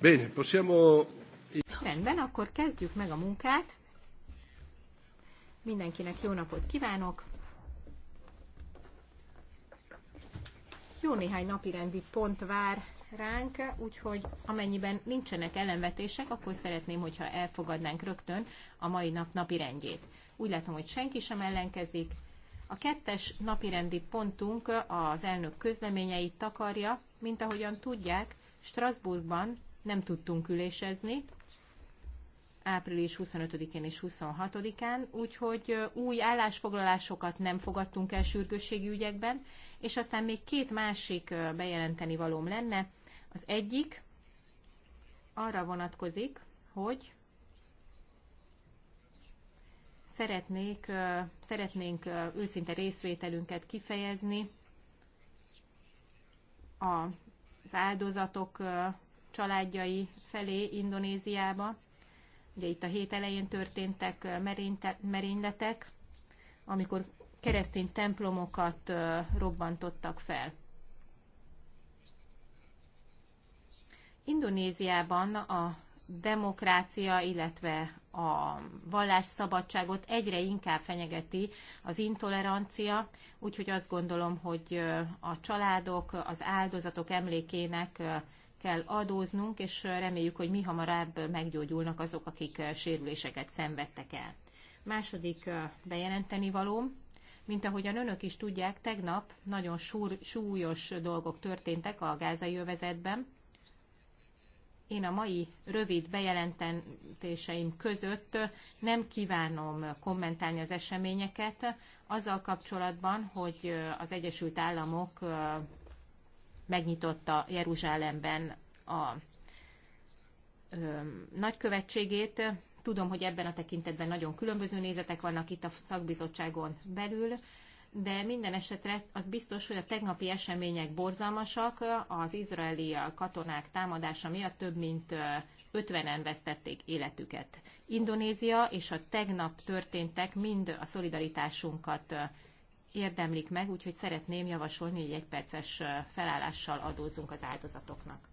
Bene, possiamo... Rendben, akkor kezdjük meg a munkát. Mindenkinek jó napot kívánok! Jó néhány napirendi pont vár ránk, úgyhogy amennyiben nincsenek ellenvetések, akkor szeretném, hogyha elfogadnánk rögtön a mai nap napirendjét. Úgy látom, hogy senki sem ellenkezik. A kettes napirendi pontunk az elnök közleményeit takarja, mint ahogyan tudják, Strasbourgban nem tudtunk ülésezni, április 25-én és 26-án, úgyhogy új állásfoglalásokat nem fogadtunk el sürgősségi ügyekben, és aztán még két másik bejelenteni valóm lenne. Az egyik arra vonatkozik, hogy szeretnék, szeretnénk őszinte részvételünket kifejezni az áldozatok családjai felé Indonéziába. Ugye itt a hét elején történtek merényletek, amikor keresztény templomokat robbantottak fel. Indonéziában a demokrácia, illetve a vallásszabadságot egyre inkább fenyegeti az intolerancia, úgyhogy azt gondolom, hogy a családok az áldozatok emlékének kell adóznunk, és reméljük, hogy mi hamarabb meggyógyulnak azok, akik eh, sérüléseket szenvedtek el. Második eh, bejelenteni való, mint ahogyan önök is tudják, tegnap nagyon súr, súlyos dolgok történtek a gázai övezetben. Én a mai rövid bejelentéseim között eh, nem kívánom kommentálni az eseményeket azzal kapcsolatban, hogy az Egyesült Államok megnyitotta Jeruzsálemben a ö, nagykövetségét. Tudom, hogy ebben a tekintetben nagyon különböző nézetek vannak itt a szakbizottságon belül, de minden esetre az biztos, hogy a tegnapi események borzalmasak. Az izraeli katonák támadása miatt több mint 50-en vesztették életüket. Indonézia és a tegnap történtek mind a szolidaritásunkat érdemlik meg, úgyhogy szeretném javasolni, hogy egy perces felállással adózzunk az áldozatoknak.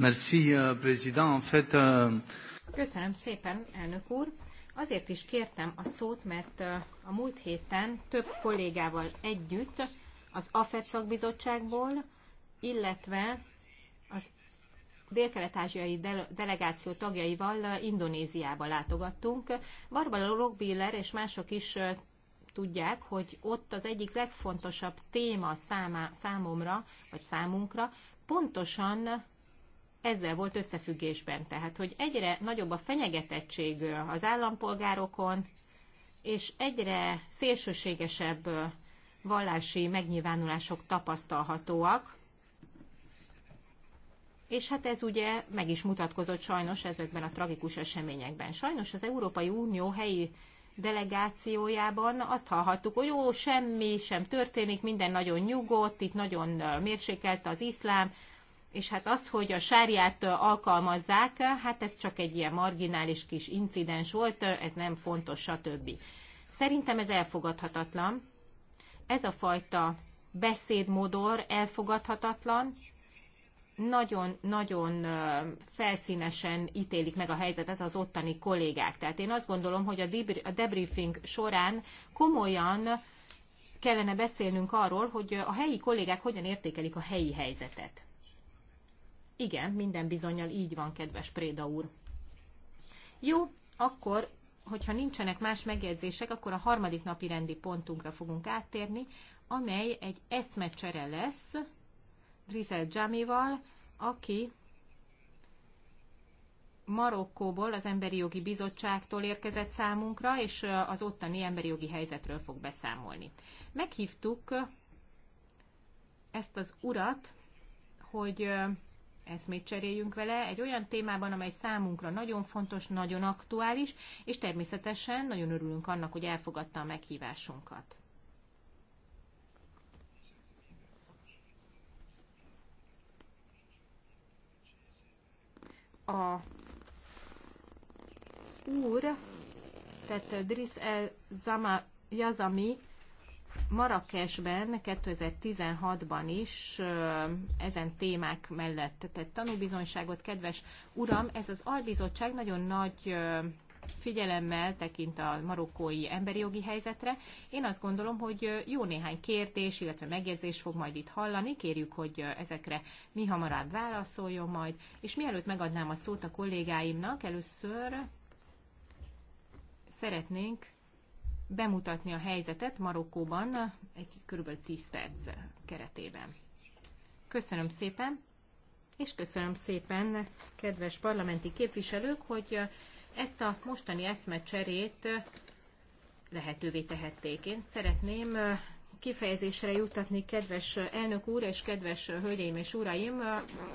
Merci, euh, président. En fait, euh, Köszönöm szépen, elnök úr. Azért is kértem a szót, mert uh, a múlt héten több kollégával együtt az AFET szakbizottságból, illetve az dél-kelet-ázsiai delegáció tagjaival uh, Indonéziába látogattunk. Barbara Rockbiller és mások is uh, tudják, hogy ott az egyik legfontosabb téma számomra, vagy számunkra pontosan ezzel volt összefüggésben. Tehát, hogy egyre nagyobb a fenyegetettség az állampolgárokon, és egyre szélsőségesebb vallási megnyilvánulások tapasztalhatóak, és hát ez ugye meg is mutatkozott sajnos ezekben a tragikus eseményekben. Sajnos az Európai Unió helyi delegációjában azt hallhattuk, hogy jó, semmi sem történik, minden nagyon nyugodt, itt nagyon mérsékelt az iszlám, és hát az, hogy a sárját alkalmazzák, hát ez csak egy ilyen marginális kis incidens volt, ez nem fontos, stb. Szerintem ez elfogadhatatlan. Ez a fajta beszédmodor elfogadhatatlan, nagyon-nagyon felszínesen ítélik meg a helyzetet az ottani kollégák. Tehát én azt gondolom, hogy a debriefing során komolyan kellene beszélnünk arról, hogy a helyi kollégák hogyan értékelik a helyi helyzetet. Igen, minden bizonyal így van, kedves Préda úr. Jó, akkor, hogyha nincsenek más megjegyzések, akkor a harmadik napi rendi pontunkra fogunk áttérni, amely egy eszmecsere lesz Brizel Jamival, aki Marokkóból, az Emberi Jogi Bizottságtól érkezett számunkra, és az ottani emberi jogi helyzetről fog beszámolni. Meghívtuk ezt az urat, hogy eszmét cseréljünk vele egy olyan témában, amely számunkra nagyon fontos, nagyon aktuális, és természetesen nagyon örülünk annak, hogy elfogadta a meghívásunkat. a úr, tehát Driss el Zama Yazami Marrakesben 2016-ban is ezen témák mellett tett tanúbizonyságot. Kedves uram, ez az albizottság nagyon nagy figyelemmel tekint a marokkói emberi jogi helyzetre. Én azt gondolom, hogy jó néhány kérdés, illetve megjegyzés fog majd itt hallani. Kérjük, hogy ezekre mi hamarabb válaszoljon majd. És mielőtt megadnám a szót a kollégáimnak, először szeretnénk bemutatni a helyzetet Marokkóban egy kb. 10 perc keretében. Köszönöm szépen, és köszönöm szépen, kedves parlamenti képviselők, hogy ezt a mostani eszmecserét lehetővé tehették. Én szeretném kifejezésre juttatni, kedves elnök úr és kedves hölgyeim és uraim,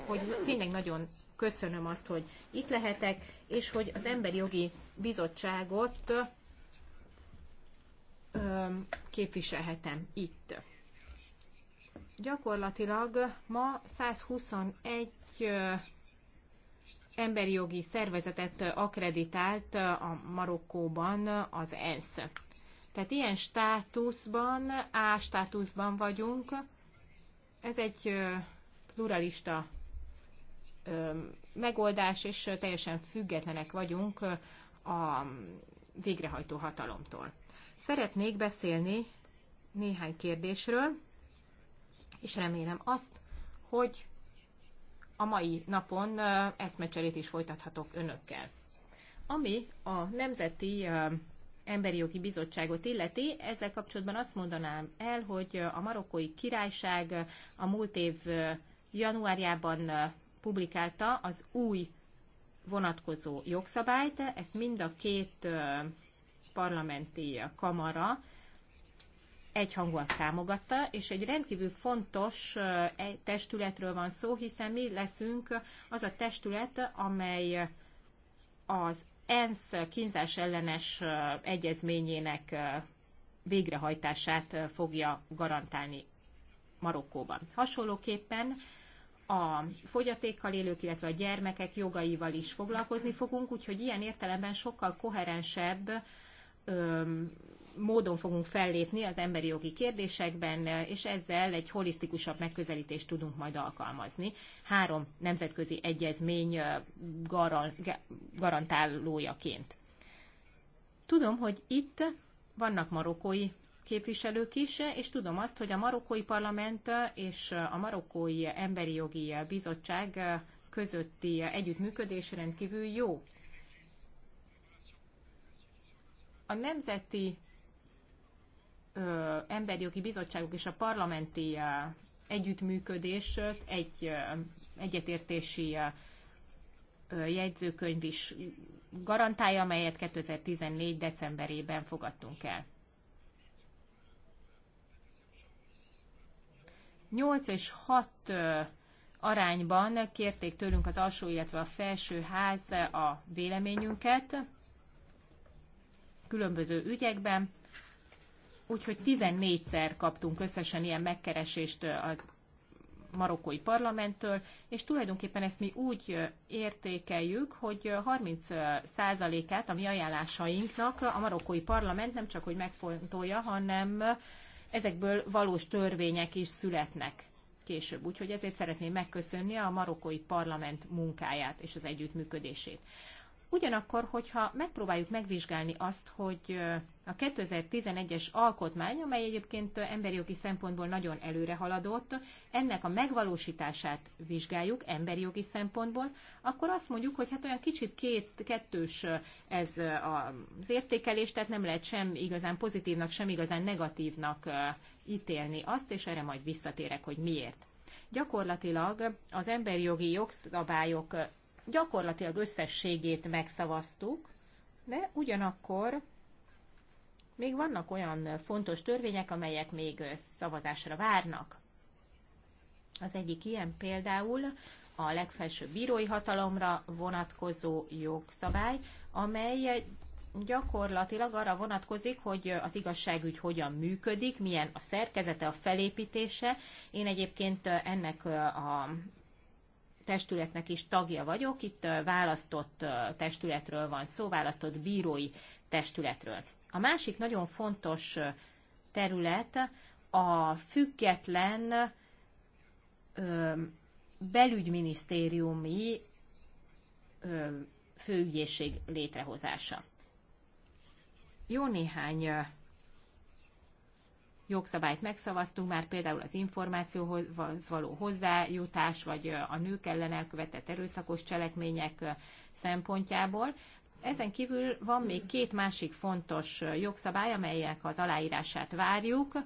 hogy tényleg nagyon köszönöm azt, hogy itt lehetek, és hogy az Emberi Jogi Bizottságot képviselhetem itt. Gyakorlatilag ma 121 emberi jogi szervezetet akreditált a Marokkóban az ENSZ. Tehát ilyen státuszban, A státuszban vagyunk. Ez egy pluralista megoldás, és teljesen függetlenek vagyunk a végrehajtó hatalomtól. Szeretnék beszélni néhány kérdésről, és remélem azt, hogy a mai napon eszmecserét is folytathatok önökkel. Ami a Nemzeti Emberi Jogi Bizottságot illeti, ezzel kapcsolatban azt mondanám el, hogy a marokkói királyság a múlt év januárjában publikálta az új vonatkozó jogszabályt, ezt mind a két parlamenti kamara egyhangúan támogatta, és egy rendkívül fontos testületről van szó, hiszen mi leszünk az a testület, amely az ENSZ kínzás ellenes egyezményének végrehajtását fogja garantálni Marokkóban. Hasonlóképpen a fogyatékkal élők, illetve a gyermekek jogaival is foglalkozni fogunk, úgyhogy ilyen értelemben sokkal koherensebb módon fogunk fellépni az emberi jogi kérdésekben, és ezzel egy holisztikusabb megközelítést tudunk majd alkalmazni. Három nemzetközi egyezmény garantálójaként. Tudom, hogy itt vannak marokkói képviselők is, és tudom azt, hogy a marokkói parlament és a marokkói emberi jogi bizottság közötti együttműködés rendkívül jó. A nemzeti ö, emberjogi bizottságok és a parlamenti ö, együttműködés egy ö, egyetértési ö, jegyzőkönyv is garantálja, amelyet 2014. decemberében fogadtunk el. 8 és 6 arányban kérték tőlünk az alsó, illetve a felső ház a véleményünket különböző ügyekben, úgyhogy 14-szer kaptunk összesen ilyen megkeresést az marokkói parlamenttől, és tulajdonképpen ezt mi úgy értékeljük, hogy 30%-át a mi ajánlásainknak a marokkói parlament nem csak hogy megfontolja, hanem ezekből valós törvények is születnek később. Úgyhogy ezért szeretném megköszönni a marokkói parlament munkáját és az együttműködését. Ugyanakkor, hogyha megpróbáljuk megvizsgálni azt, hogy a 2011-es alkotmány, amely egyébként emberi jogi szempontból nagyon előre haladott, ennek a megvalósítását vizsgáljuk emberi jogi szempontból, akkor azt mondjuk, hogy hát olyan kicsit két, kettős ez az értékelés, tehát nem lehet sem igazán pozitívnak, sem igazán negatívnak ítélni azt, és erre majd visszatérek, hogy miért. Gyakorlatilag az emberi jogi jogszabályok gyakorlatilag összességét megszavaztuk, de ugyanakkor még vannak olyan fontos törvények, amelyek még szavazásra várnak. Az egyik ilyen például a legfelsőbb bírói hatalomra vonatkozó jogszabály, amely gyakorlatilag arra vonatkozik, hogy az igazságügy hogyan működik, milyen a szerkezete, a felépítése. Én egyébként ennek a testületnek is tagja vagyok. Itt választott testületről van szó, választott bírói testületről. A másik nagyon fontos terület a független belügyminisztériumi főügyészség létrehozása. Jó néhány jogszabályt megszavaztunk, már például az információhoz való hozzájutás, vagy a nők ellen elkövetett erőszakos cselekmények szempontjából. Ezen kívül van még két másik fontos jogszabály, amelyek az aláírását várjuk,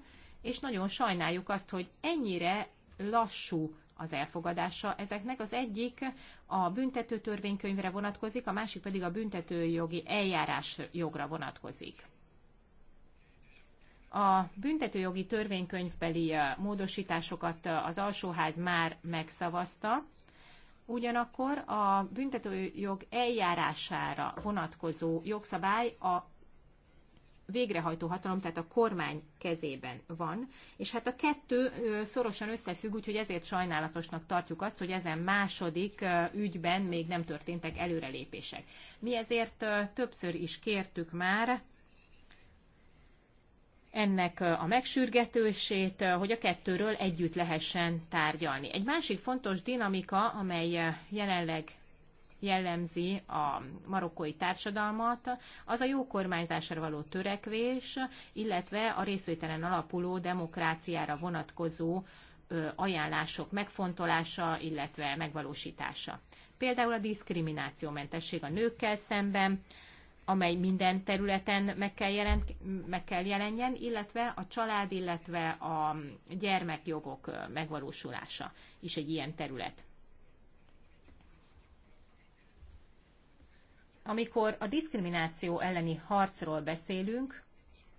és nagyon sajnáljuk azt, hogy ennyire lassú az elfogadása ezeknek. Az egyik a büntető törvénykönyvre vonatkozik, a másik pedig a büntetőjogi eljárás jogra vonatkozik. A büntetőjogi törvénykönyvbeli módosításokat az alsóház már megszavazta, ugyanakkor a büntetőjog eljárására vonatkozó jogszabály a végrehajtó hatalom, tehát a kormány kezében van. És hát a kettő szorosan összefügg, úgyhogy ezért sajnálatosnak tartjuk azt, hogy ezen második ügyben még nem történtek előrelépések. Mi ezért többször is kértük már ennek a megsürgetősét, hogy a kettőről együtt lehessen tárgyalni. Egy másik fontos dinamika, amely jelenleg jellemzi a marokkói társadalmat, az a jó kormányzásra való törekvés, illetve a részvételen alapuló demokráciára vonatkozó ajánlások megfontolása, illetve megvalósítása. Például a diszkriminációmentesség a nőkkel szemben, amely minden területen meg kell, jelent, meg kell jelenjen, illetve a család, illetve a gyermekjogok megvalósulása is egy ilyen terület. Amikor a diszkrimináció elleni harcról beszélünk,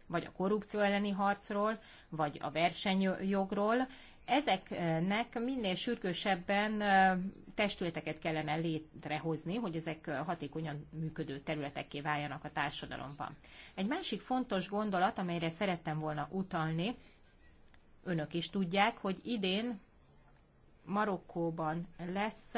vagy a korrupció elleni harcról, vagy a versenyjogról, Ezeknek minél sürgősebben testületeket kellene létrehozni, hogy ezek hatékonyan működő területekké váljanak a társadalomban. Egy másik fontos gondolat, amelyre szerettem volna utalni, önök is tudják, hogy idén Marokkóban lesz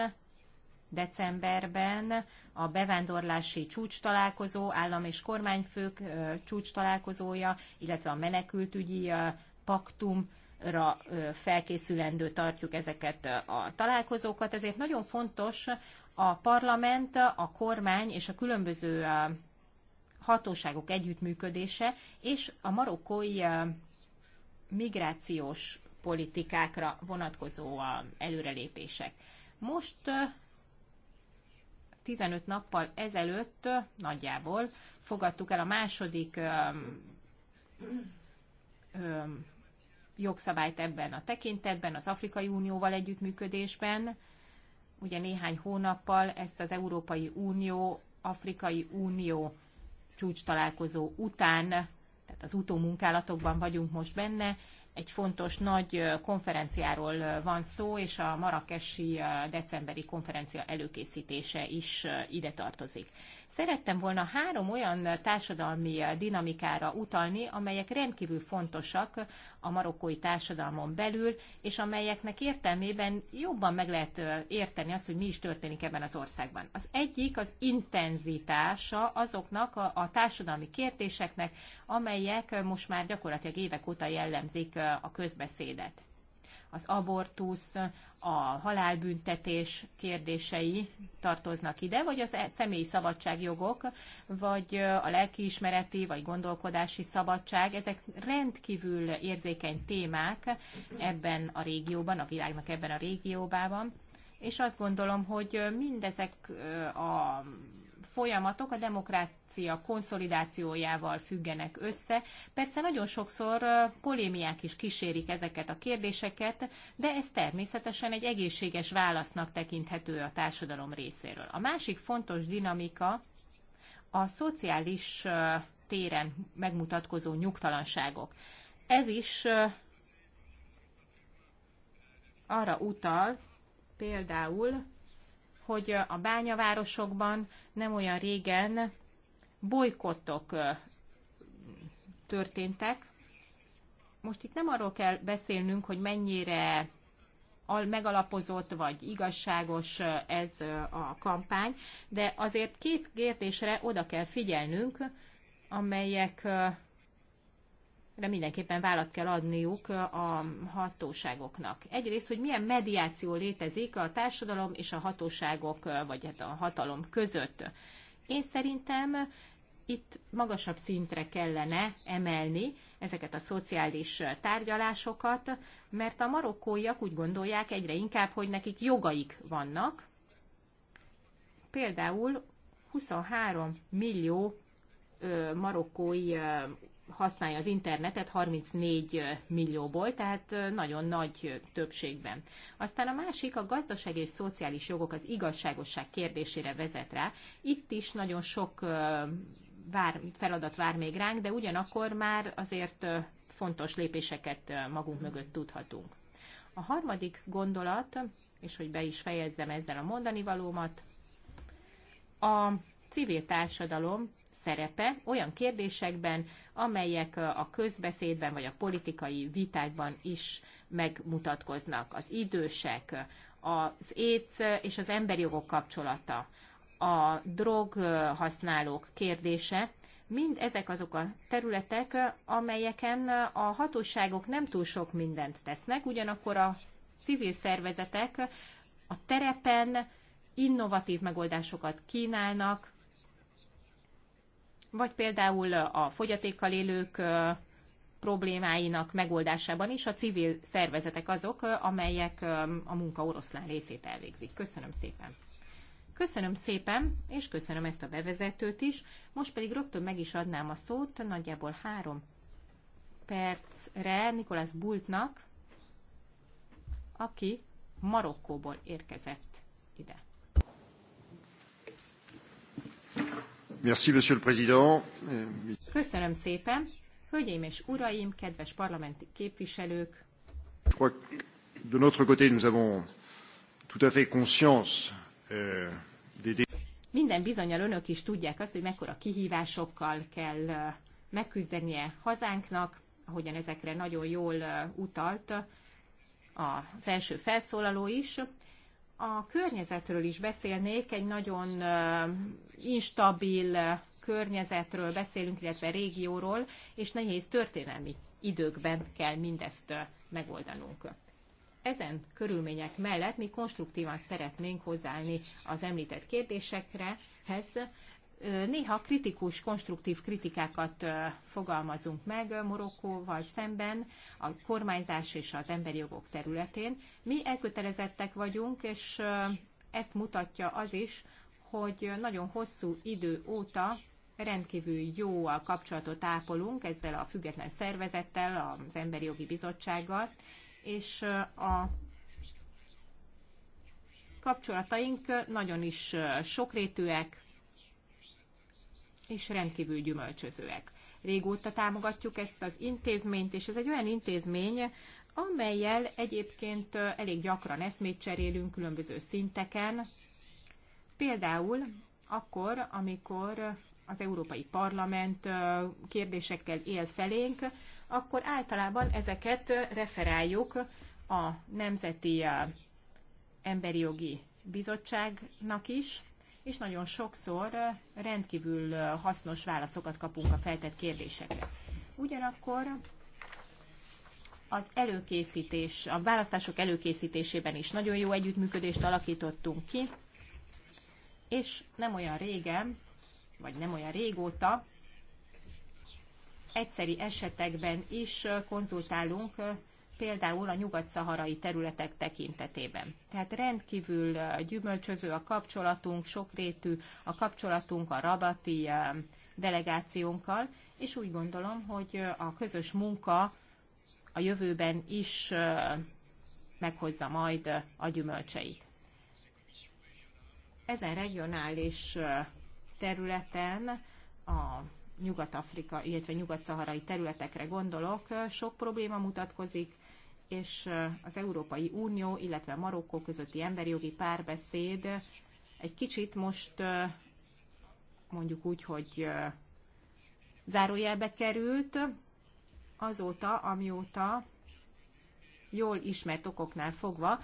decemberben a bevándorlási csúcs találkozó, állam és kormányfők csúcs találkozója, illetve a menekültügyi paktum ra felkészülendő tartjuk ezeket a találkozókat, ezért nagyon fontos a parlament, a kormány és a különböző hatóságok együttműködése és a marokkói migrációs politikákra vonatkozó előrelépések. Most 15 nappal ezelőtt nagyjából fogadtuk el a második jogszabályt ebben a tekintetben, az Afrikai Unióval együttműködésben. Ugye néhány hónappal ezt az Európai Unió, Afrikai Unió csúcs találkozó után, tehát az utómunkálatokban vagyunk most benne, egy fontos nagy konferenciáról van szó, és a marakesi decemberi konferencia előkészítése is ide tartozik. Szerettem volna három olyan társadalmi dinamikára utalni, amelyek rendkívül fontosak a marokkói társadalmon belül, és amelyeknek értelmében jobban meg lehet érteni azt, hogy mi is történik ebben az országban. Az egyik az intenzitása azoknak a, a társadalmi kérdéseknek, amelyek most már gyakorlatilag évek óta jellemzik a közbeszédet az abortusz, a halálbüntetés kérdései tartoznak ide, vagy az e- személyi szabadságjogok, vagy a lelkiismereti, vagy gondolkodási szabadság, ezek rendkívül érzékeny témák ebben a régióban, a világnak ebben a régióban, és azt gondolom, hogy mindezek a folyamatok a demokrácia konszolidációjával függenek össze. Persze nagyon sokszor polémiák is kísérik ezeket a kérdéseket, de ez természetesen egy egészséges válasznak tekinthető a társadalom részéről. A másik fontos dinamika a szociális téren megmutatkozó nyugtalanságok. Ez is arra utal például, hogy a bányavárosokban nem olyan régen bolykottok történtek. Most itt nem arról kell beszélnünk, hogy mennyire megalapozott vagy igazságos ez a kampány, de azért két kérdésre oda kell figyelnünk, amelyek de mindenképpen választ kell adniuk a hatóságoknak. Egyrészt, hogy milyen mediáció létezik a társadalom és a hatóságok, vagy hát a hatalom között. Én szerintem itt magasabb szintre kellene emelni ezeket a szociális tárgyalásokat, mert a marokkóiak úgy gondolják egyre inkább, hogy nekik jogaik vannak. Például 23 millió marokkói használja az internetet 34 millióból, tehát nagyon nagy többségben. Aztán a másik a gazdaság és szociális jogok az igazságosság kérdésére vezet rá. Itt is nagyon sok vár, feladat vár még ránk, de ugyanakkor már azért fontos lépéseket magunk mögött tudhatunk. A harmadik gondolat, és hogy be is fejezzem ezzel a mondani valómat, a civil társadalom szerepe olyan kérdésekben, amelyek a közbeszédben vagy a politikai vitákban is megmutatkoznak. Az idősek, az éc és az emberi jogok kapcsolata, a droghasználók kérdése, mind ezek azok a területek, amelyeken a hatóságok nem túl sok mindent tesznek, ugyanakkor a civil szervezetek a terepen innovatív megoldásokat kínálnak, vagy például a fogyatékkal élők problémáinak megoldásában is a civil szervezetek azok, amelyek a munka oroszlán részét elvégzik. Köszönöm szépen! Köszönöm szépen, és köszönöm ezt a bevezetőt is. Most pedig rögtön meg is adnám a szót, nagyjából három percre Nikolász Bultnak, aki Marokkóból érkezett ide. Merci, Monsieur le Président. Köszönöm szépen. Hölgyeim és uraim, kedves parlamenti képviselők! Je crois que de notre côté, nous avons tout à fait conscience euh, des minden bizonyal önök is tudják azt, hogy mekkora kihívásokkal kell megküzdenie hazánknak, ahogyan ezekre nagyon jól utalt az első felszólaló is a környezetről is beszélnék, egy nagyon instabil környezetről beszélünk, illetve régióról, és nehéz történelmi időkben kell mindezt megoldanunk. Ezen körülmények mellett mi konstruktívan szeretnénk hozzáállni az említett kérdésekrehez, néha kritikus, konstruktív kritikákat fogalmazunk meg Morokkóval szemben a kormányzás és az emberi jogok területén. Mi elkötelezettek vagyunk, és ezt mutatja az is, hogy nagyon hosszú idő óta rendkívül jó a kapcsolatot ápolunk ezzel a független szervezettel, az Emberi Jogi Bizottsággal, és a kapcsolataink nagyon is sokrétűek, és rendkívül gyümölcsözőek. Régóta támogatjuk ezt az intézményt, és ez egy olyan intézmény, amelyel egyébként elég gyakran eszmét cserélünk különböző szinteken. Például akkor, amikor az Európai Parlament kérdésekkel él felénk, akkor általában ezeket referáljuk a Nemzeti Emberi Jogi Bizottságnak is, és nagyon sokszor rendkívül hasznos válaszokat kapunk a feltett kérdésekre. Ugyanakkor az előkészítés, a választások előkészítésében is nagyon jó együttműködést alakítottunk ki, és nem olyan régen, vagy nem olyan régóta, egyszeri esetekben is konzultálunk például a nyugat-szaharai területek tekintetében. Tehát rendkívül gyümölcsöző a kapcsolatunk, sokrétű a kapcsolatunk a rabati delegációnkkal, és úgy gondolom, hogy a közös munka a jövőben is meghozza majd a gyümölcseit. Ezen regionális területen a Nyugat-Afrika, illetve nyugat-szaharai területekre gondolok, sok probléma mutatkozik, és az Európai Unió, illetve Marokkó közötti emberi jogi párbeszéd egy kicsit most mondjuk úgy, hogy zárójelbe került azóta, amióta jól ismert okoknál fogva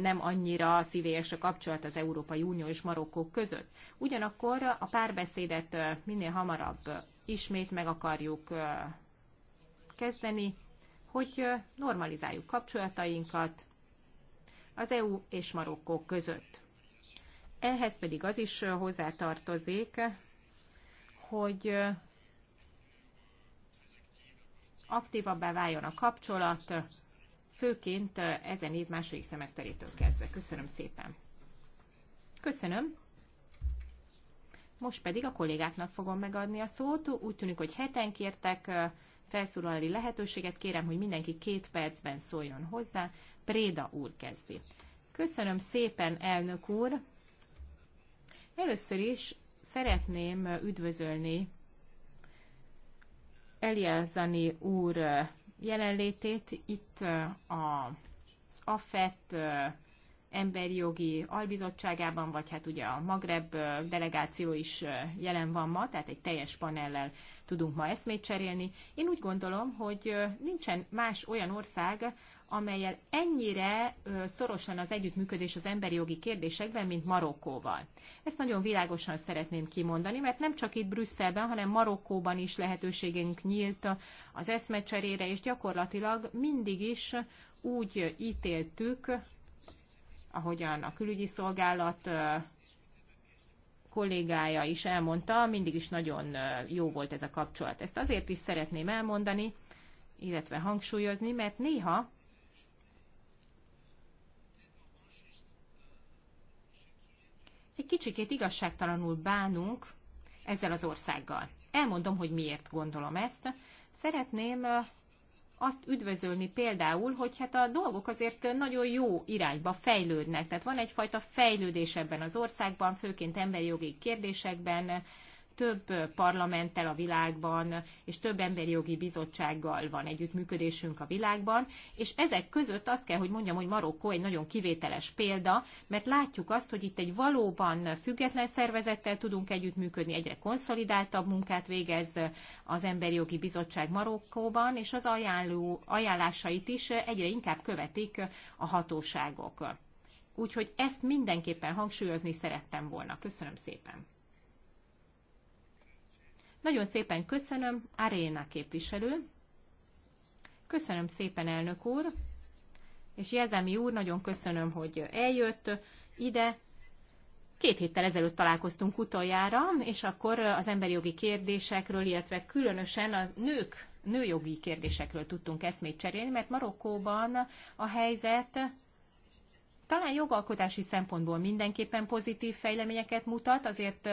nem annyira szívélyes a kapcsolat az Európai Unió és Marokkó között. Ugyanakkor a párbeszédet minél hamarabb ismét meg akarjuk kezdeni, hogy normalizáljuk kapcsolatainkat az EU és Marokkó között. Ehhez pedig az is hozzátartozik, hogy aktívabbá váljon a kapcsolat, főként ezen év második szemeszterétől kezdve. Köszönöm szépen! Köszönöm! Most pedig a kollégáknak fogom megadni a szót. Úgy tűnik, hogy heten kértek felszólalni lehetőséget. Kérem, hogy mindenki két percben szóljon hozzá. Préda úr kezdi. Köszönöm szépen, elnök úr! Először is szeretném üdvözölni Eliazani úr jelenlétét itt eh, az AFET eh, emberi jogi albizottságában, vagy hát ugye a Magreb delegáció is jelen van ma, tehát egy teljes panellel tudunk ma eszmét cserélni. Én úgy gondolom, hogy nincsen más olyan ország, amelyel ennyire szorosan az együttműködés az emberi jogi kérdésekben, mint Marokkóval. Ezt nagyon világosan szeretném kimondani, mert nem csak itt Brüsszelben, hanem Marokkóban is lehetőségünk nyílt az eszmecserére, és gyakorlatilag mindig is úgy ítéltük ahogyan a külügyi szolgálat kollégája is elmondta, mindig is nagyon jó volt ez a kapcsolat. Ezt azért is szeretném elmondani, illetve hangsúlyozni, mert néha egy kicsikét igazságtalanul bánunk ezzel az országgal. Elmondom, hogy miért gondolom ezt. Szeretném azt üdvözölni például, hogy hát a dolgok azért nagyon jó irányba fejlődnek. Tehát van egyfajta fejlődés ebben az országban, főként emberi jogi kérdésekben, több parlamenttel a világban, és több emberi jogi bizottsággal van együttműködésünk a világban, és ezek között azt kell, hogy mondjam, hogy Marokkó egy nagyon kivételes példa, mert látjuk azt, hogy itt egy valóban független szervezettel tudunk együttműködni, egyre konszolidáltabb munkát végez az emberi jogi bizottság Marokkóban, és az ajánló, ajánlásait is egyre inkább követik a hatóságok. Úgyhogy ezt mindenképpen hangsúlyozni szerettem volna. Köszönöm szépen! Nagyon szépen köszönöm, Aréna képviselő. Köszönöm szépen, elnök úr. És Jezemi úr, nagyon köszönöm, hogy eljött ide. Két héttel ezelőtt találkoztunk utoljára, és akkor az emberi jogi kérdésekről, illetve különösen a nők nőjogi kérdésekről tudtunk eszmét cserélni, mert Marokkóban a helyzet talán jogalkotási szempontból mindenképpen pozitív fejleményeket mutat, azért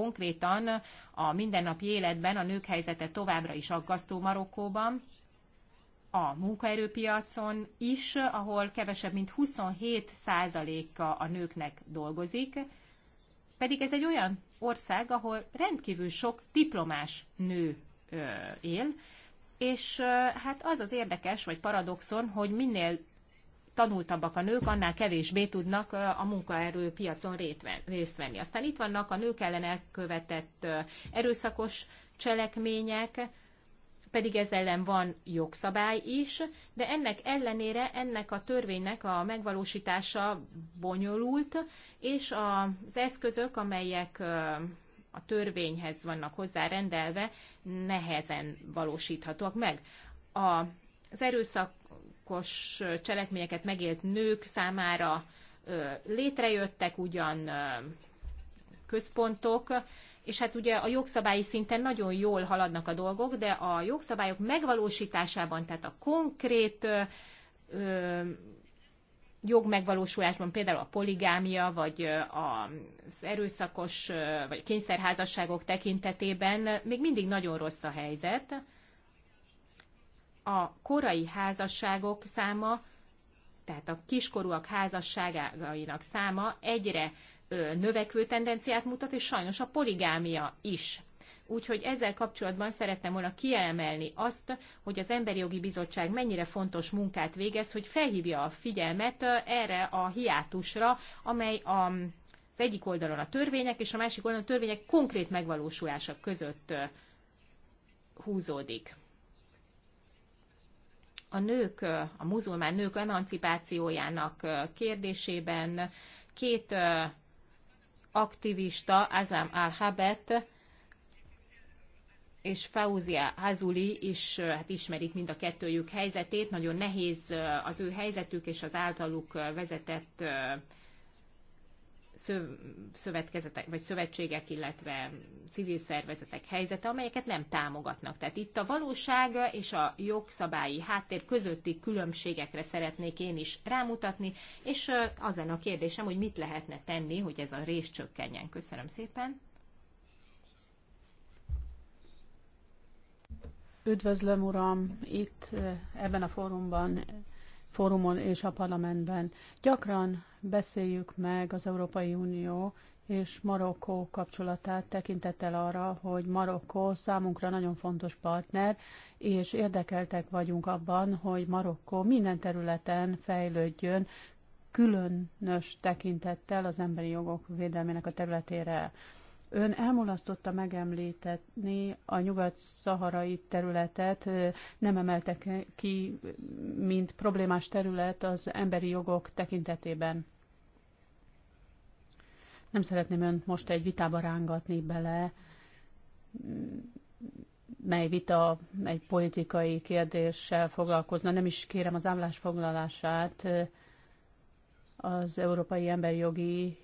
konkrétan a mindennapi életben a nők helyzete továbbra is aggasztó Marokkóban, a munkaerőpiacon is, ahol kevesebb mint 27%-a a nőknek dolgozik, pedig ez egy olyan ország, ahol rendkívül sok diplomás nő él, és hát az az érdekes, vagy paradoxon, hogy minél tanultabbak a nők, annál kevésbé tudnak a piacon részt venni. Aztán itt vannak a nők ellen elkövetett erőszakos cselekmények, pedig ez ellen van jogszabály is, de ennek ellenére ennek a törvénynek a megvalósítása bonyolult, és az eszközök, amelyek a törvényhez vannak hozzárendelve, nehezen valósíthatóak meg. A, az erőszak erőszakos cselekményeket megélt nők számára létrejöttek ugyan központok, és hát ugye a jogszabályi szinten nagyon jól haladnak a dolgok, de a jogszabályok megvalósításában, tehát a konkrét jogmegvalósulásban, például a poligámia, vagy az erőszakos, vagy kényszerházasságok tekintetében még mindig nagyon rossz a helyzet a korai házasságok száma, tehát a kiskorúak házasságainak száma egyre növekvő tendenciát mutat, és sajnos a poligámia is. Úgyhogy ezzel kapcsolatban szerettem volna kiemelni azt, hogy az Emberi Jogi Bizottság mennyire fontos munkát végez, hogy felhívja a figyelmet erre a hiátusra, amely a, az egyik oldalon a törvények és a másik oldalon a törvények konkrét megvalósulása között húzódik a nők, a muzulmán nők emancipációjának kérdésében két aktivista, Azam Al-Habet és Fauzia Hazuli is hát ismerik mind a kettőjük helyzetét. Nagyon nehéz az ő helyzetük és az általuk vezetett szövetkezetek, vagy szövetségek, illetve civil szervezetek helyzete, amelyeket nem támogatnak. Tehát itt a valóság és a jogszabályi háttér közötti különbségekre szeretnék én is rámutatni, és az lenne a kérdésem, hogy mit lehetne tenni, hogy ez a rés csökkenjen. Köszönöm szépen. Üdvözlöm, Uram, itt ebben a fórumban fórumon és a parlamentben. Gyakran beszéljük meg az Európai Unió és Marokkó kapcsolatát tekintettel arra, hogy Marokkó számunkra nagyon fontos partner, és érdekeltek vagyunk abban, hogy Marokkó minden területen fejlődjön, különös tekintettel az emberi jogok védelmének a területére. Ön elmulasztotta megemlíteni a nyugat-szaharai területet, nem emeltek ki, mint problémás terület az emberi jogok tekintetében. Nem szeretném önt most egy vitába rángatni bele, mely vita egy politikai kérdéssel foglalkozna. Nem is kérem az állásfoglalását az Európai Emberi Jogi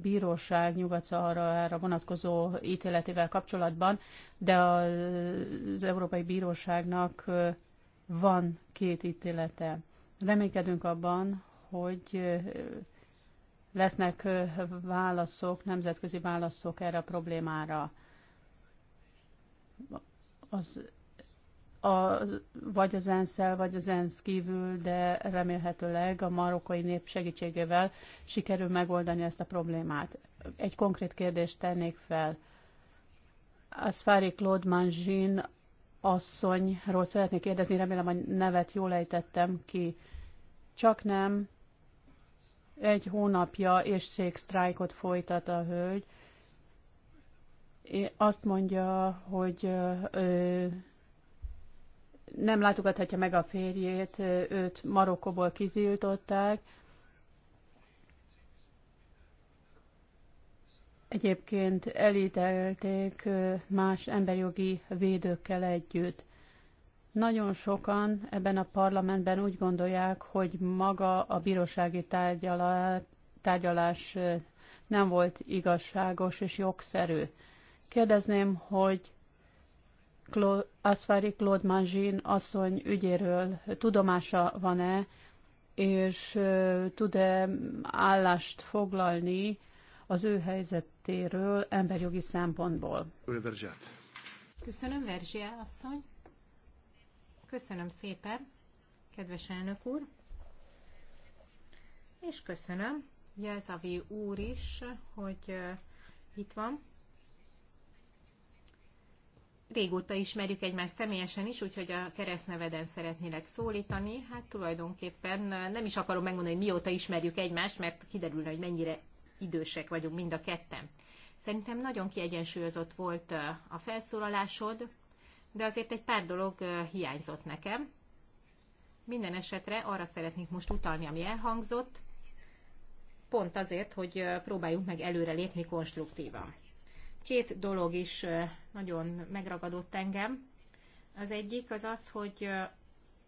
bíróság Nyugat-Szaharára vonatkozó ítéletével kapcsolatban, de az Európai Bíróságnak van két ítélete. Reménykedünk abban, hogy lesznek válaszok, nemzetközi válaszok erre a problémára. Az a, vagy az ensz vagy az ENSZ kívül, de remélhetőleg a marokkai nép segítségével sikerül megoldani ezt a problémát. Egy konkrét kérdést tennék fel. Asfari Claude Manzsin asszonyról szeretnék kérdezni, remélem a nevet jól ejtettem ki. Csak nem egy hónapja éjségsztrájkot folytat a hölgy. Azt mondja, hogy ö, nem látogathatja meg a férjét, őt Marokkóból kitiltották. Egyébként elítelték más emberjogi védőkkel együtt. Nagyon sokan ebben a parlamentben úgy gondolják, hogy maga a bírósági tárgyalás nem volt igazságos és jogszerű. Kérdezném, hogy Claude, Aszfári Claude Mangin asszony ügyéről tudomása van-e, és tud-e állást foglalni az ő helyzetéről emberjogi szempontból. Köszönöm, Verzsia asszony. Köszönöm szépen, kedves elnök úr. És köszönöm Jelzavi úr is, hogy itt van régóta ismerjük egymást személyesen is, úgyhogy a keresztneveden szeretnélek szólítani. Hát tulajdonképpen nem is akarom megmondani, hogy mióta ismerjük egymást, mert kiderülne, hogy mennyire idősek vagyunk mind a ketten. Szerintem nagyon kiegyensúlyozott volt a felszólalásod, de azért egy pár dolog hiányzott nekem. Minden esetre arra szeretnék most utalni, ami elhangzott, pont azért, hogy próbáljunk meg előre lépni konstruktívan. Két dolog is nagyon megragadott engem. Az egyik az az, hogy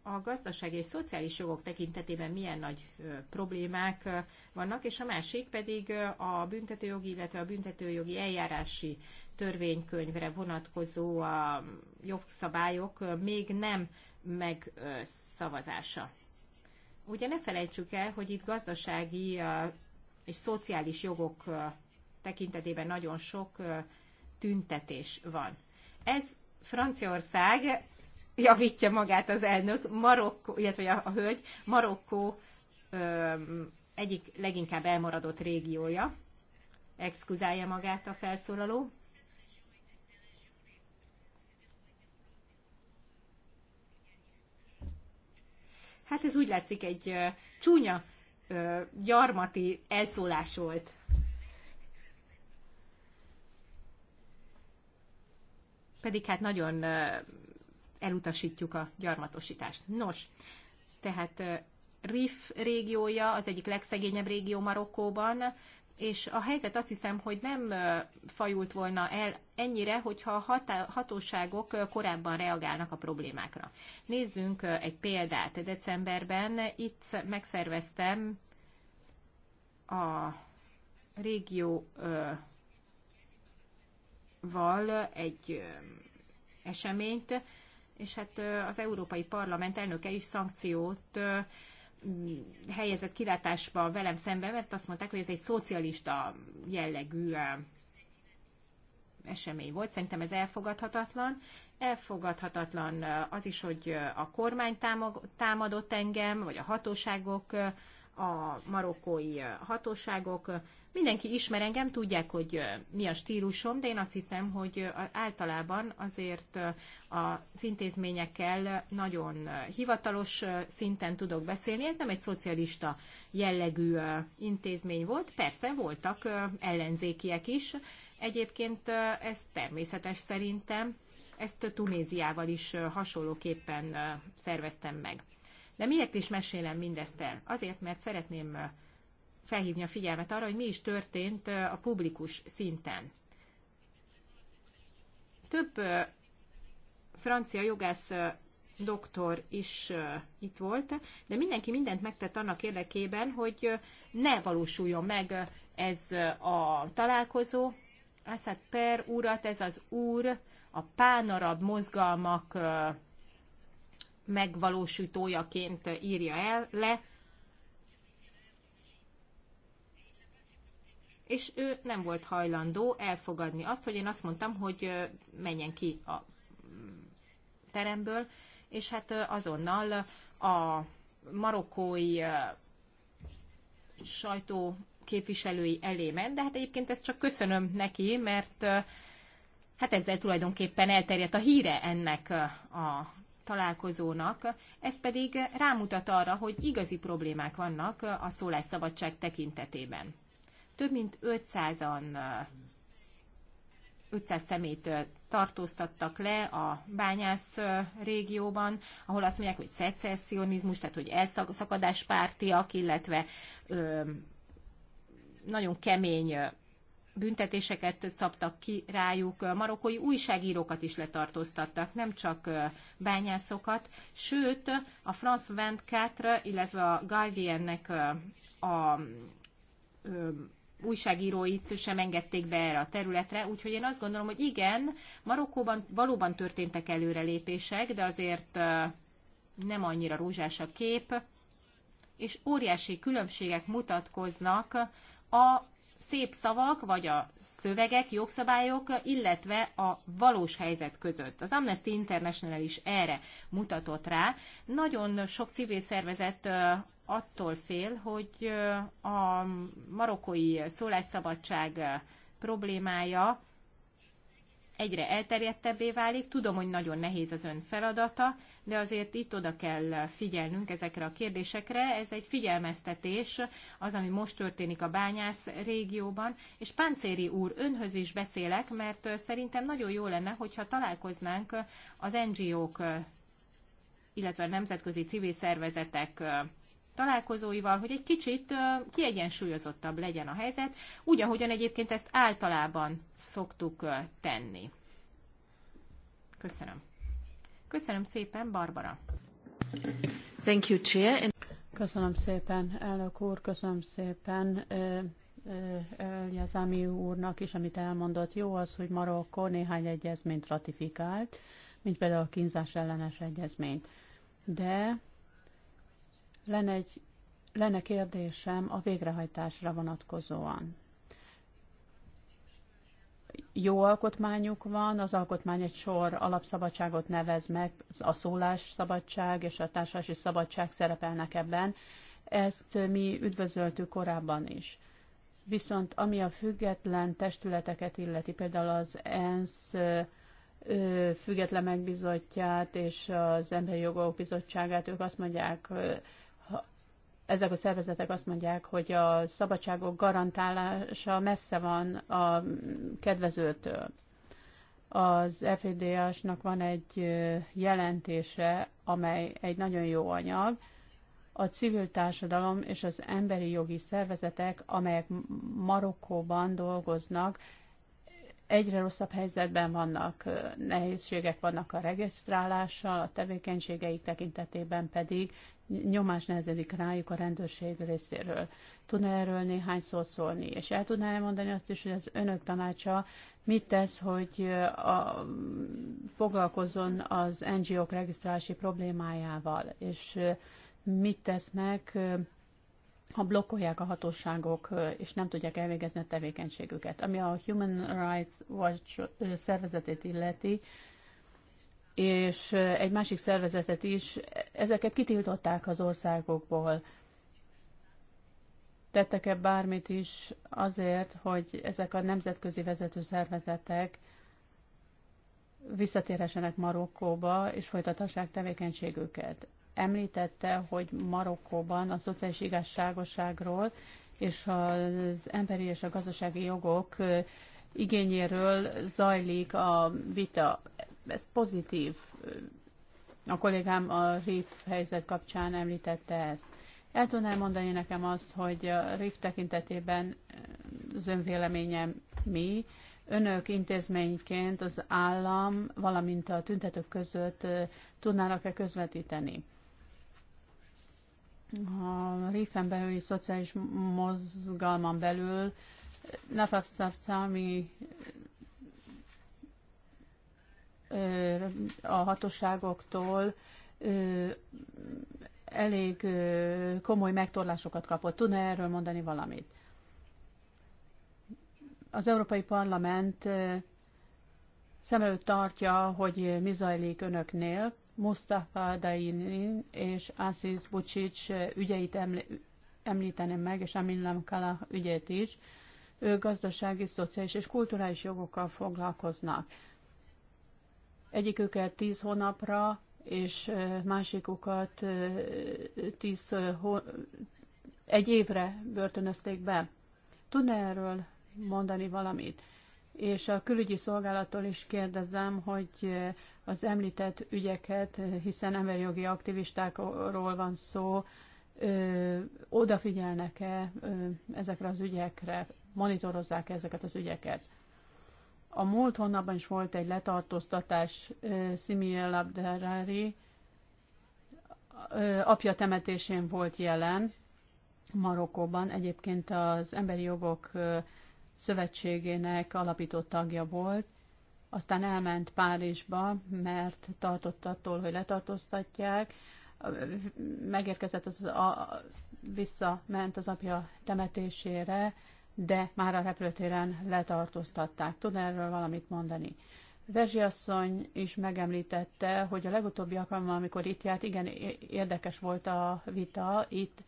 a gazdasági és szociális jogok tekintetében milyen nagy problémák vannak, és a másik pedig a büntetőjogi, illetve a büntetőjogi eljárási törvénykönyvre vonatkozó a jogszabályok még nem megszavazása. Ugye ne felejtsük el, hogy itt gazdasági és szociális jogok tekintetében nagyon sok tüntetés van. Ez Franciaország javítja magát az elnök, Marokkó, illetve a, a hölgy, Marokkó ö, egyik leginkább elmaradott régiója. Exkuzálja magát a felszólaló. Hát ez úgy látszik egy ö, csúnya ö, gyarmati elszólás volt. pedig hát nagyon elutasítjuk a gyarmatosítást. Nos, tehát Rif régiója az egyik legszegényebb régió Marokkóban, és a helyzet azt hiszem, hogy nem fajult volna el ennyire, hogyha a hatóságok korábban reagálnak a problémákra. Nézzünk egy példát. Decemberben itt megszerveztem a régió val egy eseményt, és hát az Európai Parlament elnöke is szankciót helyezett kilátásba velem szemben, mert azt mondták, hogy ez egy szocialista jellegű esemény volt. Szerintem ez elfogadhatatlan. Elfogadhatatlan az is, hogy a kormány támadott engem, vagy a hatóságok a marokkói hatóságok. Mindenki ismer engem, tudják, hogy mi a stílusom, de én azt hiszem, hogy általában azért az intézményekkel nagyon hivatalos szinten tudok beszélni. Ez nem egy szocialista jellegű intézmény volt. Persze voltak ellenzékiek is. Egyébként ez természetes szerintem. Ezt Tunéziával is hasonlóképpen szerveztem meg. De miért is mesélem mindezt el? Azért, mert szeretném felhívni a figyelmet arra, hogy mi is történt a publikus szinten. Több francia jogász doktor is itt volt, de mindenki mindent megtett annak érdekében, hogy ne valósuljon meg ez a találkozó. Assad Per urat, ez az úr a pánarab mozgalmak megvalósítójaként írja el le, és ő nem volt hajlandó elfogadni azt, hogy én azt mondtam, hogy menjen ki a teremből, és hát azonnal a marokkói sajtó képviselői elé ment, de hát egyébként ezt csak köszönöm neki, mert hát ezzel tulajdonképpen elterjedt a híre ennek a találkozónak, ez pedig rámutat arra, hogy igazi problémák vannak a szólásszabadság tekintetében. Több mint 500-an 500 szemét tartóztattak le a bányász régióban, ahol azt mondják, hogy szecesszionizmus, tehát hogy elszakadáspártiak, illetve ö, nagyon kemény büntetéseket szabtak ki rájuk, marokkói újságírókat is letartóztattak, nem csak bányászokat, sőt a France 24, illetve a Guardiannek a újságíróit sem engedték be erre a területre, úgyhogy én azt gondolom, hogy igen, Marokkóban valóban történtek előrelépések, de azért nem annyira rózsás a kép, és óriási különbségek mutatkoznak a szép szavak, vagy a szövegek, jogszabályok, illetve a valós helyzet között. Az Amnesty International is erre mutatott rá. Nagyon sok civil szervezet attól fél, hogy a marokkói szólásszabadság problémája egyre elterjedtebbé válik. Tudom, hogy nagyon nehéz az ön feladata, de azért itt oda kell figyelnünk ezekre a kérdésekre. Ez egy figyelmeztetés, az, ami most történik a bányász régióban. És Páncéri úr, önhöz is beszélek, mert szerintem nagyon jó lenne, hogyha találkoznánk az NGO-k, illetve a nemzetközi civil szervezetek találkozóival, hogy egy kicsit kiegyensúlyozottabb legyen a helyzet, úgy, ahogyan egyébként ezt általában szoktuk tenni. Köszönöm. Köszönöm szépen, Barbara. Thank you, Chair. Köszönöm szépen, elnök úr, köszönöm szépen Jazami úrnak is, amit elmondott. Jó az, hogy Marokkó néhány egyezményt ratifikált, mint például a kínzás ellenes egyezményt. De lenne, egy, lenne kérdésem a végrehajtásra vonatkozóan. Jó alkotmányuk van, az alkotmány egy sor alapszabadságot nevez meg, a szólásszabadság és a társasi szabadság szerepelnek ebben. Ezt mi üdvözöltük korábban is. Viszont ami a független testületeket illeti, például az ENSZ független megbizotját és az Emberi Jogok Bizottságát, ők azt mondják, ezek a szervezetek azt mondják, hogy a szabadságok garantálása messze van a kedvezőtől. Az FEDS-nak van egy jelentése, amely egy nagyon jó anyag, a civil társadalom és az emberi jogi szervezetek, amelyek Marokkóban dolgoznak, egyre rosszabb helyzetben vannak, nehézségek vannak a regisztrálással, a tevékenységeik tekintetében pedig nyomás nehezedik rájuk a rendőrség részéről. Tudna erről néhány szót szólni, és el tudná elmondani azt is, hogy az önök tanácsa mit tesz, hogy a, foglalkozzon az NGO-k regisztrálási problémájával, és mit tesznek, ha blokkolják a hatóságok, és nem tudják elvégezni a tevékenységüket. Ami a Human Rights Watch szervezetét illeti, és egy másik szervezetet is, ezeket kitiltották az országokból. Tettek-e bármit is azért, hogy ezek a nemzetközi vezető szervezetek visszatérhessenek Marokkóba, és folytathassák tevékenységüket? Említette, hogy Marokkóban a szociális igazságosságról és az emberi és a gazdasági jogok igényéről zajlik a vita ez pozitív. A kollégám a RIF helyzet kapcsán említette ezt. El tudnál mondani nekem azt, hogy a RIF tekintetében eh, az önvéleményem mi, önök intézményként az állam, valamint a tüntetők között eh, tudnának-e közvetíteni? A RIF-en belüli szociális mozgalman belül eh, Nafaf ami a hatóságoktól elég komoly megtorlásokat kapott. Tudna erről mondani valamit? Az Európai Parlament szem előtt tartja, hogy mi zajlik önöknél. Mustafa Dainin és Aziz Bucsics ügyeit említeném meg, és Aminlam Kala ügyét is. Ők gazdasági, szociális és kulturális jogokkal foglalkoznak. Egyiküket tíz hónapra, és másikukat tíz egy évre börtönözték be. Tudna erről mondani valamit? És a külügyi szolgálattól is kérdezem, hogy az említett ügyeket, hiszen emberjogi aktivistákról van szó, odafigyelnek-e ezekre az ügyekre, monitorozzák -e ezeket az ügyeket? A múlt hónapban is volt egy letartóztatás Simiel Labderari, apja temetésén volt jelen Marokkóban, egyébként az Emberi Jogok Szövetségének alapított tagja volt, aztán elment Párizsba, mert tartott attól, hogy letartóztatják, megérkezett az a, visszament az apja temetésére, de már a repülőtéren letartóztatták. Tud erről valamit mondani? Verzsi asszony is megemlítette, hogy a legutóbbi alkalommal, amikor itt járt, igen, érdekes volt a vita itt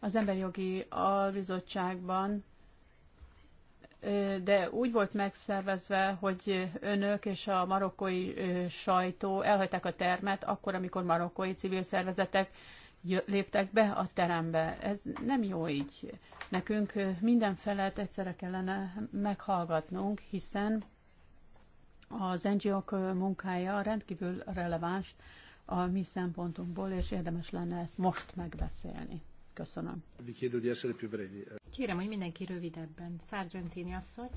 az Emberi Jogi Albizottságban, de úgy volt megszervezve, hogy önök és a marokkói sajtó elhagyták a termet, akkor, amikor marokkói civil szervezetek léptek be a terembe. Ez nem jó így. Nekünk minden felet egyszerre kellene meghallgatnunk, hiszen az NGO-k munkája rendkívül releváns a mi szempontunkból, és érdemes lenne ezt most megbeszélni. Köszönöm. Kérem, hogy mindenki rövidebben. Sargentini asszony.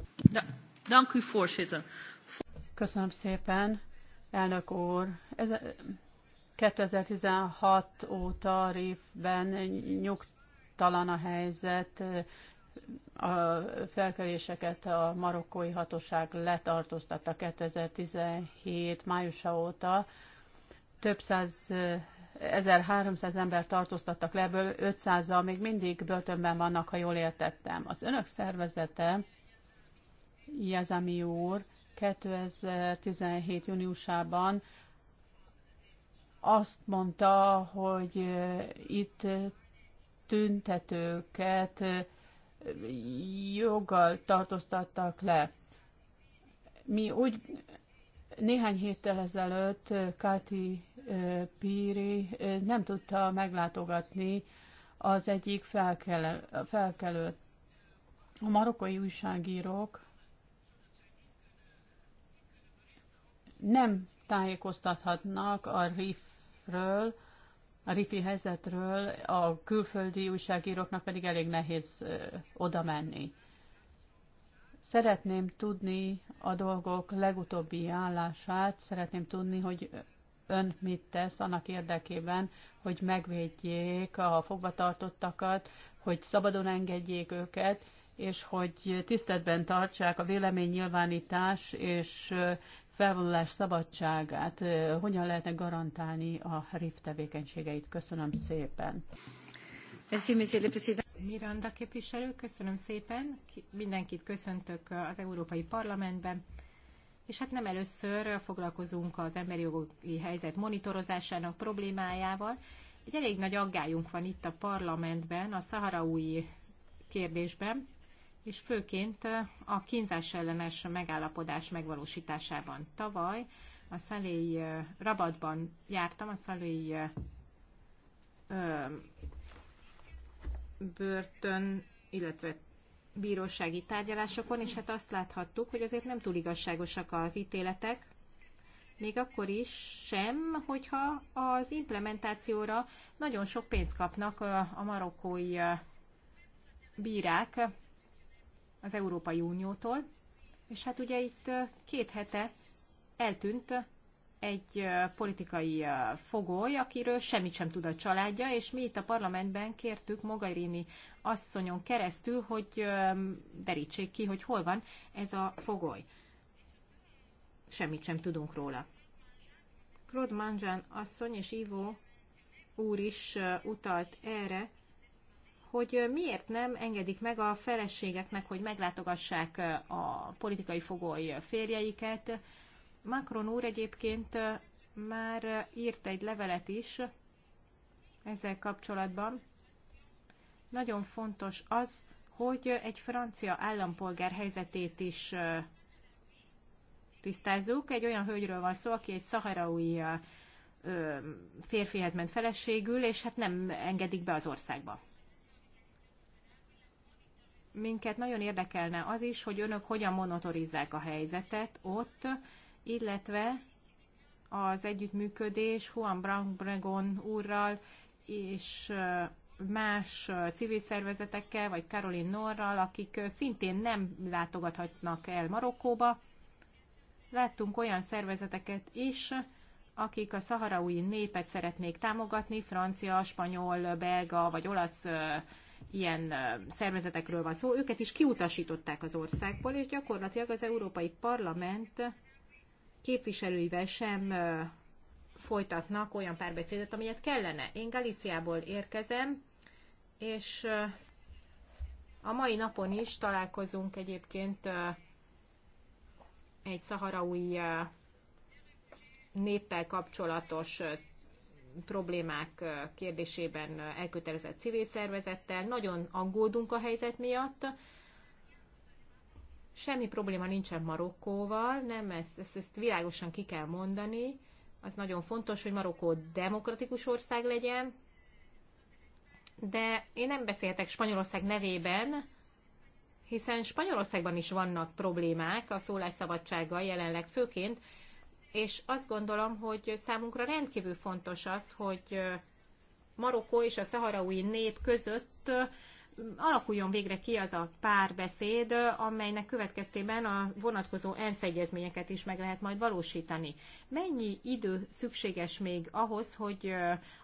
Köszönöm szépen, elnök úr. Ez, 2016 óta révben nyugtalan a helyzet, a felkeréseket a marokkói hatóság letartóztatta 2017 májusa óta. Több száz 1300 ember tartóztattak le, ebből 500-al még mindig börtönben vannak, ha jól értettem. Az önök szervezete, Jezami úr, 2017. júniusában azt mondta, hogy itt tüntetőket joggal tartóztattak le. Mi úgy néhány héttel ezelőtt Káti Píri nem tudta meglátogatni az egyik felkelőt. A marokkai újságírók nem tájékoztathatnak a RIF helyzetről, a rifi helyzetről, a külföldi újságíróknak pedig elég nehéz oda menni. Szeretném tudni a dolgok legutóbbi állását, szeretném tudni, hogy ön mit tesz annak érdekében, hogy megvédjék a fogvatartottakat, hogy szabadon engedjék őket, és hogy tiszteletben tartsák a véleménynyilvánítás és felvonulás szabadságát hogyan lehetne garantálni a RIF tevékenységeit. Köszönöm szépen. Miranda képviselő, köszönöm szépen. Mindenkit köszöntök az Európai Parlamentben. És hát nem először foglalkozunk az emberi jogi helyzet monitorozásának problémájával. Egy elég nagy aggályunk van itt a parlamentben, a szaharaui kérdésben, és főként a kínzás ellenes megállapodás megvalósításában. Tavaly a szaléi rabatban jártam, a szaléi börtön, illetve bírósági tárgyalásokon, és hát azt láthattuk, hogy azért nem túl igazságosak az ítéletek, még akkor is sem, hogyha az implementációra nagyon sok pénzt kapnak a marokkói bírák, az Európai Uniótól, és hát ugye itt két hete eltűnt egy politikai fogoly, akiről semmit sem tud a családja, és mi itt a parlamentben kértük Mogherini asszonyon keresztül, hogy derítsék ki, hogy hol van ez a fogoly. Semmit sem tudunk róla. Claude Manzsán asszony és Ivo úr is utalt erre, hogy miért nem engedik meg a feleségeknek, hogy meglátogassák a politikai fogoly férjeiket. Macron úr egyébként már írt egy levelet is ezzel kapcsolatban. Nagyon fontos az, hogy egy francia állampolgár helyzetét is tisztázzuk. Egy olyan hölgyről van szó, aki egy szaharaui férfihez ment feleségül, és hát nem engedik be az országba minket nagyon érdekelne az is, hogy önök hogyan monitorizzák a helyzetet ott, illetve az együttműködés Juan Brangbregon úrral és más civil szervezetekkel, vagy Caroline Norral, akik szintén nem látogathatnak el Marokkóba. Láttunk olyan szervezeteket is, akik a szaharaui népet szeretnék támogatni, francia, spanyol, belga vagy olasz ilyen szervezetekről van szó, őket is kiutasították az országból, és gyakorlatilag az Európai Parlament képviselőivel sem folytatnak olyan párbeszédet, amilyet kellene. Én Galiciából érkezem, és a mai napon is találkozunk egyébként egy szaharaui néppel kapcsolatos problémák kérdésében elkötelezett civil szervezettel. Nagyon aggódunk a helyzet miatt. Semmi probléma nincsen Marokkóval, nem, ezt, ezt, ezt világosan ki kell mondani. Az nagyon fontos, hogy Marokkó demokratikus ország legyen, de én nem beszéltek Spanyolország nevében, hiszen Spanyolországban is vannak problémák a szólásszabadsággal jelenleg főként, és azt gondolom, hogy számunkra rendkívül fontos az, hogy Marokkó és a szaharaui nép között alakuljon végre ki az a párbeszéd, amelynek következtében a vonatkozó ENSZ egyezményeket is meg lehet majd valósítani. Mennyi idő szükséges még ahhoz, hogy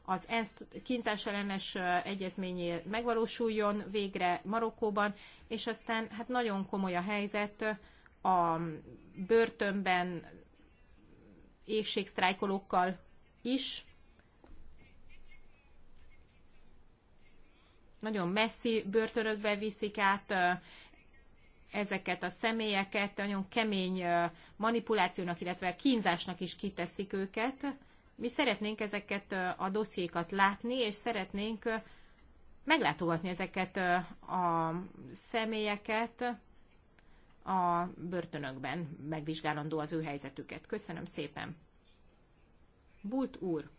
az ENSZ kínzás ellenes egyezményé megvalósuljon végre Marokkóban, és aztán hát nagyon komoly a helyzet, a börtönben éjségsztrájkolókkal is. Nagyon messzi börtönökbe viszik át ezeket a személyeket, nagyon kemény manipulációnak, illetve kínzásnak is kiteszik őket. Mi szeretnénk ezeket a dossziékat látni, és szeretnénk meglátogatni ezeket a személyeket, a börtönökben megvizsgálandó az ő helyzetüket. Köszönöm szépen. Bult úr,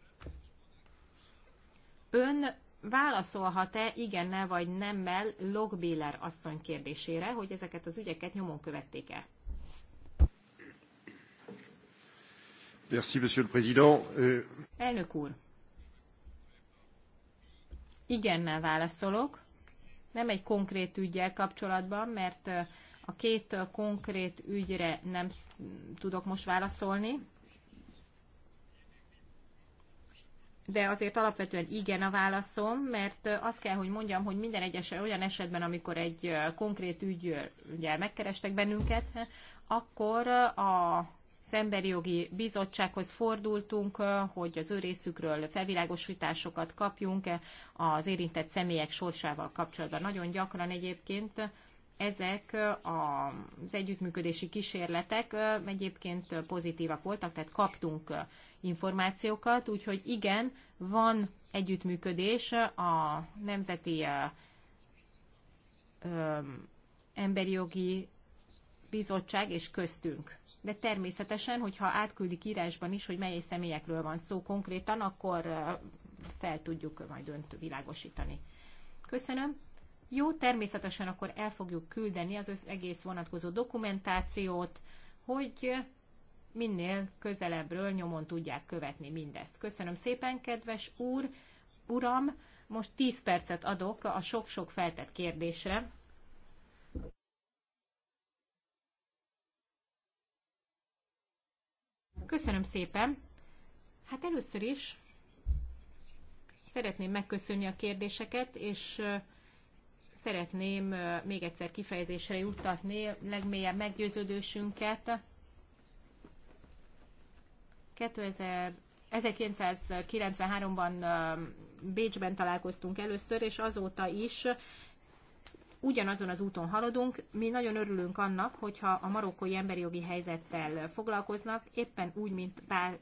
ön válaszolhat-e igenne vagy nemmel Logbéler asszony kérdésére, hogy ezeket az ügyeket nyomon követték-e? Merci, monsieur le président. Euh, Elnök úr, igennel válaszolok, nem egy konkrét ügyel kapcsolatban, mert a két konkrét ügyre nem tudok most válaszolni, de azért alapvetően igen a válaszom, mert azt kell, hogy mondjam, hogy minden egyes olyan esetben, amikor egy konkrét ügyel megkerestek bennünket, akkor a az Emberi Jogi Bizottsághoz fordultunk, hogy az ő részükről felvilágosításokat kapjunk az érintett személyek sorsával kapcsolatban. Nagyon gyakran egyébként ezek az együttműködési kísérletek egyébként pozitívak voltak, tehát kaptunk információkat, úgyhogy igen, van együttműködés a Nemzeti Emberi Jogi Bizottság és köztünk. De természetesen, hogyha átküldik írásban is, hogy mely személyekről van szó konkrétan, akkor fel tudjuk majd önt világosítani. Köszönöm. Jó, természetesen akkor el fogjuk küldeni az össz egész vonatkozó dokumentációt, hogy minél közelebbről nyomon tudják követni mindezt. Köszönöm szépen, kedves úr, uram, most 10 percet adok a sok-sok feltett kérdésre. Köszönöm szépen. Hát először is szeretném megköszönni a kérdéseket, és szeretném még egyszer kifejezésre juttatni legmélyebb meggyőződésünket. 2000 1993-ban Bécsben találkoztunk először, és azóta is ugyanazon az úton haladunk. Mi nagyon örülünk annak, hogyha a marokkói emberi jogi helyzettel foglalkoznak, éppen úgy, mint bár,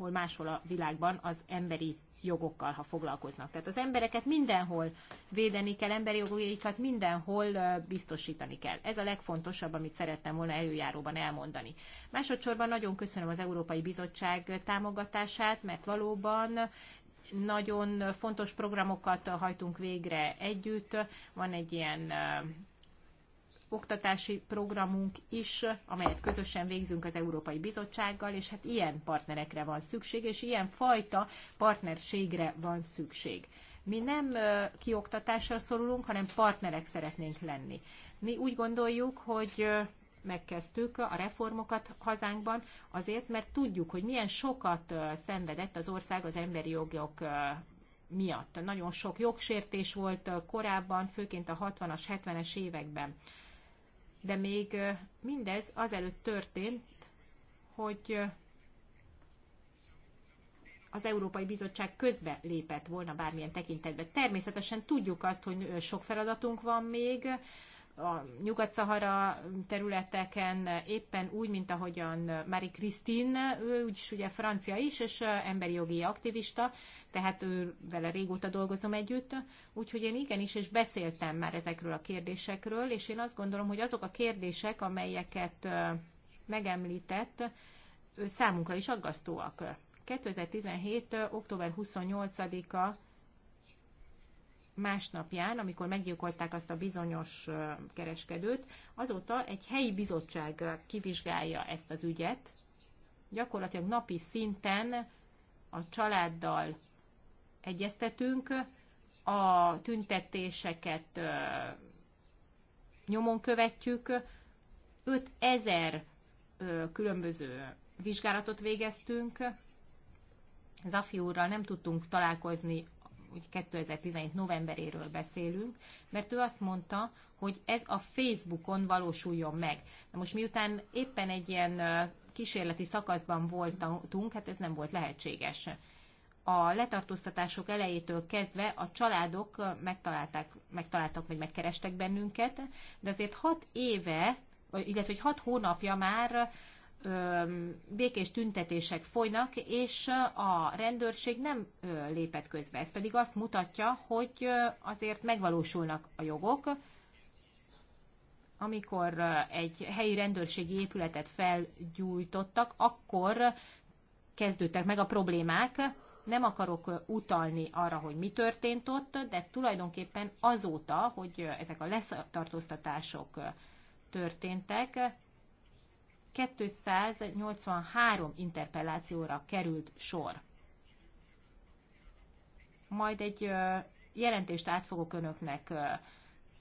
mindenhol máshol a világban az emberi jogokkal, ha foglalkoznak. Tehát az embereket mindenhol védeni kell, emberi jogaikat mindenhol biztosítani kell. Ez a legfontosabb, amit szerettem volna előjáróban elmondani. Másodszorban nagyon köszönöm az Európai Bizottság támogatását, mert valóban nagyon fontos programokat hajtunk végre együtt. Van egy ilyen oktatási programunk is, amelyet közösen végzünk az Európai Bizottsággal, és hát ilyen partnerekre van szükség, és ilyen fajta partnerségre van szükség. Mi nem kioktatásra szorulunk, hanem partnerek szeretnénk lenni. Mi úgy gondoljuk, hogy megkezdtük a reformokat hazánkban, azért, mert tudjuk, hogy milyen sokat szenvedett az ország az emberi jogok miatt. Nagyon sok jogsértés volt korábban, főként a 60-as, 70-es években de még mindez azelőtt történt, hogy az Európai Bizottság közbe lépett volna bármilyen tekintetben. Természetesen tudjuk azt, hogy sok feladatunk van még, a Nyugat-Szahara területeken, éppen úgy, mint ahogyan Marie Christine, ő úgyis ugye francia is, és emberi jogi aktivista, tehát ő vele régóta dolgozom együtt, úgyhogy én igenis, és beszéltem már ezekről a kérdésekről, és én azt gondolom, hogy azok a kérdések, amelyeket megemlített, számunkra is aggasztóak. 2017. október 28-a másnapján, amikor meggyilkolták azt a bizonyos kereskedőt, azóta egy helyi bizottság kivizsgálja ezt az ügyet. Gyakorlatilag napi szinten a családdal egyeztetünk, a tüntetéseket nyomon követjük, 5000 különböző vizsgálatot végeztünk. Zafi úrral nem tudtunk találkozni hogy 2017 novemberéről beszélünk, mert ő azt mondta, hogy ez a Facebookon valósuljon meg. Na most miután éppen egy ilyen kísérleti szakaszban voltunk, hát ez nem volt lehetséges. A letartóztatások elejétől kezdve a családok megtalálták, megtaláltak, vagy megkerestek bennünket, de azért hat éve, illetve hogy hat hónapja már békés tüntetések folynak, és a rendőrség nem lépett közbe. Ez pedig azt mutatja, hogy azért megvalósulnak a jogok, amikor egy helyi rendőrségi épületet felgyújtottak, akkor kezdődtek meg a problémák. Nem akarok utalni arra, hogy mi történt ott, de tulajdonképpen azóta, hogy ezek a leszartóztatások történtek, 283 interpellációra került sor. Majd egy jelentést át fogok önöknek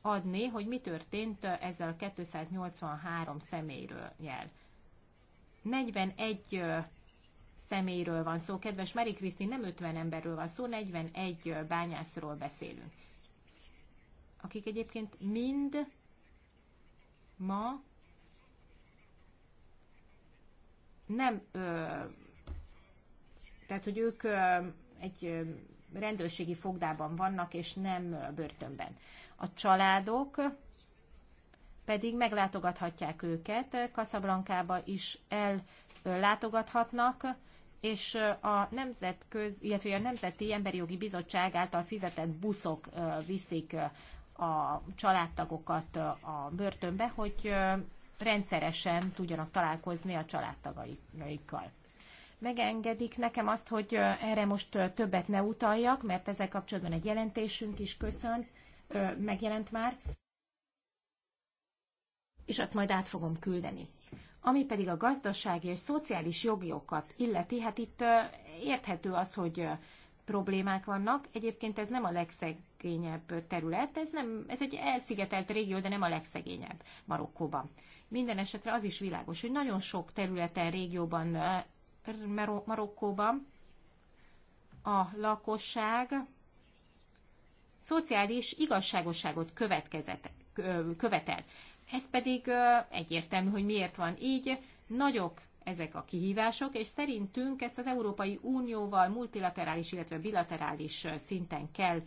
adni, hogy mi történt ezzel a 283 személyről jel. 41 személyről van szó, kedves Mari Kriszti, nem 50 emberről van szó, 41 bányászról beszélünk. Akik egyébként mind ma nem, tehát hogy ők egy rendőrségi fogdában vannak, és nem börtönben. A családok pedig meglátogathatják őket, Kaszablankába is ellátogathatnak, és a nemzetköz, illetve a Nemzeti Emberi Jogi Bizottság által fizetett buszok viszik a családtagokat a börtönbe, hogy rendszeresen tudjanak találkozni a családtagaikkal. Megengedik nekem azt, hogy erre most többet ne utaljak, mert ezzel kapcsolatban egy jelentésünk is köszönt, megjelent már, és azt majd át fogom küldeni. Ami pedig a gazdasági és szociális jogiokat illeti, hát itt érthető az, hogy problémák vannak. Egyébként ez nem a legszegényebb terület, ez, nem, ez egy elszigetelt régió, de nem a legszegényebb Marokkóban. Minden esetre az is világos, hogy nagyon sok területen, régióban, Marokkóban a lakosság szociális igazságosságot követel. Ez pedig egyértelmű, hogy miért van így. Nagyok ezek a kihívások, és szerintünk ezt az Európai Unióval multilaterális, illetve bilaterális szinten kell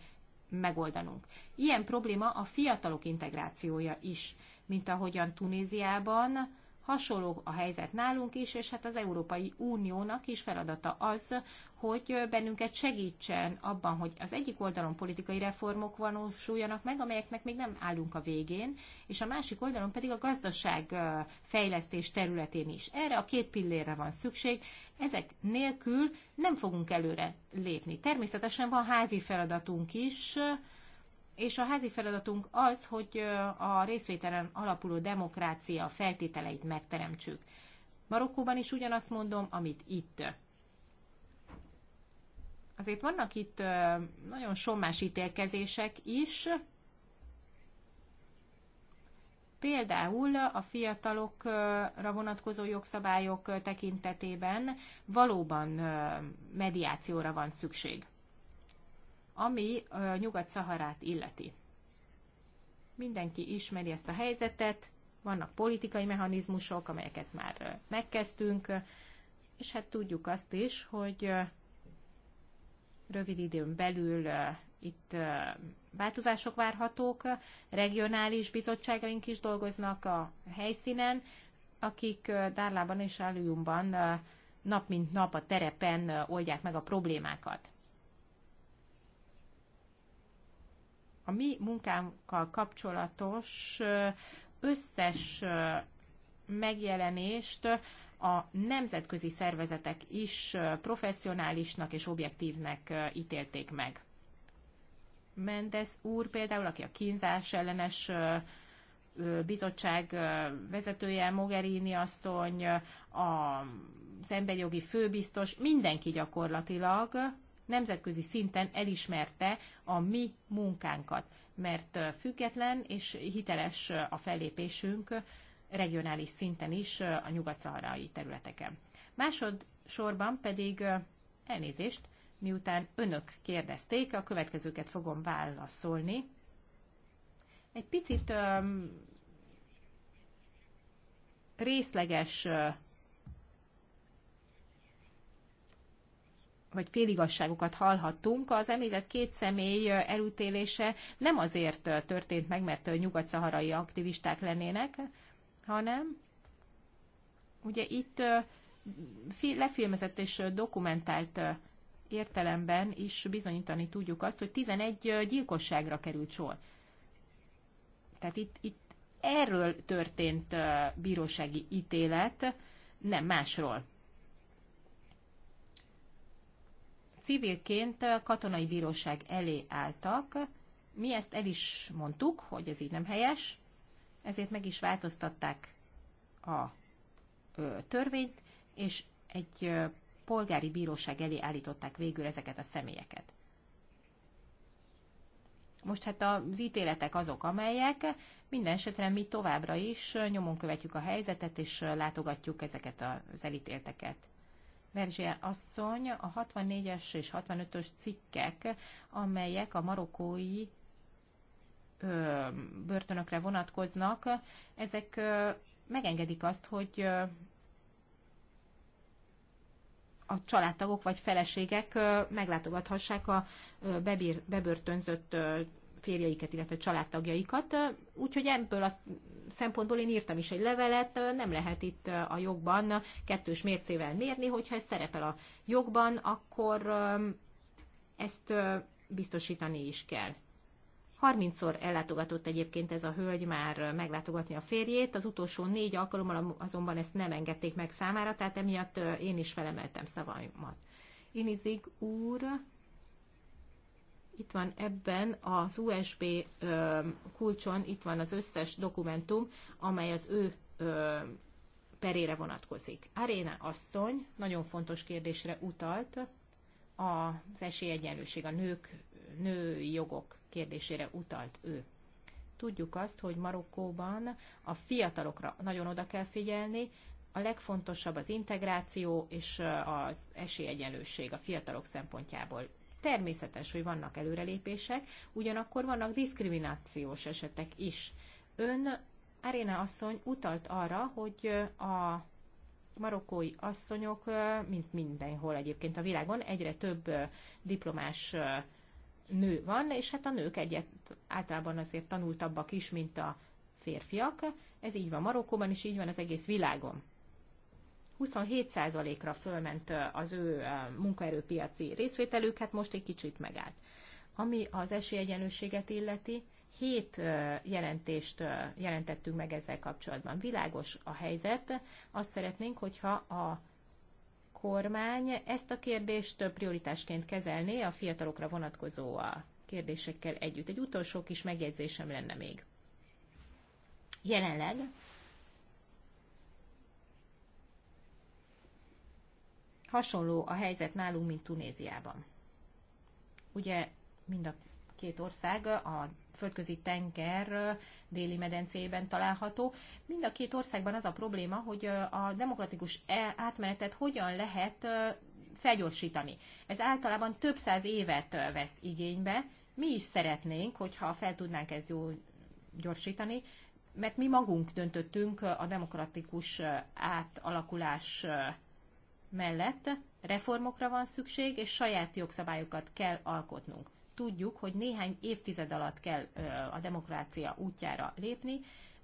megoldanunk. Ilyen probléma a fiatalok integrációja is mint ahogyan Tunéziában. Hasonló a helyzet nálunk is, és hát az Európai Uniónak is feladata az, hogy bennünket segítsen abban, hogy az egyik oldalon politikai reformok valósuljanak meg, amelyeknek még nem állunk a végén, és a másik oldalon pedig a gazdaság fejlesztés területén is. Erre a két pillérre van szükség, ezek nélkül nem fogunk előre lépni. Természetesen van házi feladatunk is, és a házi feladatunk az, hogy a részvételen alapuló demokrácia feltételeit megteremtsük. Marokkóban is ugyanazt mondom, amit itt. Azért vannak itt nagyon sommás ítélkezések is. Például a fiatalokra vonatkozó jogszabályok tekintetében valóban mediációra van szükség ami Nyugat-Szaharát illeti. Mindenki ismeri ezt a helyzetet, vannak politikai mechanizmusok, amelyeket már megkezdtünk, és hát tudjuk azt is, hogy rövid időn belül itt változások várhatók, regionális bizottságaink is dolgoznak a helyszínen, akik Dárlában és Aliumban nap mint nap a terepen oldják meg a problémákat. a mi munkánkkal kapcsolatos összes megjelenést a nemzetközi szervezetek is professzionálisnak és objektívnek ítélték meg. Mendes úr például, aki a kínzás ellenes bizottság vezetője, Mogherini asszony, az emberjogi főbiztos, mindenki gyakorlatilag nemzetközi szinten elismerte a mi munkánkat, mert független és hiteles a fellépésünk regionális szinten is a nyugat-szaharai területeken. Másodszorban pedig elnézést, miután önök kérdezték, a következőket fogom válaszolni. Egy picit részleges vagy féligasságokat hallhattunk, az említett két személy elítélése nem azért történt meg, mert nyugat-szaharai aktivisták lennének, hanem ugye itt lefilmezett és dokumentált értelemben is bizonyítani tudjuk azt, hogy 11 gyilkosságra került sor. Tehát itt, itt erről történt bírósági ítélet, nem másról. civilként katonai bíróság elé álltak. Mi ezt el is mondtuk, hogy ez így nem helyes, ezért meg is változtatták a törvényt, és egy polgári bíróság elé állították végül ezeket a személyeket. Most hát az ítéletek azok, amelyek minden esetre mi továbbra is nyomon követjük a helyzetet, és látogatjuk ezeket az elítélteket. Verzsie asszony a 64-es és 65-ös cikkek, amelyek a marokkói ö, börtönökre vonatkoznak, ezek ö, megengedik azt, hogy ö, a családtagok vagy feleségek meglátogathassák a bebír, bebörtönzött férjeiket, illetve családtagjaikat. Úgyhogy ebből a szempontból én írtam is egy levelet, nem lehet itt a jogban kettős mércével mérni, hogyha ez szerepel a jogban, akkor um, ezt uh, biztosítani is kell. 30-szor ellátogatott egyébként ez a hölgy már meglátogatni a férjét, az utolsó négy alkalommal azonban ezt nem engedték meg számára, tehát emiatt uh, én is felemeltem szavaimat. Inizig úr itt van ebben az USB kulcson, itt van az összes dokumentum, amely az ő perére vonatkozik. Aréna asszony nagyon fontos kérdésre utalt, az esélyegyenlőség, a nők, női jogok kérdésére utalt ő. Tudjuk azt, hogy Marokkóban a fiatalokra nagyon oda kell figyelni, a legfontosabb az integráció és az esélyegyenlőség a fiatalok szempontjából. Természetes, hogy vannak előrelépések, ugyanakkor vannak diszkriminációs esetek is. Ön, Aréna asszony utalt arra, hogy a marokkói asszonyok, mint mindenhol egyébként a világon, egyre több diplomás nő van, és hát a nők egyet általában azért tanultabbak is, mint a férfiak. Ez így van Marokkóban, és így van az egész világon. 27%-ra fölment az ő munkaerőpiaci részvételük, hát most egy kicsit megállt. Ami az esélyegyenlőséget illeti, hét jelentést jelentettünk meg ezzel kapcsolatban. Világos a helyzet, azt szeretnénk, hogyha a kormány ezt a kérdést prioritásként kezelné a fiatalokra vonatkozó a kérdésekkel együtt. Egy utolsó kis megjegyzésem lenne még. Jelenleg Hasonló a helyzet nálunk, mint Tunéziában. Ugye mind a két ország a földközi tenger déli medencéjében található. Mind a két országban az a probléma, hogy a demokratikus e- átmenetet hogyan lehet felgyorsítani. Ez általában több száz évet vesz igénybe. Mi is szeretnénk, hogyha fel tudnánk ezt jó gyorsítani, mert mi magunk döntöttünk a demokratikus átalakulás mellett reformokra van szükség, és saját jogszabályokat kell alkotnunk. Tudjuk, hogy néhány évtized alatt kell a demokrácia útjára lépni,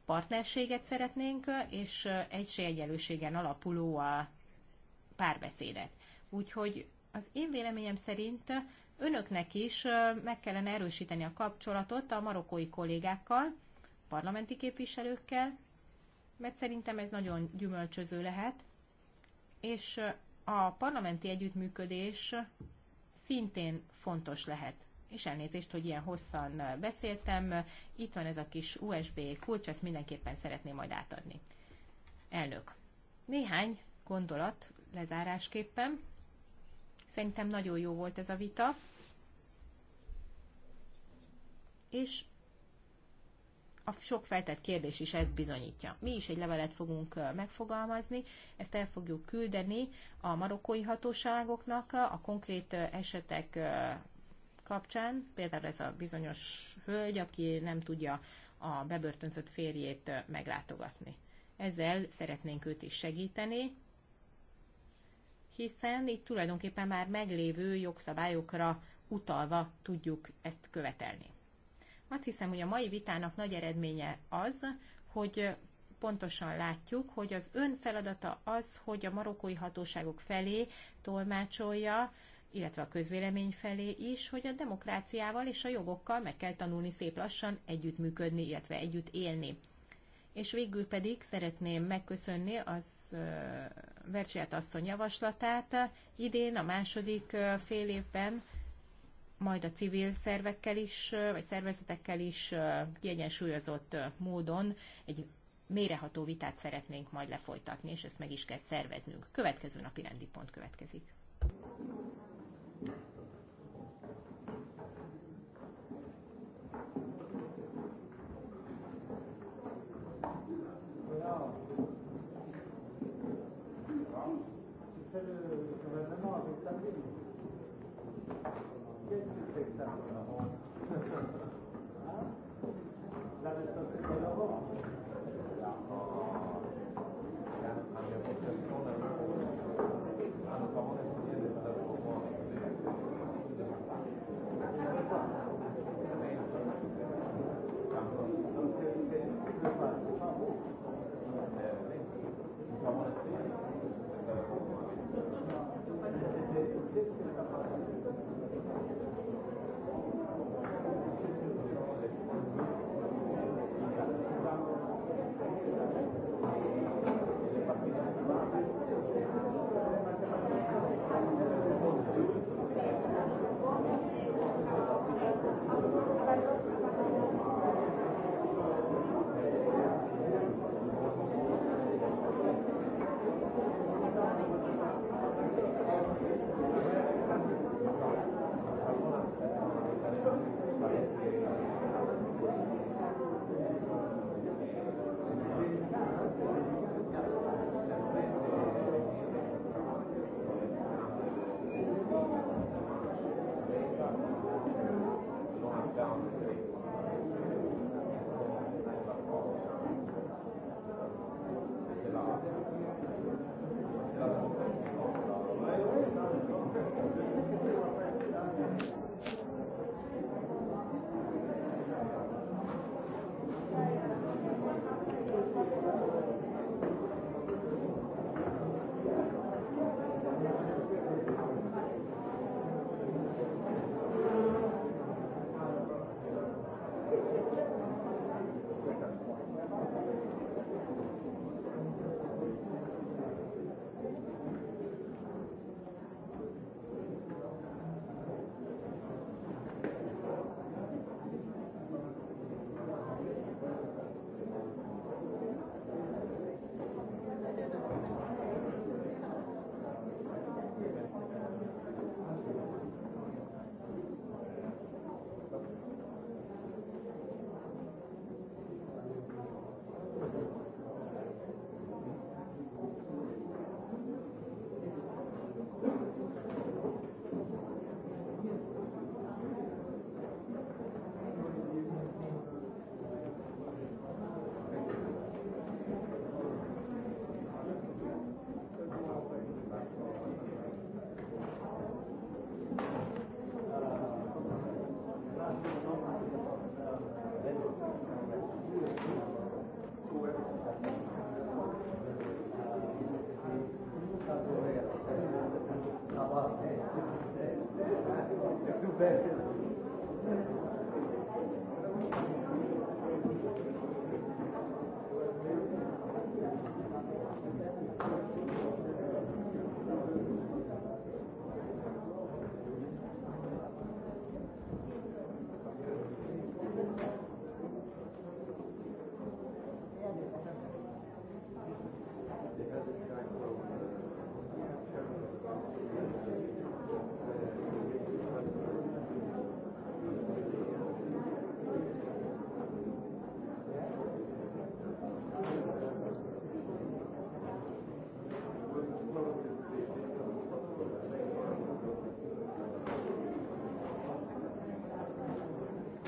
partnerséget szeretnénk, és egységegyelőségen alapuló a párbeszédet. Úgyhogy az én véleményem szerint önöknek is meg kellene erősíteni a kapcsolatot a marokkói kollégákkal, parlamenti képviselőkkel, mert szerintem ez nagyon gyümölcsöző lehet, és a parlamenti együttműködés szintén fontos lehet. És elnézést, hogy ilyen hosszan beszéltem. Itt van ez a kis USB kulcs, ezt mindenképpen szeretném majd átadni. Elnök. Néhány gondolat lezárásképpen. Szerintem nagyon jó volt ez a vita. És a sok feltett kérdés is ezt bizonyítja. Mi is egy levelet fogunk megfogalmazni, ezt el fogjuk küldeni a marokkói hatóságoknak a konkrét esetek kapcsán, például ez a bizonyos hölgy, aki nem tudja a bebörtönzött férjét meglátogatni. Ezzel szeretnénk őt is segíteni, hiszen itt tulajdonképpen már meglévő jogszabályokra utalva tudjuk ezt követelni. Azt hiszem, hogy a mai vitának nagy eredménye az, hogy pontosan látjuk, hogy az ön feladata az, hogy a marokkói hatóságok felé tolmácsolja, illetve a közvélemény felé is, hogy a demokráciával és a jogokkal meg kell tanulni szép lassan együttműködni, illetve együtt élni. És végül pedig szeretném megköszönni az Vercsiát asszony javaslatát idén, a második fél évben majd a civil szervekkel is, vagy szervezetekkel is kiegyensúlyozott módon egy méreható vitát szeretnénk majd lefolytatni, és ezt meg is kell szerveznünk. Következő napi rendi pont következik.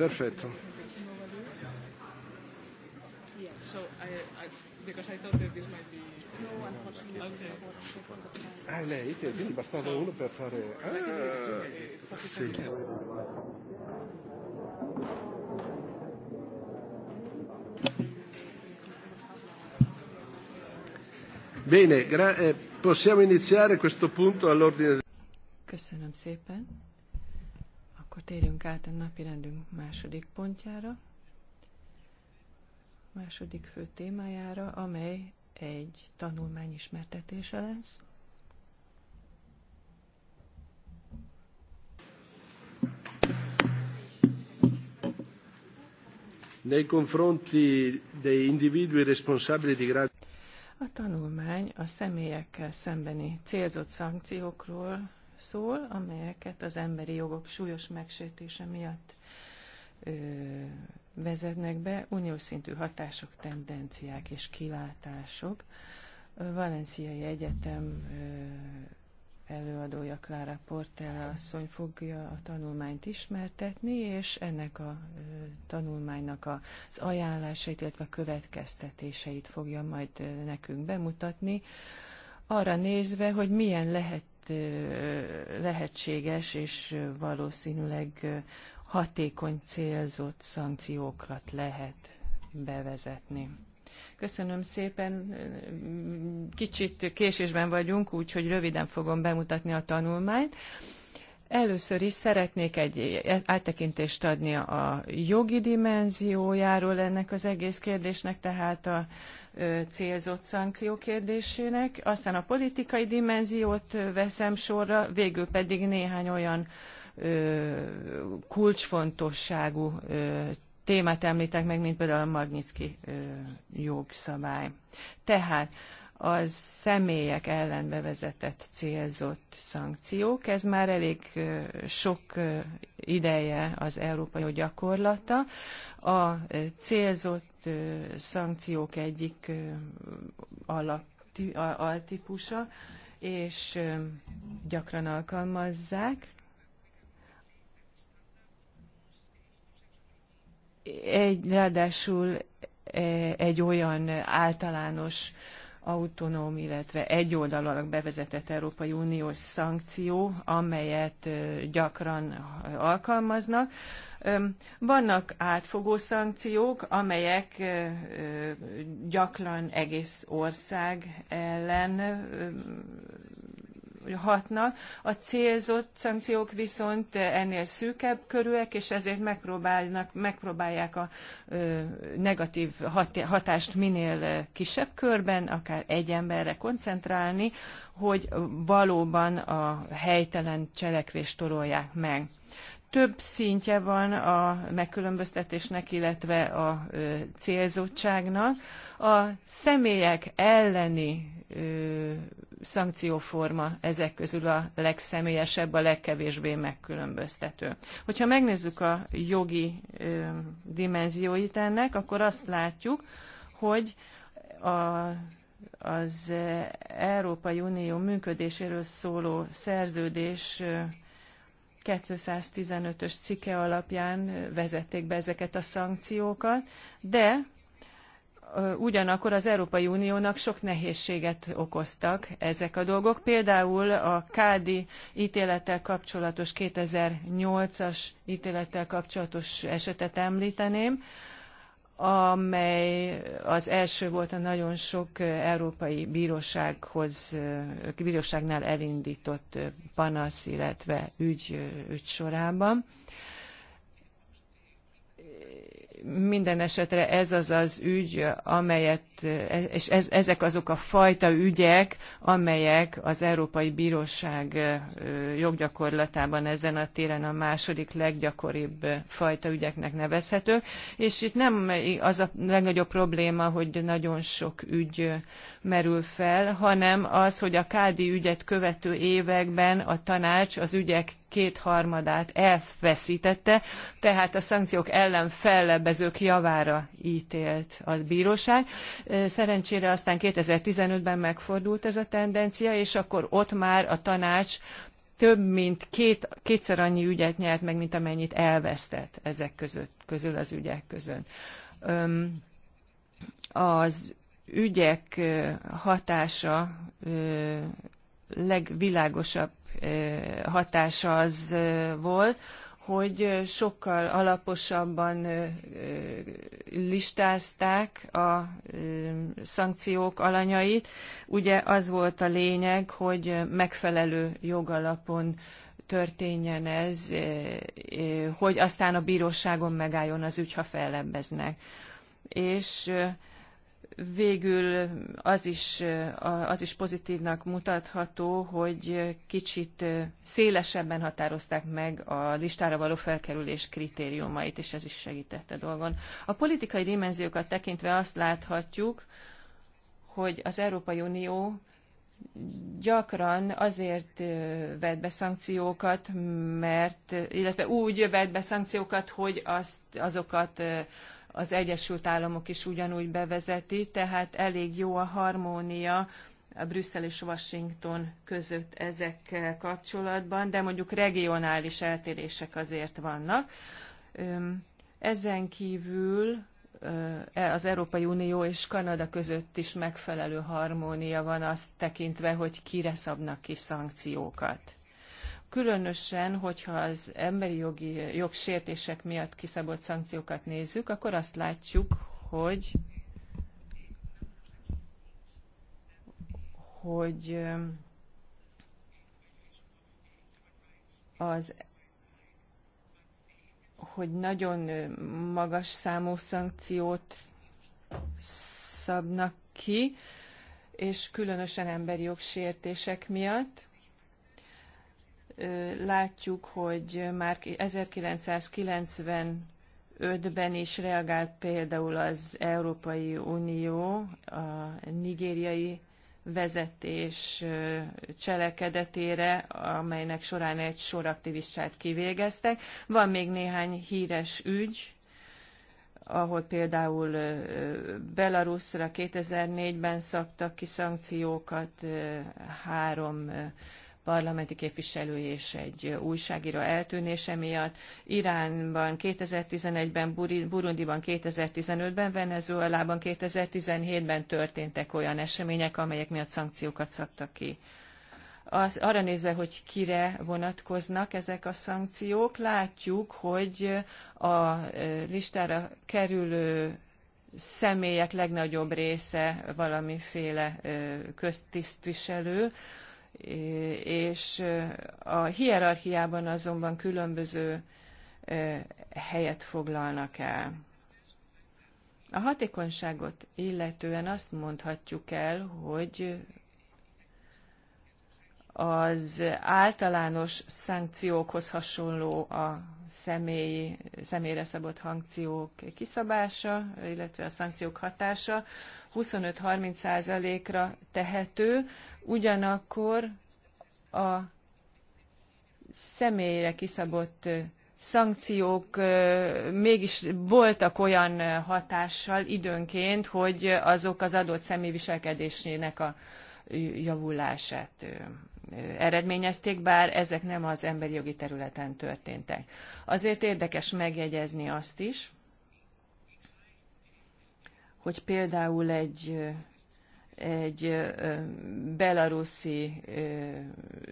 Perfetto. Ah, lei, quindi bastava so, uno per fare... Ah, sì. Bene, gra- eh, possiamo iniziare questo punto all'ordine del... Akkor térjünk át a napi rendünk második pontjára, második fő témájára, amely egy tanulmány ismertetése lesz. Nei confronti dei individui responsabili di gravi a tanulmány a személyekkel szembeni célzott szankciókról szól, amelyeket az emberi jogok súlyos megsértése miatt ö, vezetnek be, uniós szintű hatások, tendenciák és kilátások. A Valenciai Egyetem ö, előadója Klára Portella asszony fogja a tanulmányt ismertetni, és ennek a ö, tanulmánynak az ajánlásait, illetve a következtetéseit fogja majd nekünk bemutatni arra nézve, hogy milyen lehet, lehetséges és valószínűleg hatékony célzott szankciókat lehet bevezetni. Köszönöm szépen. Kicsit késésben vagyunk, úgyhogy röviden fogom bemutatni a tanulmányt. Először is szeretnék egy áttekintést adni a jogi dimenziójáról ennek az egész kérdésnek, tehát a célzott szankció kérdésének, aztán a politikai dimenziót veszem sorra, végül pedig néhány olyan kulcsfontosságú témát említek meg, mint például a Magnitsky jogszabály. Tehát az személyek ellen bevezetett célzott szankciók. Ez már elég sok ideje az európai gyakorlata. A célzott szankciók egyik alap, altípusa, és gyakran alkalmazzák. Egy, ráadásul e, egy olyan általános autonóm, illetve egyoldalúan bevezetett Európai Uniós szankció, amelyet gyakran alkalmaznak, vannak átfogó szankciók, amelyek gyakran egész ország ellen hatnak. A célzott szankciók viszont ennél szűkebb körűek, és ezért megpróbálnak, megpróbálják a negatív hatást minél kisebb körben, akár egy emberre koncentrálni, hogy valóban a helytelen cselekvést torolják meg több szintje van a megkülönböztetésnek, illetve a célzottságnak. A személyek elleni szankcióforma ezek közül a legszemélyesebb, a legkevésbé megkülönböztető. Hogyha megnézzük a jogi dimenzióit ennek, akkor azt látjuk, hogy a az Európai Unió működéséről szóló szerződés 215-ös cikke alapján vezették be ezeket a szankciókat, de ugyanakkor az Európai Uniónak sok nehézséget okoztak ezek a dolgok. Például a Kádi ítélettel kapcsolatos 2008-as ítélettel kapcsolatos esetet említeném, amely az első volt a nagyon sok európai bírósághoz, bíróságnál elindított panasz, illetve ügy, ügy sorában minden esetre ez az az ügy, amelyet, és ez, ezek azok a fajta ügyek, amelyek az Európai Bíróság joggyakorlatában ezen a téren a második leggyakoribb fajta ügyeknek nevezhetők, és itt nem az a legnagyobb probléma, hogy nagyon sok ügy merül fel, hanem az, hogy a Kádi ügyet követő években a tanács az ügyek kétharmadát elveszítette, tehát a szankciók ellen fellebbezők javára ítélt a bíróság. Szerencsére aztán 2015-ben megfordult ez a tendencia, és akkor ott már a tanács több mint két, kétszer annyi ügyet nyert meg, mint amennyit elvesztett ezek között, közül az ügyek között. az ügyek hatása legvilágosabb hatása az volt, hogy sokkal alaposabban listázták a szankciók alanyait. Ugye az volt a lényeg, hogy megfelelő jogalapon történjen ez, hogy aztán a bíróságon megálljon az ügy, ha fellebbeznek. És végül az is, az is pozitívnak mutatható, hogy kicsit szélesebben határozták meg a listára való felkerülés kritériumait, és ez is segítette dolgon. A politikai dimenziókat tekintve azt láthatjuk, hogy az Európai Unió gyakran azért vett be szankciókat, mert, illetve úgy vett be szankciókat, hogy azt, azokat az Egyesült Államok is ugyanúgy bevezeti, tehát elég jó a harmónia a Brüsszel és Washington között ezekkel kapcsolatban, de mondjuk regionális eltérések azért vannak. Ezen kívül e, az Európai Unió és Kanada között is megfelelő harmónia van azt tekintve, hogy kire szabnak ki szankciókat. Különösen, hogyha az emberi jogi jogsértések miatt kiszabott szankciókat nézzük, akkor azt látjuk, hogy hogy az hogy nagyon magas számú szankciót szabnak ki, és különösen emberi jogsértések miatt látjuk, hogy már 1995 ben is reagált például az Európai Unió a nigériai vezetés cselekedetére, amelynek során egy sor aktivistát kivégeztek. Van még néhány híres ügy, ahol például Belarusra 2004-ben szabtak ki szankciókat, három parlamenti képviselő és egy újságíró eltűnése miatt. Iránban 2011-ben, Burundiban 2015-ben, Venezuelában 2017-ben történtek olyan események, amelyek miatt szankciókat szabtak ki. Az, arra nézve, hogy kire vonatkoznak ezek a szankciók, látjuk, hogy a e, listára kerülő személyek legnagyobb része valamiféle e, köztisztviselő, és a hierarchiában azonban különböző helyet foglalnak el. A hatékonyságot illetően azt mondhatjuk el, hogy az általános szankciókhoz hasonló a személy, személyre szabott hangciók kiszabása, illetve a szankciók hatása 25-30%-ra tehető, ugyanakkor a személyre kiszabott szankciók mégis voltak olyan hatással időnként, hogy azok az adott személy viselkedésének a javulását eredményezték, bár ezek nem az emberi jogi területen történtek. Azért érdekes megjegyezni azt is, hogy például egy egy belaruszi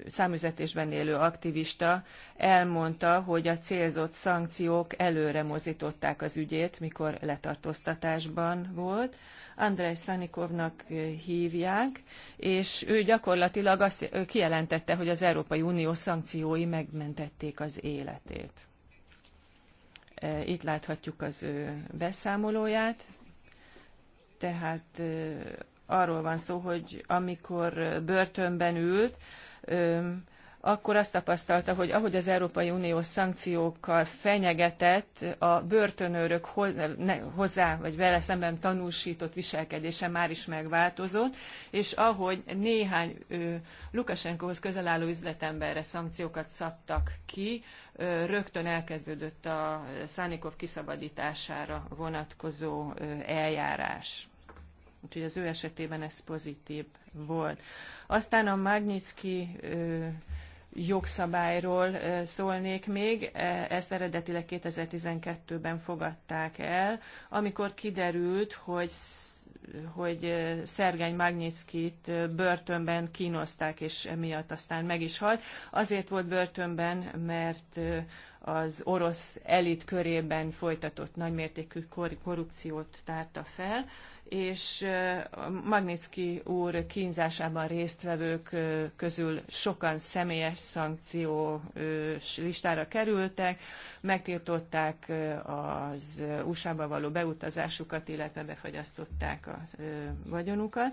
számüzetésben élő aktivista elmondta, hogy a célzott szankciók előre mozították az ügyét, mikor letartóztatásban volt. Andrei Szanikovnak hívják, és ő gyakorlatilag azt kijelentette, hogy az Európai Unió szankciói megmentették az életét. Itt láthatjuk az ő beszámolóját, tehát arról van szó, hogy amikor börtönben ült, akkor azt tapasztalta, hogy ahogy az Európai Unió szankciókkal fenyegetett, a börtönőrök hozzá vagy vele szemben tanúsított viselkedése már is megváltozott, és ahogy néhány Lukasenkohoz közel álló üzletemberre szankciókat szabtak ki, rögtön elkezdődött a Szánikov kiszabadítására vonatkozó eljárás úgyhogy az ő esetében ez pozitív volt. Aztán a Magnitsky jogszabályról szólnék még. E, ezt eredetileg 2012-ben fogadták el, amikor kiderült, hogy hogy Szergeny Magnitskit börtönben kínozták, és emiatt aztán meg is halt. Azért volt börtönben, mert az orosz elit körében folytatott nagymértékű korrupciót tárta fel, és Magnitsky úr kínzásában résztvevők közül sokan személyes szankciós listára kerültek, megtiltották az USA-ba való beutazásukat, illetve befagyasztották a vagyonukat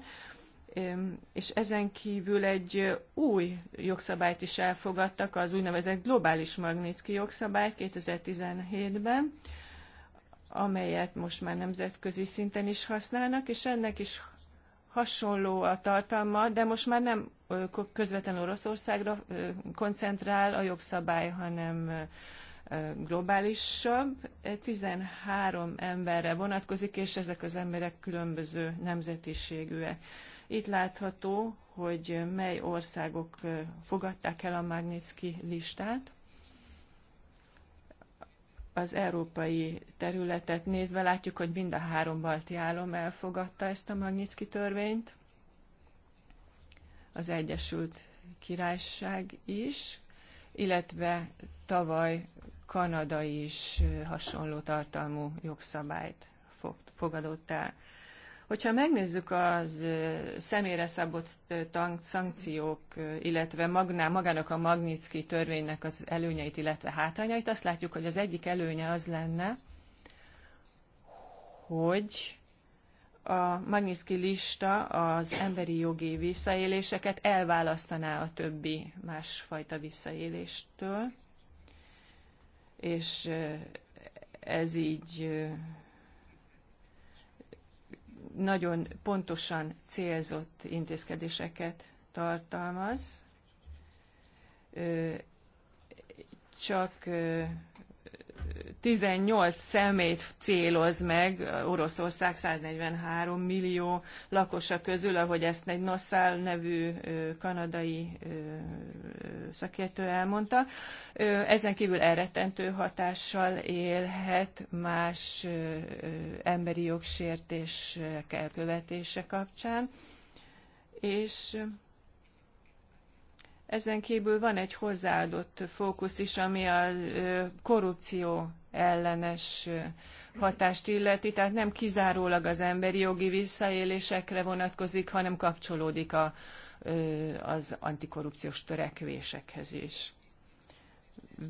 és ezen kívül egy új jogszabályt is elfogadtak, az úgynevezett globális Magnitsky jogszabályt 2017-ben, amelyet most már nemzetközi szinten is használnak, és ennek is hasonló a tartalma, de most már nem közvetlenül Oroszországra koncentrál a jogszabály, hanem globálisabb. 13 emberre vonatkozik, és ezek az emberek különböző nemzetiségűek. Itt látható, hogy mely országok fogadták el a Magnitsky listát. Az európai területet nézve látjuk, hogy mind a három balti állam elfogadta ezt a Magnitsky törvényt. Az Egyesült Királyság is, illetve tavaly Kanada is hasonló tartalmú jogszabályt fogadott el. Hogyha megnézzük az személyre szabott szankciók, illetve magná, magának a Magnitsky törvénynek az előnyeit, illetve hátrányait, azt látjuk, hogy az egyik előnye az lenne, hogy a Magnitsky lista az emberi jogi visszaéléseket elválasztaná a többi másfajta visszaéléstől, és ez így nagyon pontosan célzott intézkedéseket tartalmaz, csak 18 szemét céloz meg Oroszország 143 millió lakosa közül, ahogy ezt egy Nossal nevű kanadai szakértő elmondta. Ezen kívül elrettentő hatással élhet más emberi jogsértések elkövetése kapcsán. És ezen kívül van egy hozzáadott fókusz is, ami a korrupció ellenes hatást illeti, tehát nem kizárólag az emberi jogi visszaélésekre vonatkozik, hanem kapcsolódik a, az antikorrupciós törekvésekhez is.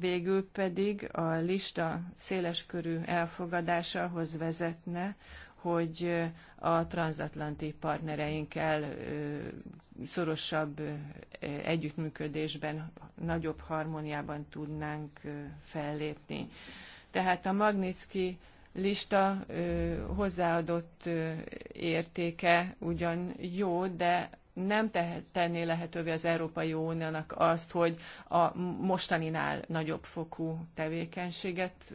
Végül pedig a lista széleskörű elfogadásahoz vezetne, hogy a transatlanti partnereinkkel szorosabb együttműködésben, nagyobb harmóniában tudnánk fellépni. Tehát a Magnitsky lista hozzáadott értéke ugyan jó, de nem tenné lehetővé az Európai Uniónak azt, hogy a mostaninál nagyobb fokú tevékenységet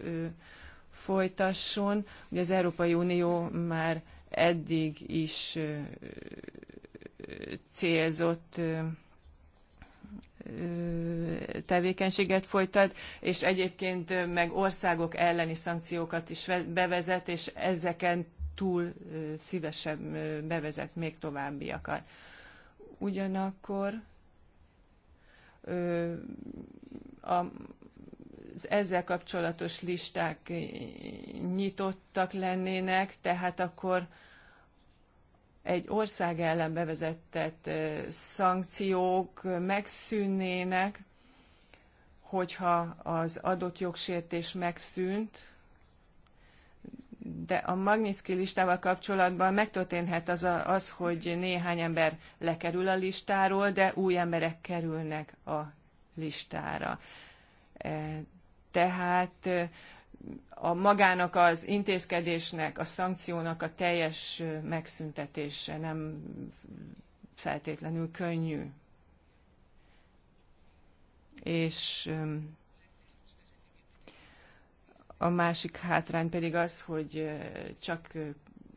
folytasson. Ugye az Európai Unió már eddig is célzott tevékenységet folytat, és egyébként meg országok elleni szankciókat is bevezet, és ezeken túl szívesen bevezet még továbbiakat. Ugyanakkor a ezzel kapcsolatos listák nyitottak lennének, tehát akkor egy ország ellen bevezetett szankciók megszűnnének, hogyha az adott jogsértés megszűnt, de a Magnitsky listával kapcsolatban megtörténhet az, a, az, hogy néhány ember lekerül a listáról, de új emberek kerülnek a listára. E, tehát a magának az intézkedésnek, a szankciónak a teljes megszüntetése nem feltétlenül könnyű. És a másik hátrány pedig az, hogy csak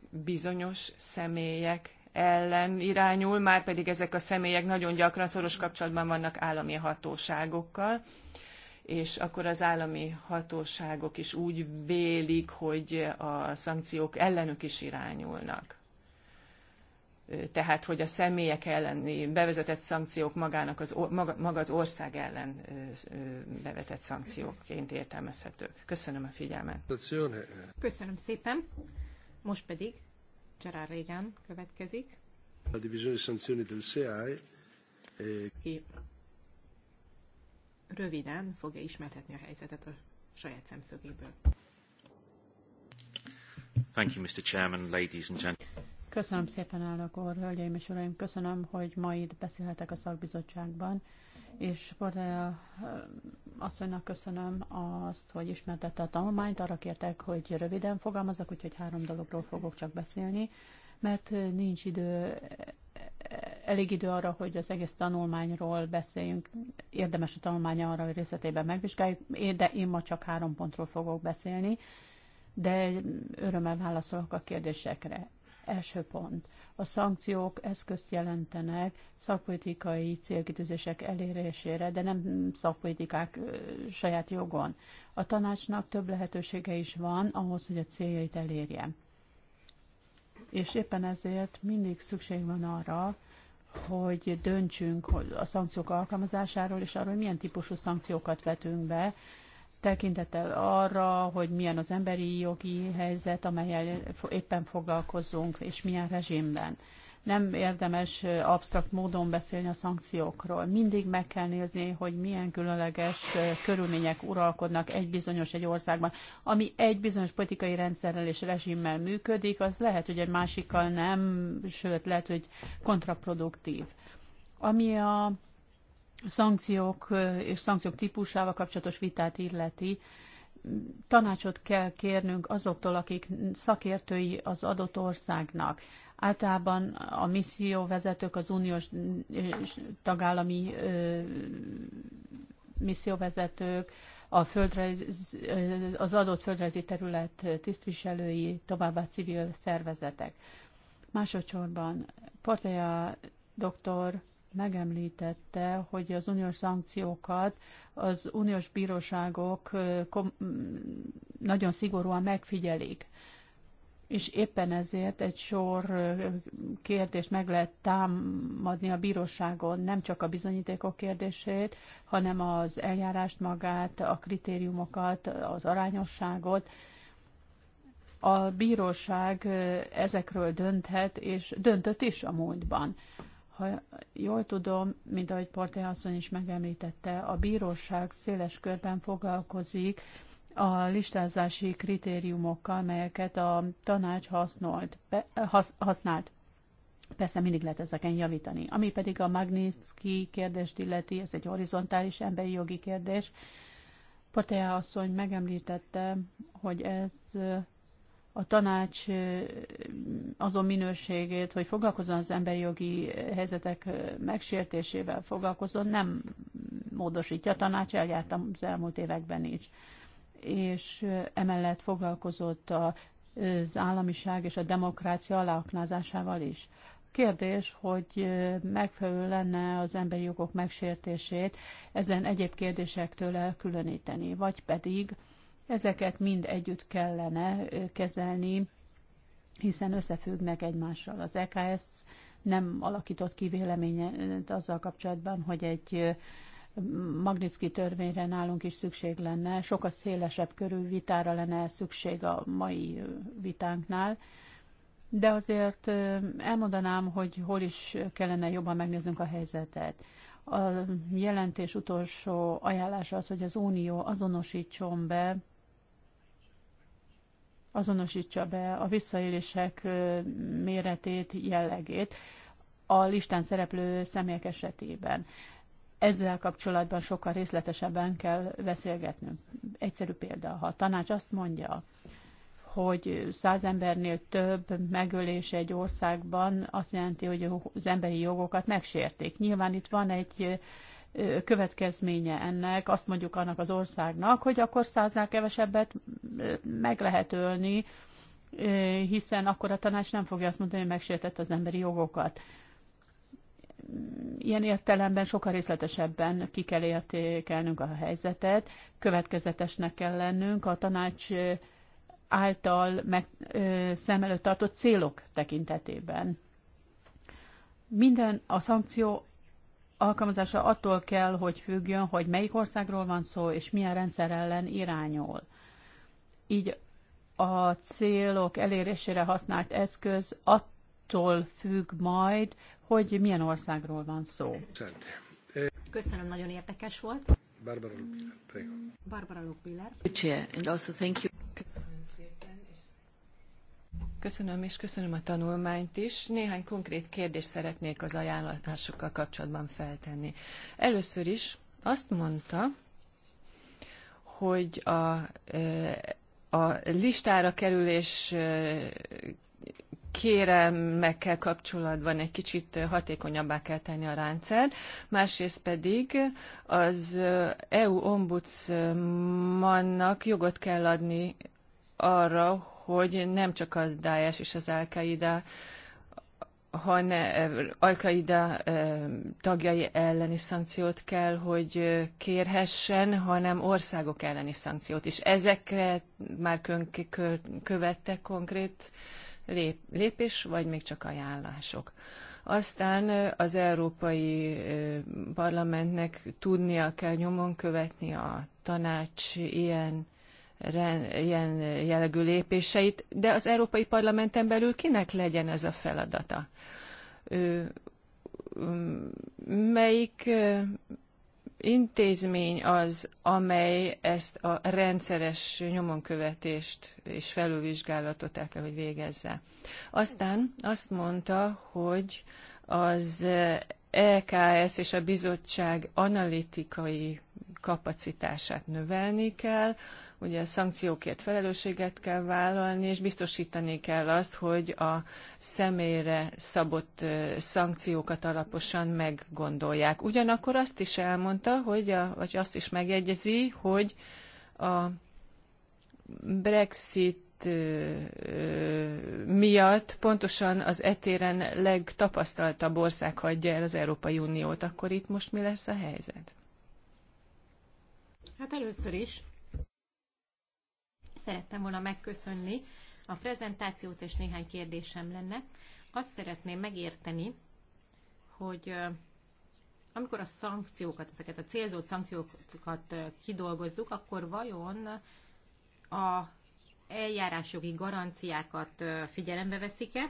bizonyos személyek ellen irányul, már pedig ezek a személyek nagyon gyakran szoros kapcsolatban vannak állami hatóságokkal és akkor az állami hatóságok is úgy vélik, hogy a szankciók ellenük is irányulnak. Tehát, hogy a személyek elleni bevezetett szankciók magának az, maga, maga az ország ellen bevetett szankcióként értelmezhetők. Köszönöm a figyelmet. Köszönöm szépen. Most pedig Gerard Reagan következik. A divisione sanzioni del SEAE. Eh, Ki röviden fogja ismertetni a helyzetet a saját szemszögéből. Thank you, Mr. Chairman, ladies and gentlemen. Köszönöm szépen, elnök úr, hölgyeim és uraim, köszönöm, hogy ma itt beszélhetek a szakbizottságban, és Bordája asszonynak köszönöm azt, hogy ismertette a tanulmányt, arra kértek, hogy röviden fogalmazok, úgyhogy három dologról fogok csak beszélni, mert nincs idő elég idő arra, hogy az egész tanulmányról beszéljünk. Érdemes a tanulmány arra, hogy részletében megvizsgáljuk, de én ma csak három pontról fogok beszélni, de örömmel válaszolok a kérdésekre. Első pont. A szankciók eszközt jelentenek szakpolitikai célkitűzések elérésére, de nem szakpolitikák saját jogon. A tanácsnak több lehetősége is van ahhoz, hogy a céljait elérje és éppen ezért mindig szükség van arra, hogy döntsünk a szankciók alkalmazásáról, és arról, hogy milyen típusú szankciókat vetünk be, tekintettel arra, hogy milyen az emberi jogi helyzet, amelyel éppen foglalkozunk, és milyen rezsimben. Nem érdemes absztrakt módon beszélni a szankciókról. Mindig meg kell nézni, hogy milyen különleges körülmények uralkodnak egy bizonyos egy országban. Ami egy bizonyos politikai rendszerrel és rezsimmel működik, az lehet, hogy egy másikkal nem, sőt, lehet, hogy kontraproduktív. Ami a szankciók és szankciók típusával kapcsolatos vitát illeti, tanácsot kell kérnünk azoktól, akik szakértői az adott országnak. Általában a vezetők, az uniós tagállami misszióvezetők, a földrajz, az adott földrajzi terület tisztviselői, továbbá civil szervezetek. Másodszorban Portaja doktor megemlítette, hogy az uniós szankciókat az uniós bíróságok nagyon szigorúan megfigyelik és éppen ezért egy sor kérdést meg lehet támadni a bíróságon, nem csak a bizonyítékok kérdését, hanem az eljárást magát, a kritériumokat, az arányosságot. A bíróság ezekről dönthet, és döntött is a múltban. Ha jól tudom, mint ahogy Porté asszony is megemlítette, a bíróság széles körben foglalkozik, a listázási kritériumokkal, melyeket a tanács használt. be, has, használt. Persze mindig lehet ezeken javítani. Ami pedig a Magnitsky kérdést illeti, ez egy horizontális emberi jogi kérdés. Patea asszony megemlítette, hogy ez a tanács azon minőségét, hogy foglalkozzon az emberi jogi helyzetek megsértésével foglalkozzon, nem módosítja a tanács, eljártam az elmúlt években is és emellett foglalkozott az államiság és a demokrácia aláaknázásával is. Kérdés, hogy megfelelő lenne az emberi jogok megsértését ezen egyéb kérdésektől elkülöníteni, vagy pedig ezeket mind együtt kellene kezelni, hiszen összefüggnek egymással. Az EKS nem alakított ki véleményet azzal kapcsolatban, hogy egy Magnitsky törvényre nálunk is szükség lenne, sokkal szélesebb körű vitára lenne szükség a mai vitánknál, de azért elmondanám, hogy hol is kellene jobban megnéznünk a helyzetet. A jelentés utolsó ajánlása az, hogy az Unió azonosítson be azonosítsa be a visszaélések méretét, jellegét a listán szereplő személyek esetében ezzel kapcsolatban sokkal részletesebben kell beszélgetnünk. Egyszerű példa, ha a tanács azt mondja, hogy száz embernél több megölés egy országban azt jelenti, hogy az emberi jogokat megsérték. Nyilván itt van egy következménye ennek, azt mondjuk annak az országnak, hogy akkor száznál kevesebbet meg lehet ölni, hiszen akkor a tanács nem fogja azt mondani, hogy megsértett az emberi jogokat ilyen értelemben sokkal részletesebben ki kell értékelnünk a helyzetet, következetesnek kell lennünk a tanács által meg, ö, szem előtt tartott célok tekintetében. Minden a szankció alkalmazása attól kell, hogy függjön, hogy melyik országról van szó, és milyen rendszer ellen irányol. Így a célok elérésére használt eszköz attól függ majd, hogy milyen országról van szó. Köszönöm, nagyon érdekes volt. Barbara Lupiller, Barbara Lupiller. also thank you. Köszönöm szépen. Köszönöm, és köszönöm a tanulmányt is. Néhány konkrét kérdést szeretnék az ajánlásokkal kapcsolatban feltenni. Először is azt mondta, hogy a, e, a listára kerülés e, kéremekkel kapcsolatban egy kicsit hatékonyabbá kell tenni a rendszert, másrészt pedig az EU ombudsmannak jogot kell adni arra, hogy nem csak az Daesh és az al qaeda hanem al qaeda tagjai elleni szankciót kell, hogy kérhessen, hanem országok elleni szankciót is. Ezekre már követtek konkrét lép, lépés, vagy még csak ajánlások. Aztán az Európai Parlamentnek tudnia kell nyomon követni a tanács ilyen ilyen jellegű lépéseit, de az Európai Parlamenten belül kinek legyen ez a feladata? Melyik intézmény az, amely ezt a rendszeres nyomonkövetést és felülvizsgálatot el kell, hogy végezze. Aztán azt mondta, hogy az EKS és a bizottság analitikai kapacitását növelni kell, ugye a szankciókért felelősséget kell vállalni, és biztosítani kell azt, hogy a személyre szabott szankciókat alaposan meggondolják. Ugyanakkor azt is elmondta, hogy a, vagy azt is megjegyezi, hogy a Brexit miatt pontosan az etéren legtapasztaltabb ország hagyja el az Európai Uniót, akkor itt most mi lesz a helyzet? Hát először is szerettem volna megköszönni a prezentációt, és néhány kérdésem lenne. Azt szeretném megérteni, hogy amikor a szankciókat, ezeket a célzott szankciókat kidolgozzuk, akkor vajon a eljárásjogi garanciákat figyelembe veszik-e,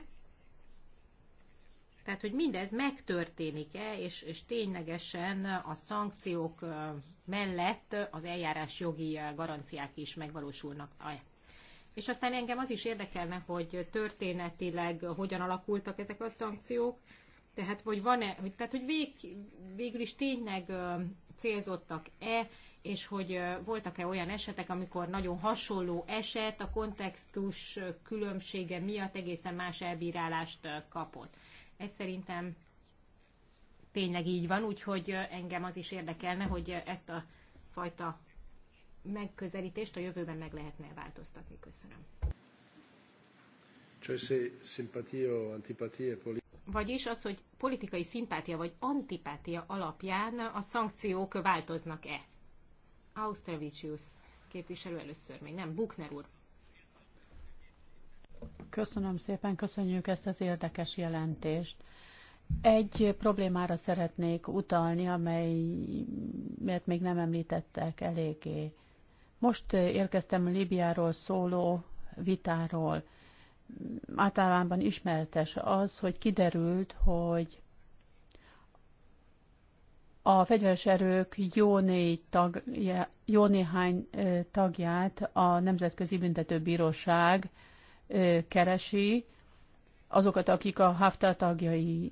tehát, hogy mindez megtörténik-e, és, és ténylegesen a szankciók mellett az eljárás jogi garanciák is megvalósulnak És aztán engem az is érdekelne, hogy történetileg hogyan alakultak ezek a szankciók, tehát hogy van-e, hogy, tehát hogy vég, végül is tényleg célzottak-e, és hogy voltak-e olyan esetek, amikor nagyon hasonló eset a kontextus különbsége miatt egészen más elbírálást kapott. Ez szerintem tényleg így van, úgyhogy engem az is érdekelne, hogy ezt a fajta megközelítést a jövőben meg lehetne változtatni. Köszönöm. Vagyis az, hogy politikai szimpátia vagy antipátia alapján a szankciók változnak-e? Ausztravicius képviselő először még, nem, Buchner úr. Köszönöm szépen, köszönjük ezt az érdekes jelentést. Egy problémára szeretnék utalni, amelyet még nem említettek eléggé. Most érkeztem Libiáról szóló vitáról. Általában ismeretes az, hogy kiderült, hogy a fegyveres erők jó, négy tag, jó néhány tagját a Nemzetközi Büntetőbíróság Bíróság keresi azokat, akik a Haftar tagjai,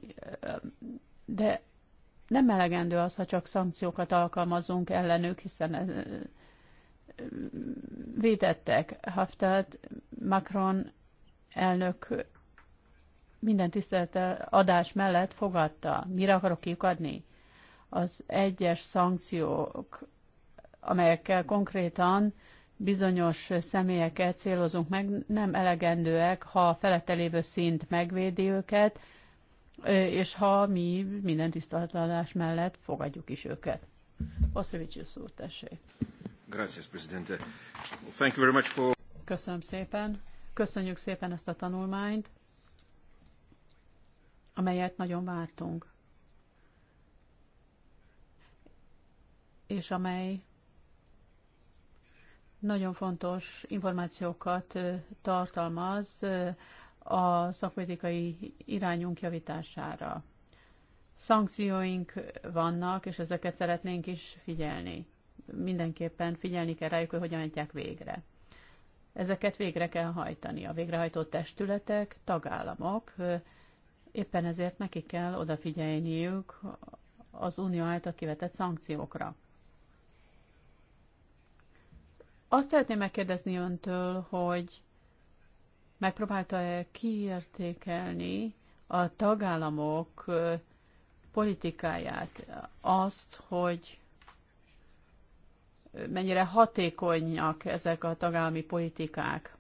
de nem elegendő az, ha csak szankciókat alkalmazunk ellenük, hiszen védettek Haftát, Macron elnök minden tisztelete adás mellett fogadta. Mire akarok kiukadni? Az egyes szankciók, amelyekkel konkrétan bizonyos személyeket célozunk meg, nem elegendőek, ha a felette lévő szint megvédi őket, és ha mi minden tisztalatlanás mellett fogadjuk is őket. Oszlovicsius úr, tessék. Thank you very much for... Köszönöm szépen. Köszönjük szépen ezt a tanulmányt, amelyet nagyon vártunk. És amely nagyon fontos információkat tartalmaz a szakpolitikai irányunk javítására. Szankcióink vannak, és ezeket szeretnénk is figyelni. Mindenképpen figyelni kell rájuk, hogy hogyan adják végre. Ezeket végre kell hajtani. A végrehajtó testületek, tagállamok, éppen ezért neki kell odafigyelniük az unió által kivetett szankciókra. Azt szeretném megkérdezni öntől, hogy megpróbálta-e kiértékelni a tagállamok politikáját, azt, hogy mennyire hatékonyak ezek a tagállami politikák.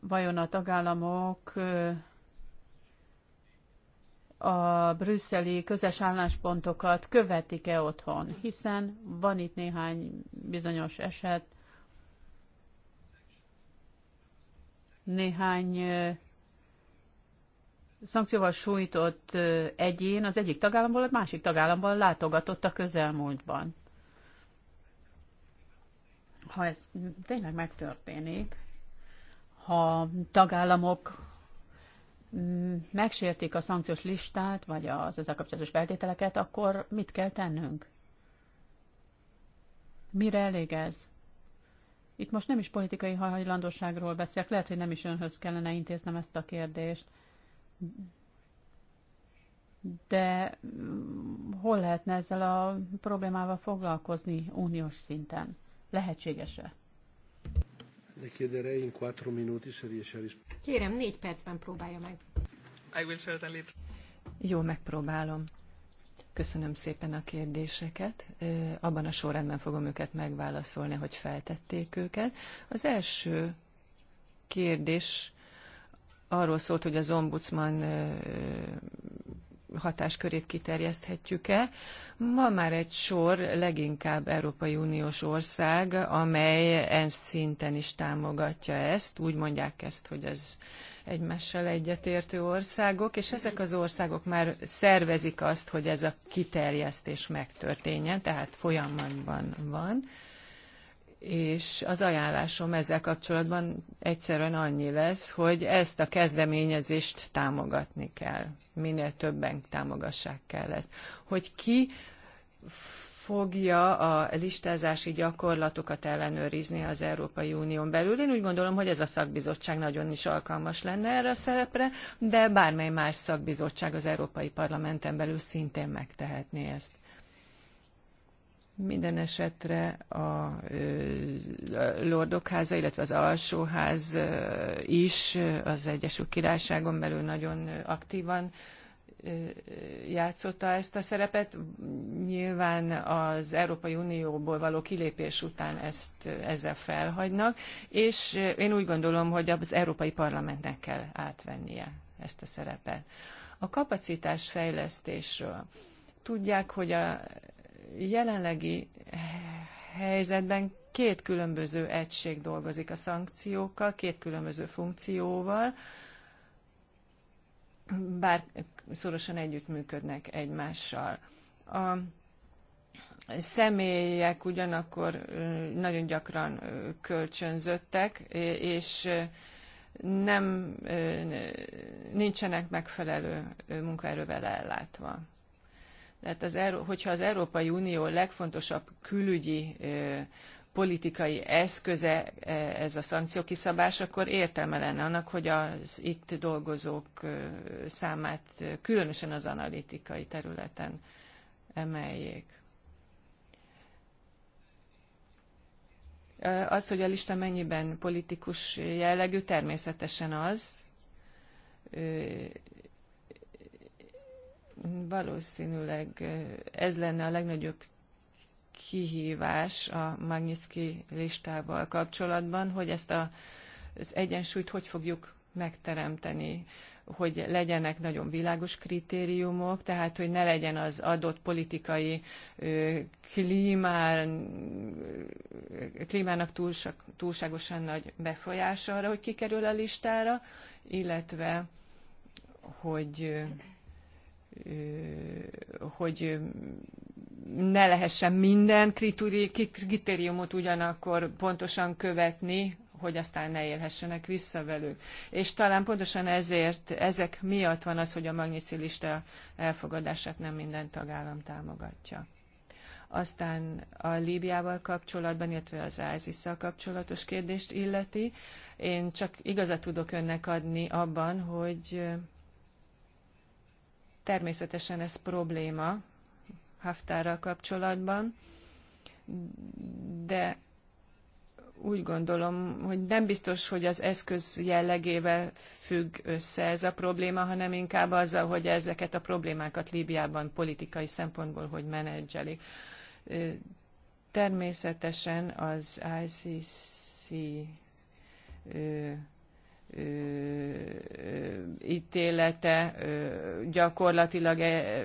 Vajon a tagállamok a brüsszeli közös álláspontokat követik-e otthon, hiszen van itt néhány bizonyos eset, néhány szankcióval sújtott egyén az egyik tagállamból, a másik tagállamból látogatott a közelmúltban. Ha ez tényleg megtörténik, ha tagállamok Mm, megsértik a szankciós listát, vagy az ezzel kapcsolatos feltételeket, akkor mit kell tennünk? Mire elég ez? Itt most nem is politikai hajlandóságról beszélek, lehet, hogy nem is önhöz kellene intéznem ezt a kérdést. De mm, hol lehetne ezzel a problémával foglalkozni uniós szinten? Lehetséges-e? Le chiederei in minuti se riesce a rispondere. Kérem, négy percben próbálja meg. I will certainly. Jó, megpróbálom. Köszönöm szépen a kérdéseket. Abban a sorrendben fogom őket megválaszolni, hogy feltették őket. Az első kérdés arról szólt, hogy az ombudsman hatáskörét kiterjeszthetjük-e. ma már egy sor leginkább Európai Uniós ország, amely ENSZ szinten is támogatja ezt. Úgy mondják ezt, hogy ez egymással egyetértő országok, és ezek az országok már szervezik azt, hogy ez a kiterjesztés megtörténjen, tehát folyamatban van és az ajánlásom ezzel kapcsolatban egyszerűen annyi lesz, hogy ezt a kezdeményezést támogatni kell. Minél többen támogassák kell ezt. Hogy ki fogja a listázási gyakorlatokat ellenőrizni az Európai Unión belül. Én úgy gondolom, hogy ez a szakbizottság nagyon is alkalmas lenne erre a szerepre, de bármely más szakbizottság az Európai Parlamenten belül szintén megtehetné ezt. Minden esetre a Lordokháza, illetve az Alsóház is az Egyesült Királyságon belül nagyon aktívan játszotta ezt a szerepet. Nyilván az Európai Unióból való kilépés után ezt ezzel felhagynak, és én úgy gondolom, hogy az Európai Parlamentnek kell átvennie ezt a szerepet. A kapacitásfejlesztésről. Tudják, hogy a jelenlegi helyzetben két különböző egység dolgozik a szankciókkal, két különböző funkcióval, bár szorosan együttműködnek egymással. A személyek ugyanakkor nagyon gyakran kölcsönzöttek, és nem nincsenek megfelelő munkaerővel ellátva. Tehát az, hogyha az Európai Unió legfontosabb külügyi politikai eszköze ez a szankciókiszabás, akkor értelme lenne annak, hogy az itt dolgozók számát különösen az analitikai területen emeljék. Az, hogy a lista mennyiben politikus jellegű, természetesen az, valószínűleg ez lenne a legnagyobb kihívás a Magnitsky listával kapcsolatban, hogy ezt a, az egyensúlyt hogy fogjuk megteremteni, hogy legyenek nagyon világos kritériumok, tehát hogy ne legyen az adott politikai klímán, klímának túlságosan nagy befolyása arra, hogy kikerül a listára, illetve hogy hogy ne lehessen minden kritériumot ugyanakkor pontosan követni, hogy aztán ne élhessenek vissza velük. És talán pontosan ezért, ezek miatt van az, hogy a Magnitsky lista elfogadását nem minden tagállam támogatja. Aztán a Líbiával kapcsolatban, illetve az isis kapcsolatos kérdést illeti. Én csak igazat tudok önnek adni abban, hogy Természetesen ez probléma Haftárral kapcsolatban, de úgy gondolom, hogy nem biztos, hogy az eszköz jellegével függ össze ez a probléma, hanem inkább azzal, hogy ezeket a problémákat Líbiában politikai szempontból hogy menedzselik. Természetesen az ICC ítélete gyakorlatilag e,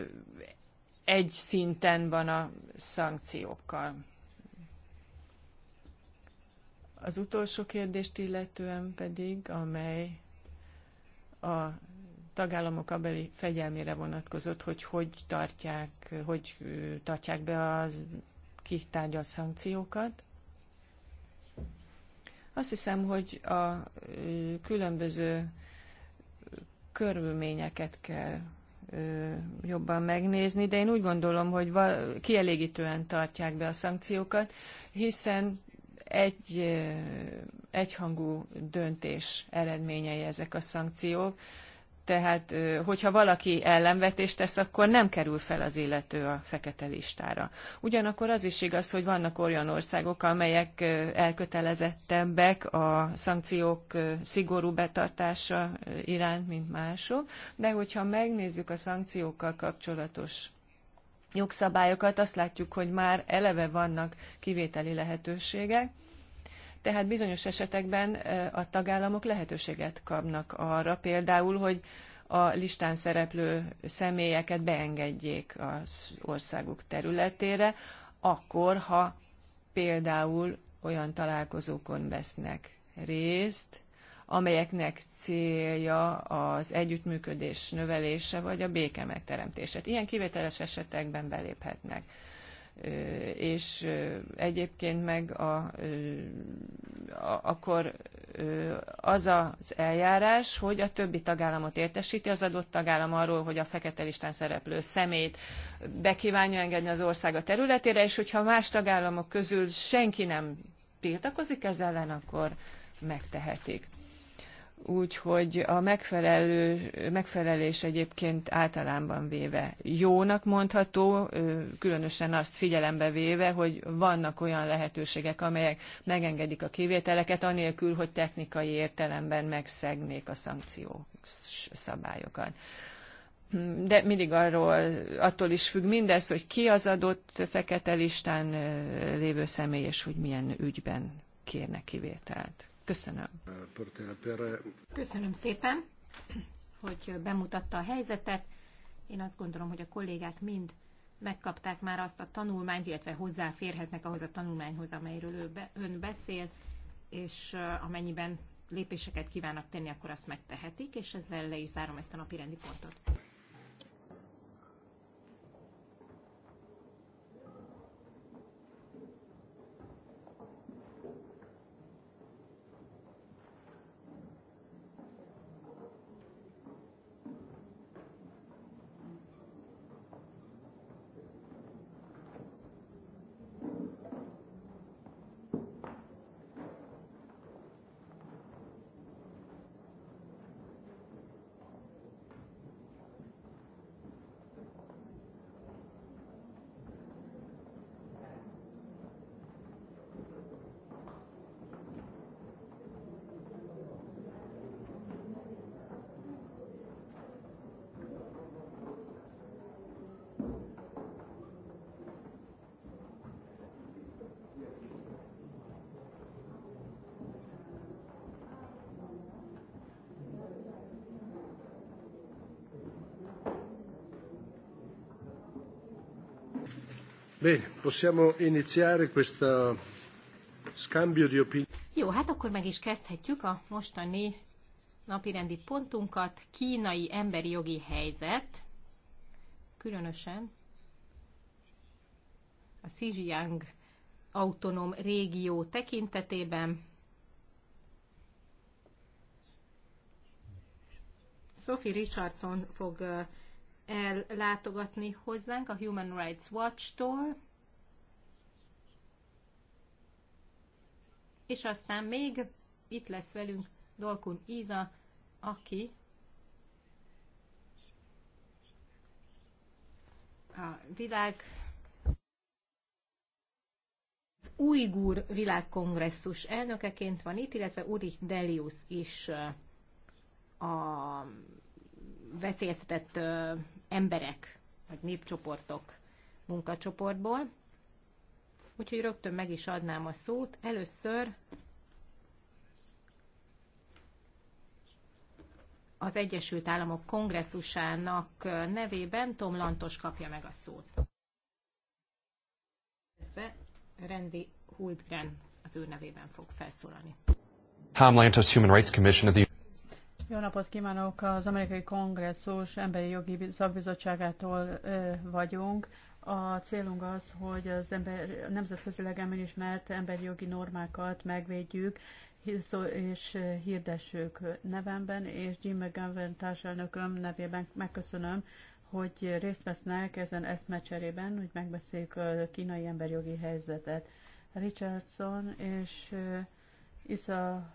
egy szinten van a szankciókkal. Az utolsó kérdést illetően pedig, amely a tagállamok abeli fegyelmére vonatkozott, hogy hogy tartják, hogy tartják be az kitárgyalt szankciókat. Azt hiszem, hogy a különböző körülményeket kell jobban megnézni, de én úgy gondolom, hogy kielégítően tartják be a szankciókat, hiszen egy egyhangú döntés eredményei ezek a szankciók tehát hogyha valaki ellenvetést tesz, akkor nem kerül fel az illető a fekete listára. Ugyanakkor az is igaz, hogy vannak olyan országok, amelyek elkötelezettebbek a szankciók szigorú betartása iránt, mint mások, de hogyha megnézzük a szankciókkal kapcsolatos jogszabályokat, azt látjuk, hogy már eleve vannak kivételi lehetőségek, tehát bizonyos esetekben a tagállamok lehetőséget kapnak arra például, hogy a listán szereplő személyeket beengedjék az országuk területére, akkor, ha például olyan találkozókon vesznek részt, amelyeknek célja az együttműködés növelése vagy a béke megteremtése. Ilyen kivételes esetekben beléphetnek és egyébként meg a, akkor az az eljárás, hogy a többi tagállamot értesíti az adott tagállam arról, hogy a fekete listán szereplő szemét bekívánja engedni az ország a területére, és hogyha más tagállamok közül senki nem tiltakozik ezzel ellen, akkor megtehetik úgyhogy a megfelelő, megfelelés egyébként általában véve jónak mondható, különösen azt figyelembe véve, hogy vannak olyan lehetőségek, amelyek megengedik a kivételeket, anélkül, hogy technikai értelemben megszegnék a szankció szabályokat de mindig arról, attól is függ mindez, hogy ki az adott fekete listán lévő személy, és hogy milyen ügyben kérnek kivételt. Köszönöm. Köszönöm szépen, hogy bemutatta a helyzetet. Én azt gondolom, hogy a kollégák mind megkapták már azt a tanulmányt, illetve hozzáférhetnek ahhoz a tanulmányhoz, amelyről ő be, ön beszél, és uh, amennyiben lépéseket kívánnak tenni, akkor azt megtehetik, és ezzel le is zárom ezt a napi rendi pontot. Bene, possiamo iniziare questa scambio di opinioni. Jó, hát akkor meg is kezdhetjük a mostani napirendi pontunkat. Kínai emberi jogi helyzet, különösen a Xinjiang autonóm régió tekintetében. Sophie Richardson fog ellátogatni hozzánk a Human Rights Watch-tól, és aztán még itt lesz velünk Dolkun Iza, aki a világ az Ujgur világkongresszus elnökeként van itt, illetve Uri Delius is a veszélyeztetett emberek, vagy népcsoportok munkacsoportból. Úgyhogy rögtön meg is adnám a szót. Először az Egyesült Államok kongresszusának nevében Tom Lantos kapja meg a szót. Randy Huldgren az ő nevében fog felszólalni. Tom Lantos, Human Rights Commission of the jó napot kívánok! Az Amerikai Kongresszus Emberi Jogi Szakbizottságától vagyunk. A célunk az, hogy az ember, nemzetközileg elismert emberi jogi normákat megvédjük és hirdessük nevemben, és Jim McGovern társelnököm nevében megköszönöm, hogy részt vesznek ezen eszmecserében, hogy megbeszéljük a kínai emberi jogi helyzetet. Richardson és Isa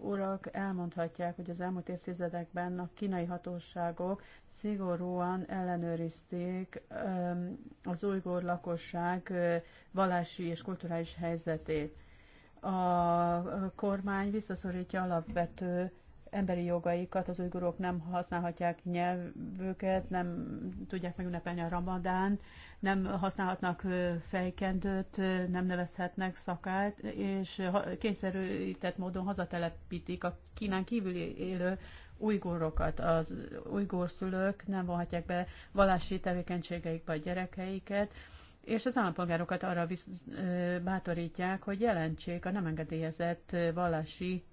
urak elmondhatják, hogy az elmúlt évtizedekben a kínai hatóságok szigorúan ellenőrizték az ujgur lakosság vallási és kulturális helyzetét. A kormány visszaszorítja alapvető emberi jogaikat, az ujgurok nem használhatják nyelvüket, nem tudják megünnepelni a ramadán, nem használhatnak fejkendőt, nem nevezhetnek szakát, és kényszerített módon hazatelepítik a Kínán kívüli élő ujgurokat. Az ujgur szülők nem vonhatják be vallási tevékenységeikbe a gyerekeiket, és az állampolgárokat arra bátorítják, hogy jelentsék a nem engedélyezett vallási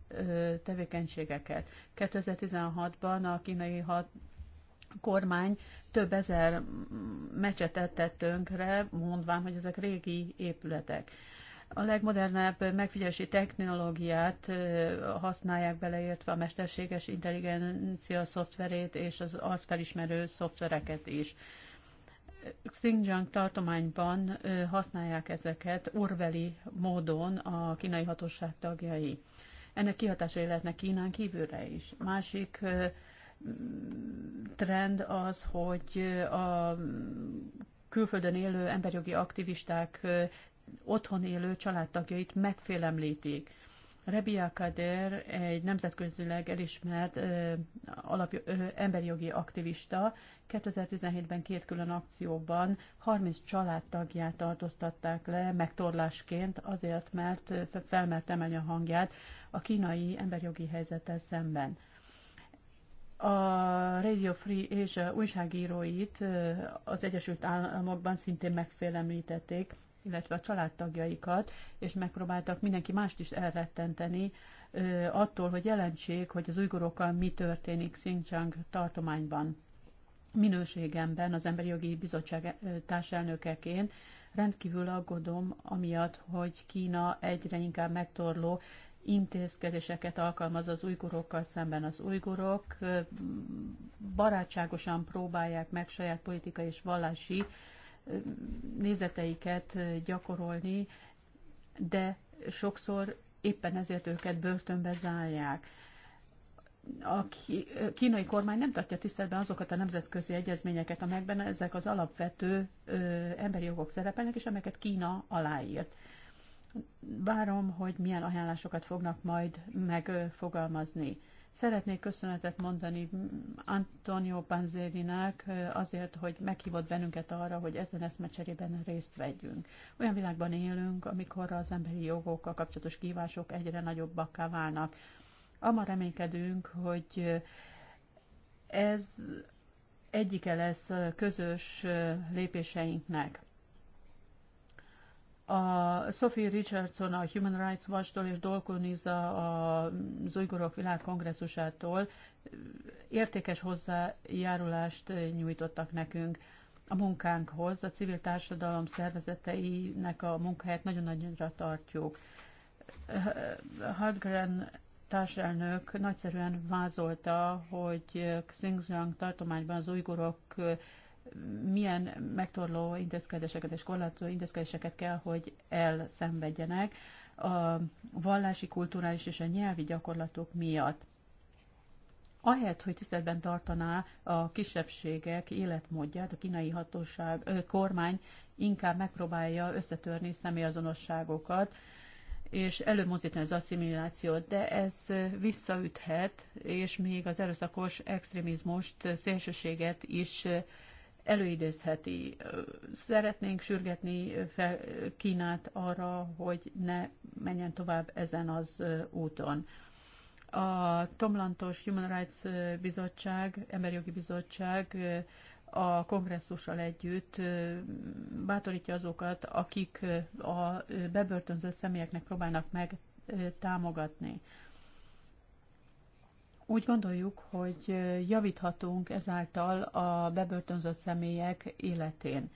tevékenységeket. 2016-ban a kínai hat, kormány több ezer mecsetet tett tönkre, mondván, hogy ezek régi épületek. A legmodernebb megfigyelési technológiát használják beleértve a mesterséges intelligencia szoftverét és az felismerő szoftvereket is. Xinjiang tartományban használják ezeket orveli módon a kínai hatóság tagjai. Ennek kihatásai lehetnek Kínán kívülre is. Másik trend az, hogy a külföldön élő emberjogi aktivisták otthon élő családtagjait megfélemlítik. Rebia Kader egy nemzetközileg elismert ö, alap, ö, emberjogi aktivista. 2017-ben két külön akcióban 30 családtagját tartóztatták le megtorlásként, azért, mert felmert emelni a hangját a kínai emberjogi helyzettel szemben a Radio Free a újságíróit az Egyesült Államokban szintén megfélemlítették, illetve a családtagjaikat, és megpróbáltak mindenki mást is elrettenteni attól, hogy jelentsék, hogy az ujgurokkal mi történik Xinjiang tartományban. Minőségemben az Emberi Jogi Bizottság társelnökeként rendkívül aggódom amiatt, hogy Kína egyre inkább megtorló intézkedéseket alkalmaz az ujgurokkal szemben. Az ujgurok barátságosan próbálják meg saját politikai és vallási nézeteiket gyakorolni, de sokszor éppen ezért őket börtönbe zárják. A kínai kormány nem tartja tiszteletben azokat a nemzetközi egyezményeket, amelyekben ezek az alapvető emberi jogok szerepelnek, és amelyeket Kína aláírt. Várom, hogy milyen ajánlásokat fognak majd megfogalmazni. Szeretnék köszönetet mondani Antonio Panzerinek azért, hogy meghívott bennünket arra, hogy ezen eszmecserében részt vegyünk. Olyan világban élünk, amikor az emberi jogokkal kapcsolatos kívások egyre nagyobbakká válnak. Ama reménykedünk, hogy ez egyike lesz közös lépéseinknek. A Sophie Richardson a Human Rights Watch-tól és Dolkoniza az Ujgurok Világkongresszusától értékes hozzájárulást nyújtottak nekünk a munkánkhoz. A civil társadalom szervezeteinek a munkáját nagyon nagyra tartjuk. Hadgren társelnök nagyszerűen vázolta, hogy Xinjiang tartományban az ujgurok milyen megtorló intézkedéseket és korlátozó intézkedéseket kell, hogy elszenvedjenek a vallási, kulturális és a nyelvi gyakorlatok miatt. Ahelyett, hogy tiszteletben tartaná a kisebbségek életmódját, a kínai hatóság, ö, kormány inkább megpróbálja összetörni személyazonosságokat, és előmozdítani az asszimilációt, de ez visszaüthet, és még az erőszakos extrémizmust, szélsőséget is előidézheti. Szeretnénk sürgetni fel Kínát arra, hogy ne menjen tovább ezen az úton. A Tomlantos Human Rights Bizottság, Emberjogi Bizottság a kongresszussal együtt bátorítja azokat, akik a bebörtönzött személyeknek próbálnak meg támogatni. Úgy gondoljuk, hogy javíthatunk ezáltal a bebörtönzött személyek életén.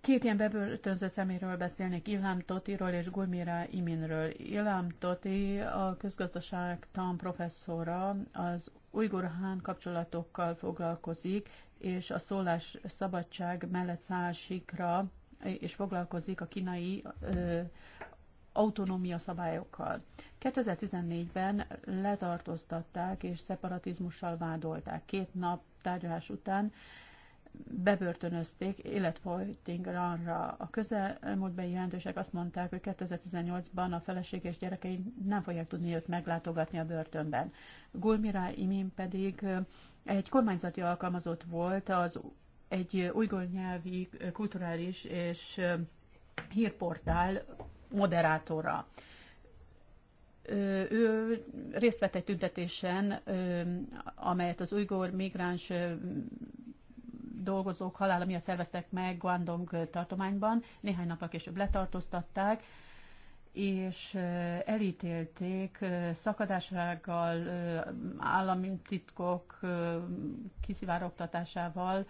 Két ilyen bebörtönzött szeméről beszélnék, Ilham Totiról és Gulmira Iminről. Ilham Toti a közgazdaságtan professzora, az ujgurhán kapcsolatokkal foglalkozik, és a szólás szabadság mellett száll sikra, és foglalkozik a kínai autonómia szabályokkal. 2014-ben letartóztatták és szeparatizmussal vádolták. Két nap tárgyalás után bebörtönözték ranra. A közelmúltbeli jelentősek azt mondták, hogy 2018-ban a feleség és gyerekei nem fogják tudni őt meglátogatni a börtönben. Gulmira Imin pedig egy kormányzati alkalmazott volt az egy újgól nyelvi, kulturális és hírportál moderátora. Ő részt vett egy tüntetésen, amelyet az ujgor migráns dolgozók halála miatt szerveztek meg Guangdong tartományban, néhány napra később letartóztatták, és elítélték szakadásrággal, állami titkok kiszivárogtatásával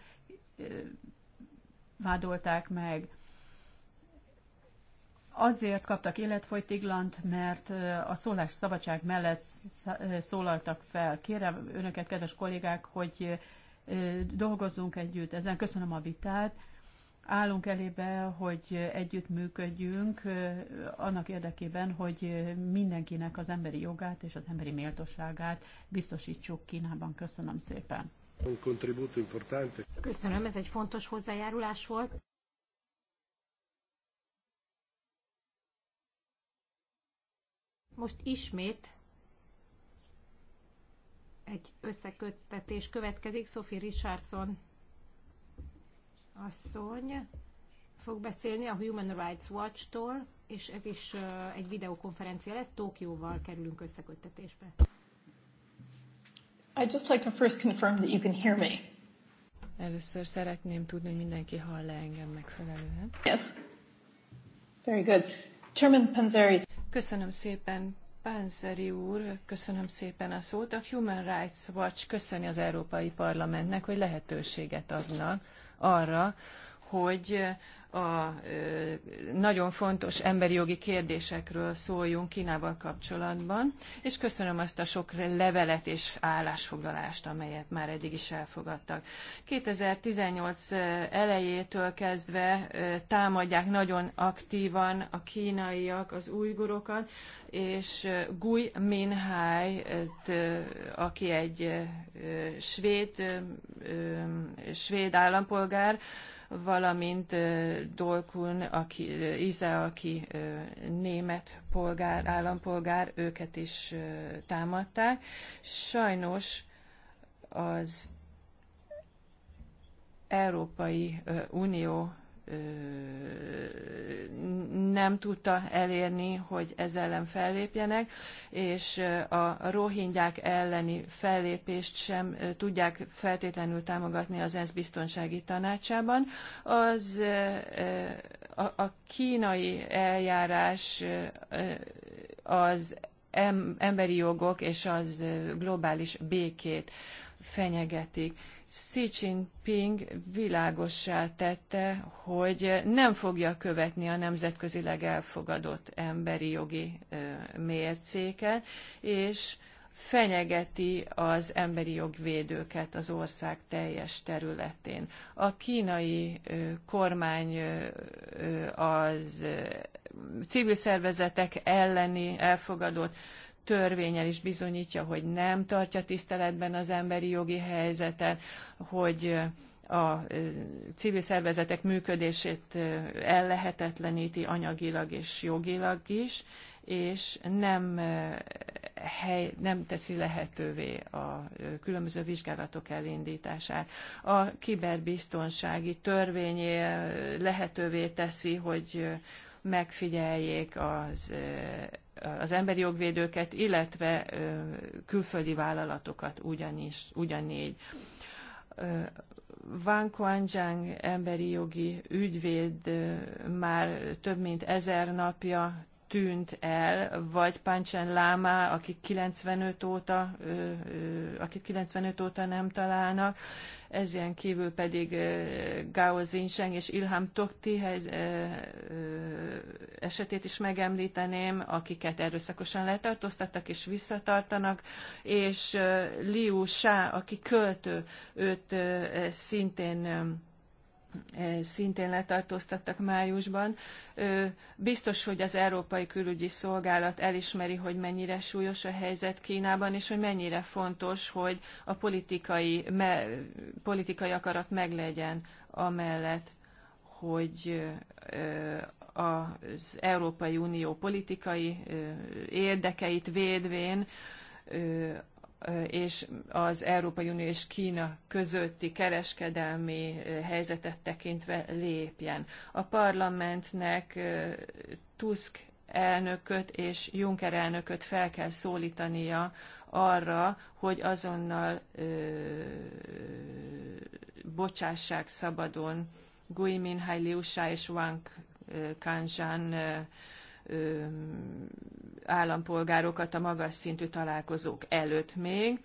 vádolták meg azért kaptak életfolytiglant, mert a szólás szabadság mellett szólaltak fel. Kérem önöket, kedves kollégák, hogy dolgozzunk együtt. Ezen köszönöm a vitát. Állunk elébe, hogy együtt működjünk annak érdekében, hogy mindenkinek az emberi jogát és az emberi méltóságát biztosítsuk Kínában. Köszönöm szépen. Köszönöm, ez egy fontos hozzájárulás volt. Most ismét egy összeköttetés következik. Sophie Richardson asszony fog beszélni a Human Rights Watch-tól, és ez is egy videokonferencia lesz, Tokióval kerülünk összeköttetésbe. I'd just like to first confirm that you can hear me. Először szeretném tudni, hogy mindenki hall le engem megfelelően. Yes. Very good. Chairman Panzeri. Köszönöm szépen, Pánzeri úr, köszönöm szépen a szót. A Human Rights Watch köszöni az Európai Parlamentnek, hogy lehetőséget adnak arra, hogy a nagyon fontos emberi jogi kérdésekről szóljunk Kínával kapcsolatban, és köszönöm azt a sok levelet és állásfoglalást, amelyet már eddig is elfogadtak. 2018 elejétől kezdve támadják nagyon aktívan a kínaiak az ujgurokat, és Gui Minhai, aki egy svéd, svéd állampolgár, valamint Dolkun, aki, Ize, aki német polgár, állampolgár, őket is támadták. Sajnos az Európai Unió nem tudta elérni, hogy ez ellen fellépjenek, és a rohingyák elleni fellépést sem tudják feltétlenül támogatni az ENSZ biztonsági tanácsában. Az a, kínai eljárás az emberi jogok és az globális békét fenyegetik Xi Jinping világossá tette, hogy nem fogja követni a nemzetközileg elfogadott emberi jogi mércéket, és fenyegeti az emberi jogvédőket az ország teljes területén. A kínai kormány az civil szervezetek elleni elfogadott törvényel is bizonyítja, hogy nem tartja tiszteletben az emberi jogi helyzetet, hogy a civil szervezetek működését ellehetetleníti anyagilag és jogilag is, és nem, hely, nem teszi lehetővé a különböző vizsgálatok elindítását. A kiberbiztonsági törvény lehetővé teszi, hogy megfigyeljék az, az emberi jogvédőket, illetve külföldi vállalatokat ugyanis, ugyanígy. Van Quanzhang emberi jogi ügyvéd már több mint ezer napja tűnt el, vagy Páncsen Láma, akik 95 óta, akit 95 óta nem találnak, ezen kívül pedig Gao Zinseng és Ilham Tokti esetét is megemlíteném, akiket erőszakosan letartóztattak és visszatartanak, és Liu Sha, aki költő, őt szintén szintén letartóztattak májusban. Biztos, hogy az Európai Külügyi Szolgálat elismeri, hogy mennyire súlyos a helyzet Kínában, és hogy mennyire fontos, hogy a politikai, me, politikai akarat meglegyen amellett, hogy az Európai Unió politikai érdekeit védvén és az Európai Unió és Kína közötti kereskedelmi helyzetet tekintve lépjen. A parlamentnek Tusk elnököt és Juncker elnököt fel kell szólítania arra, hogy azonnal ö, bocsássák szabadon Gui Minhai Liu és Wang Kanzsán állampolgárokat a magas szintű találkozók előtt még.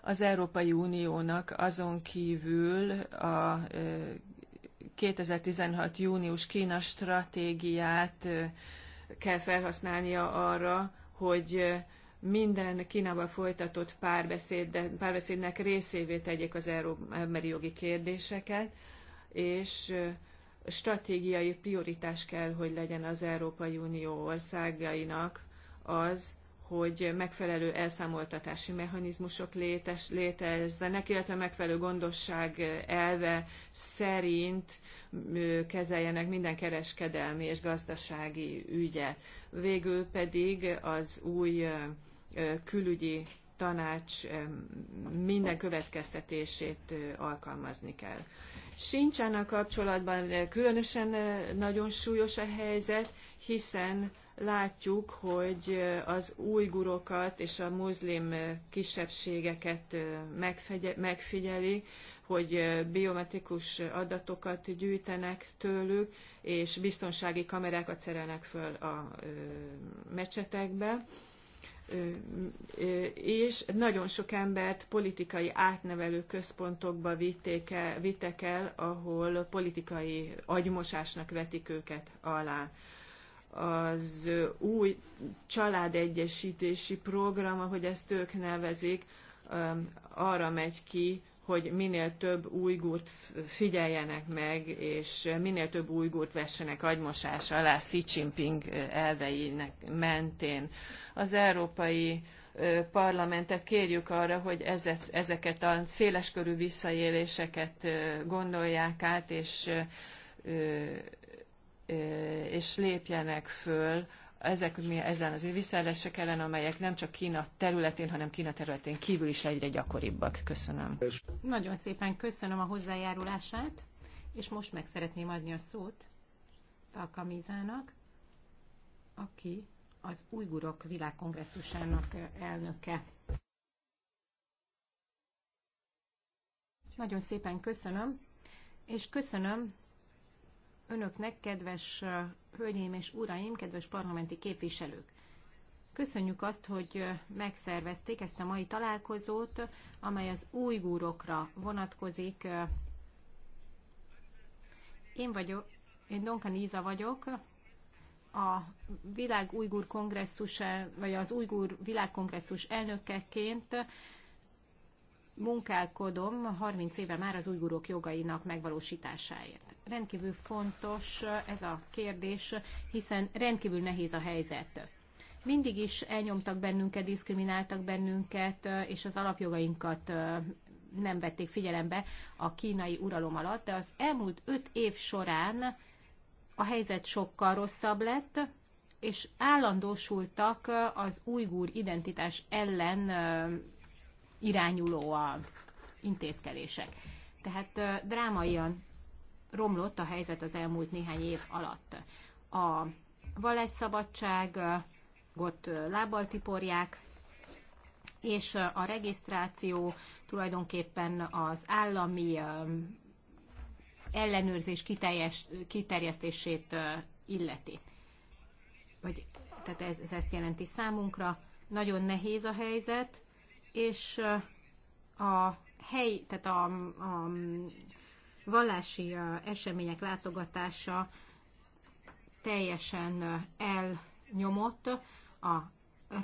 Az Európai Uniónak azon kívül a 2016. június Kína stratégiát kell felhasználnia arra, hogy minden Kínával folytatott párbeszéd, párbeszédnek részévé tegyék az emberi jogi kérdéseket, és stratégiai prioritás kell, hogy legyen az Európai Unió országainak az, hogy megfelelő elszámoltatási mechanizmusok létes, létezzenek, illetve megfelelő gondosság elve szerint kezeljenek minden kereskedelmi és gazdasági ügyet. Végül pedig az új külügyi tanács minden következtetését alkalmazni kell a kapcsolatban eh, különösen eh, nagyon súlyos a helyzet, hiszen látjuk, hogy eh, az újgurokat és a muzlim kisebbségeket megfigyeli, hogy biometrikus adatokat gyűjtenek tőlük, és biztonsági kamerákat szerelnek föl a mecsetekbe és nagyon sok embert politikai átnevelő központokba vitték el, vittek el, ahol politikai agymosásnak vetik őket alá. Az új családegyesítési program, ahogy ezt ők nevezik, arra megy ki, hogy minél több újgurt figyeljenek meg, és minél több újgurt vessenek agymosás alá Xi Jinping elveinek mentén. Az Európai Parlamentet kérjük arra, hogy ezeket a széleskörű visszaéléseket gondolják át, és és lépjenek föl ezek mi ezen az visszaelések ellen, amelyek nem csak Kína területén, hanem Kína területén kívül is egyre gyakoribbak. Köszönöm. Nagyon szépen köszönöm a hozzájárulását, és most meg szeretném adni a szót Talkamizának, aki az Ujgurok világkongresszusának elnöke. Nagyon szépen köszönöm, és köszönöm önöknek, kedves hölgyeim és uraim, kedves parlamenti képviselők. Köszönjük azt, hogy megszervezték ezt a mai találkozót, amely az újgúrokra vonatkozik. Én vagyok, én Donkan Iza vagyok, a világ újgúr kongresszus, vagy az újgúr világkongresszus elnökeként munkálkodom 30 éve már az ujgurok jogainak megvalósításáért. Rendkívül fontos ez a kérdés, hiszen rendkívül nehéz a helyzet. Mindig is elnyomtak bennünket, diszkrimináltak bennünket, és az alapjogainkat nem vették figyelembe a kínai uralom alatt, de az elmúlt öt év során a helyzet sokkal rosszabb lett, és állandósultak az ujgur identitás ellen irányuló a intézkedések. Tehát drámaian romlott a helyzet az elmúlt néhány év alatt. A vallásszabadságot lábbal tiporják, és a regisztráció tulajdonképpen az állami ellenőrzés kiterjesztését illeti. Vagy, tehát ez, ez ezt jelenti számunkra. Nagyon nehéz a helyzet, és a hely, tehát a, a vallási események látogatása teljesen elnyomott a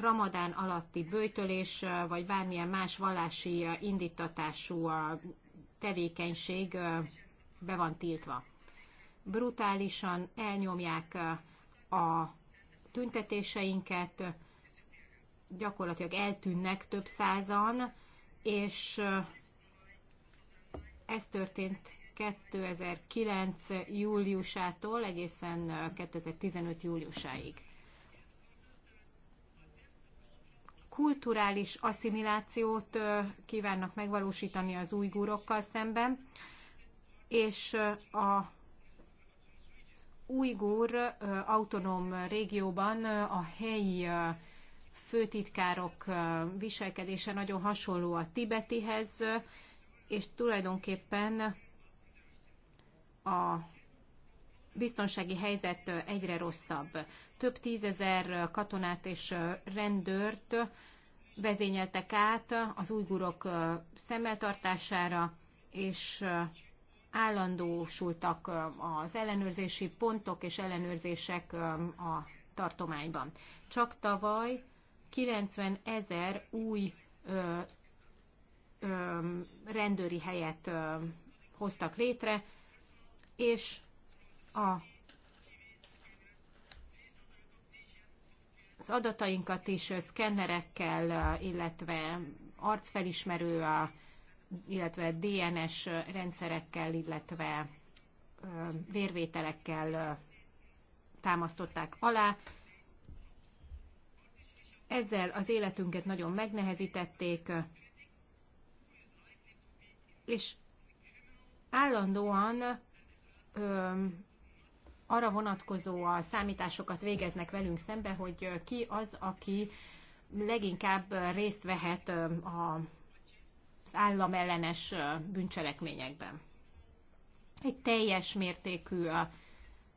ramadán alatti bőtölés, vagy bármilyen más vallási indítatású tevékenység be van tiltva. Brutálisan elnyomják a tüntetéseinket, gyakorlatilag eltűnnek több százan, és ez történt 2009. júliusától egészen 2015. júliusáig. Kulturális asszimilációt kívánnak megvalósítani az újgúrokkal szemben, és a újgúr autonóm régióban a helyi főtitkárok viselkedése nagyon hasonló a tibetihez, és tulajdonképpen a biztonsági helyzet egyre rosszabb. Több tízezer katonát és rendőrt vezényeltek át az újgurok szemmeltartására, és állandósultak az ellenőrzési pontok és ellenőrzések a tartományban. Csak tavaly 90 ezer új ö, ö, rendőri helyet ö, hoztak létre, és a, az adatainkat is szkennerekkel, illetve arcfelismerő, illetve DNS rendszerekkel, illetve vérvételekkel támasztották alá, ezzel az életünket nagyon megnehezítették, és állandóan ö, arra vonatkozó a számításokat végeznek velünk szembe, hogy ki az, aki leginkább részt vehet a az államellenes bűncselekményekben. Egy teljes mértékű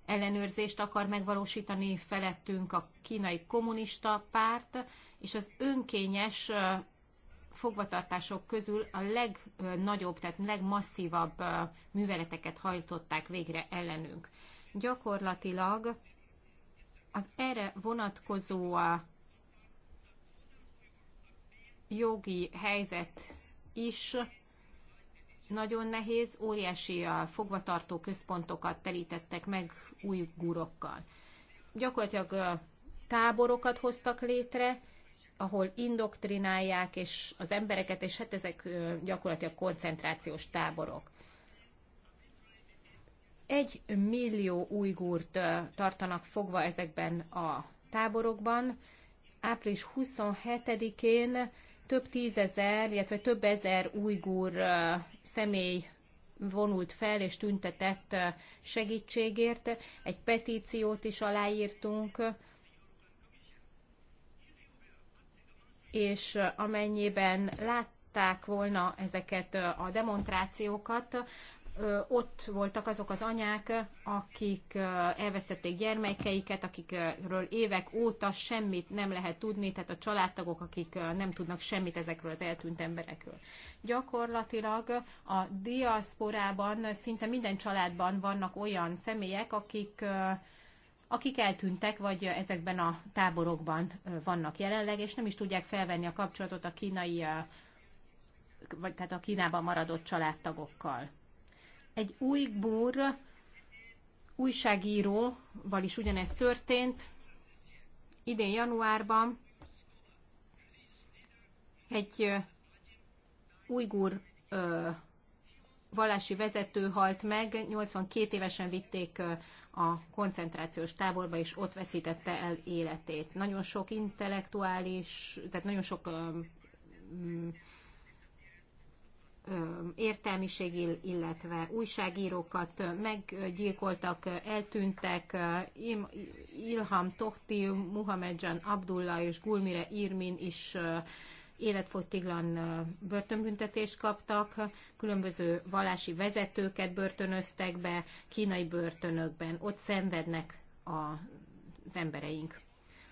ellenőrzést akar megvalósítani felettünk a kínai kommunista párt, és az önkényes fogvatartások közül a legnagyobb, tehát legmasszívabb műveleteket hajtották végre ellenünk. Gyakorlatilag az erre vonatkozó jogi helyzet is nagyon nehéz, óriási a fogvatartó központokat telítettek meg új gurokkal. Gyakorlatilag táborokat hoztak létre, ahol indoktrinálják és az embereket, és hát ezek gyakorlatilag koncentrációs táborok. Egy millió újgúrt tartanak fogva ezekben a táborokban. Április 27-én több tízezer, illetve több ezer ujgur személy vonult fel és tüntetett segítségért. Egy petíciót is aláírtunk, és amennyiben látták volna ezeket a demonstrációkat, ott voltak azok az anyák, akik elvesztették gyermekeiket, akikről évek óta semmit nem lehet tudni, tehát a családtagok, akik nem tudnak semmit ezekről az eltűnt emberekről. Gyakorlatilag a diaszporában szinte minden családban vannak olyan személyek, akik akik eltűntek, vagy ezekben a táborokban vannak jelenleg, és nem is tudják felvenni a kapcsolatot a kínai, vagy tehát a Kínában maradott családtagokkal egy búr újságíróval is ugyanezt történt. Idén januárban egy újgur ö, vallási vezető halt meg, 82 évesen vitték a koncentrációs táborba, és ott veszítette el életét. Nagyon sok intellektuális, tehát nagyon sok értelmiség, illetve újságírókat meggyilkoltak, eltűntek, Ilham Tohti, Muhammedjan Abdullah és Gulmire Irmin is életfogytiglan börtönbüntetést kaptak, különböző vallási vezetőket börtönöztek be kínai börtönökben, ott szenvednek az embereink.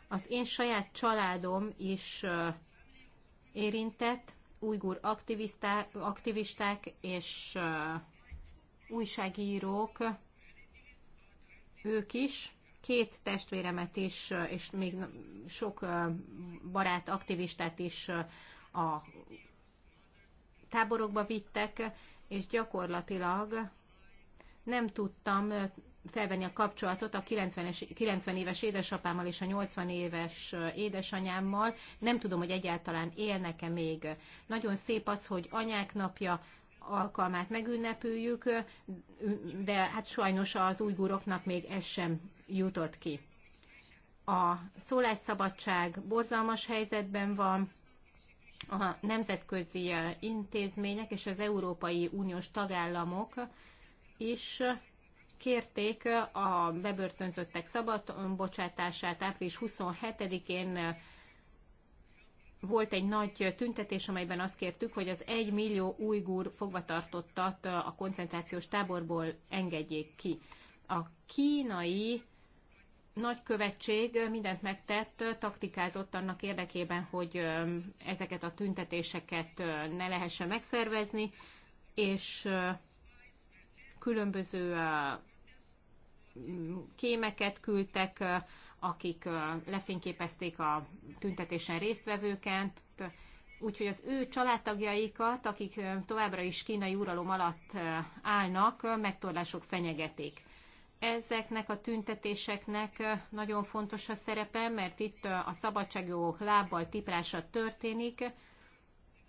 Az én saját családom is érintett, ujgur aktivisták, és és újságírók, ők is, két testvéremet is, és még sok barát aktivistát is a táborokba vittek, és gyakorlatilag nem tudtam felvenni a kapcsolatot a 90, es 90 éves édesapámmal és a 80 éves édesanyámmal. Nem tudom, hogy egyáltalán élnek-e még. Nagyon szép az, hogy anyák napja alkalmát megünnepüljük, de hát sajnos az újguroknak még ez sem jutott ki. A szólásszabadság borzalmas helyzetben van, a nemzetközi intézmények és az Európai Uniós tagállamok is kérték a bebörtönzöttek szabadbocsátását április 27-én volt egy nagy tüntetés, amelyben azt kértük, hogy az egy millió ujgur fogvatartottat a koncentrációs táborból engedjék ki. A kínai nagykövetség mindent megtett, taktikázott annak érdekében, hogy ezeket a tüntetéseket ne lehessen megszervezni, és különböző kémeket küldtek, akik lefényképezték a tüntetésen résztvevőket, úgyhogy az ő családtagjaikat, akik továbbra is kínai uralom alatt állnak, megtorlások fenyegetik. Ezeknek a tüntetéseknek nagyon fontos a szerepe, mert itt a szabadságjogok lábbal tiprása történik,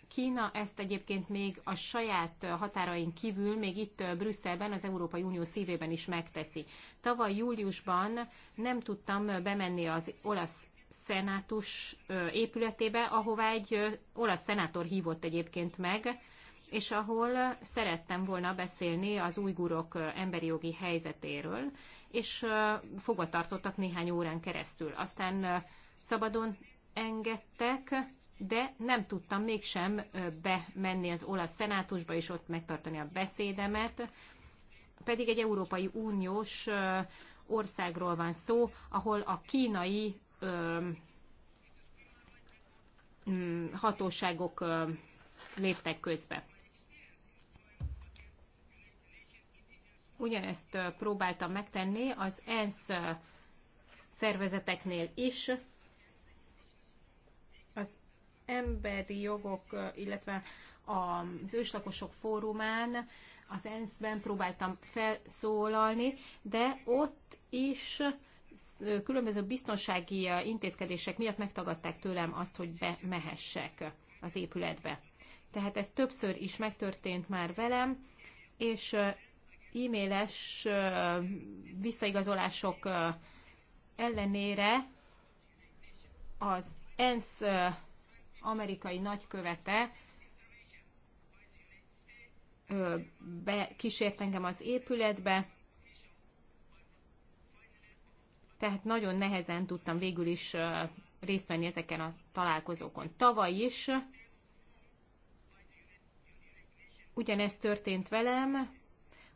Kína ezt egyébként még a saját határain kívül, még itt Brüsszelben, az Európai Unió szívében is megteszi. Tavaly júliusban nem tudtam bemenni az olasz szenátus épületébe, ahová egy olasz szenátor hívott egyébként meg, és ahol szerettem volna beszélni az ujgurok emberi jogi helyzetéről, és fogva tartottak néhány órán keresztül. Aztán szabadon engedtek, de nem tudtam mégsem bemenni az olasz szenátusba és ott megtartani a beszédemet, pedig egy Európai Uniós országról van szó, ahol a kínai mm, hatóságok léptek közbe. Ugyanezt próbáltam megtenni az ENSZ szervezeteknél is, emberi jogok, illetve az őslakosok fórumán, az ENSZ-ben próbáltam felszólalni, de ott is különböző biztonsági intézkedések miatt megtagadták tőlem azt, hogy bemehessek az épületbe. Tehát ez többször is megtörtént már velem, és e-mailes visszaigazolások ellenére az ENSZ amerikai nagykövete kísért engem az épületbe, tehát nagyon nehezen tudtam végül is részt venni ezeken a találkozókon. Tavaly is ugyanez történt velem,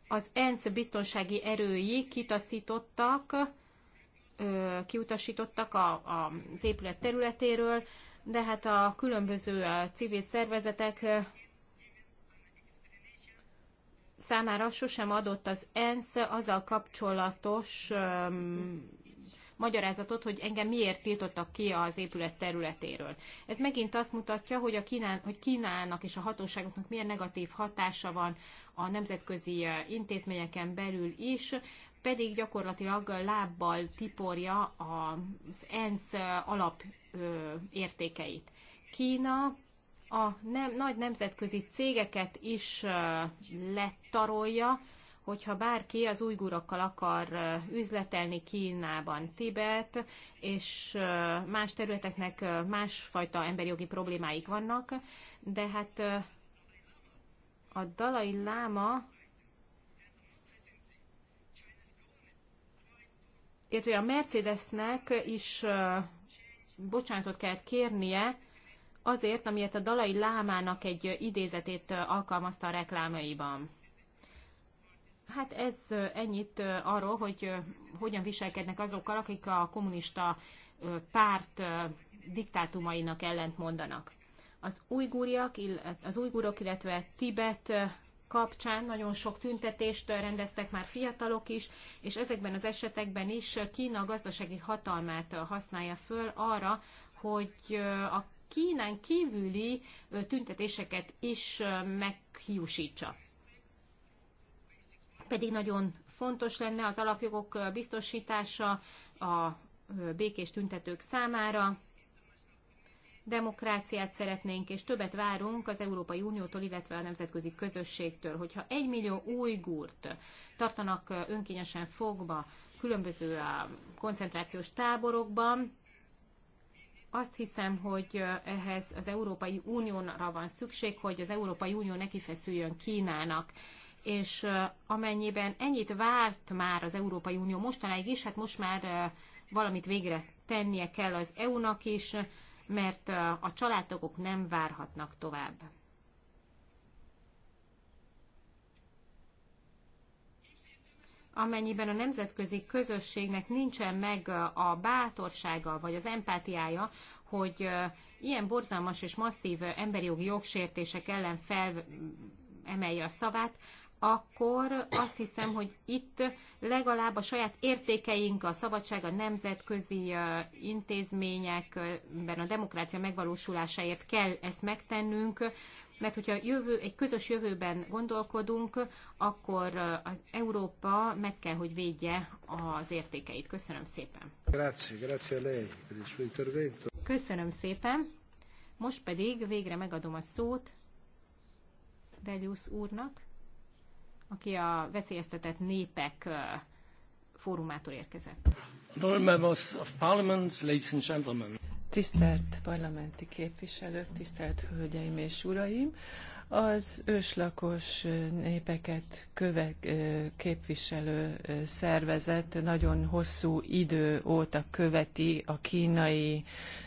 az ENSZ biztonsági erői kitaszítottak, kiutasítottak a, a, az épület területéről de hát a különböző civil szervezetek számára sosem adott az ENSZ azzal kapcsolatos um, magyarázatot, hogy engem miért tiltottak ki az épület területéről. Ez megint azt mutatja, hogy, a Kínán, hogy Kínának és a hatóságoknak milyen negatív hatása van a nemzetközi intézményeken belül is, pedig gyakorlatilag lábbal tiporja az ENSZ alap ö, értékeit. Kína a nem, nagy nemzetközi cégeket is ö, lettarolja, hogyha bárki az újgurokkal akar üzletelni Kínában, Tibet és más területeknek másfajta jogi problémáik vannak, de hát a Dalai Láma illetve a Mercedesnek is bocsánatot kellett kérnie azért, amiért a Dalai Lámának egy idézetét alkalmazta a reklámaiban. Hát ez ennyit arról, hogy hogyan viselkednek azokkal, akik a kommunista párt diktátumainak ellent mondanak. Az, ujgúriak, az ujgúrok, illetve Tibet kapcsán nagyon sok tüntetést rendeztek már fiatalok is, és ezekben az esetekben is Kína gazdasági hatalmát használja föl arra, hogy a Kínán kívüli tüntetéseket is meghiúsítsa. Pedig nagyon fontos lenne az alapjogok biztosítása a békés tüntetők számára, demokráciát szeretnénk, és többet várunk az Európai Uniótól, illetve a nemzetközi közösségtől. Hogyha egy millió gúrt tartanak önkényesen fogva különböző koncentrációs táborokban, azt hiszem, hogy ehhez az Európai Unióra van szükség, hogy az Európai Unió nekifeszüljön Kínának és amennyiben ennyit várt már az Európai Unió mostanáig is, hát most már valamit végre tennie kell az EU-nak is, mert a családtagok nem várhatnak tovább. amennyiben a nemzetközi közösségnek nincsen meg a bátorsága vagy az empátiája, hogy ilyen borzalmas és masszív emberi jogi jogsértések ellen fel emelje a szavát, akkor azt hiszem, hogy itt legalább a saját értékeink, a szabadság, a nemzetközi intézményekben a demokrácia megvalósulásáért kell ezt megtennünk, mert hogyha jövő, egy közös jövőben gondolkodunk, akkor az Európa meg kell, hogy védje az értékeit. Köszönöm szépen. Grazie, grazie a lei per il suo intervento. Köszönöm szépen. Most pedig végre megadom a szót Delius úrnak aki a veszélyeztetett népek fórumától érkezett. Tisztelt parlamenti képviselők, tisztelt hölgyeim és uraim! az őslakos népeket köve, képviselő szervezet nagyon hosszú idő óta követi a kínai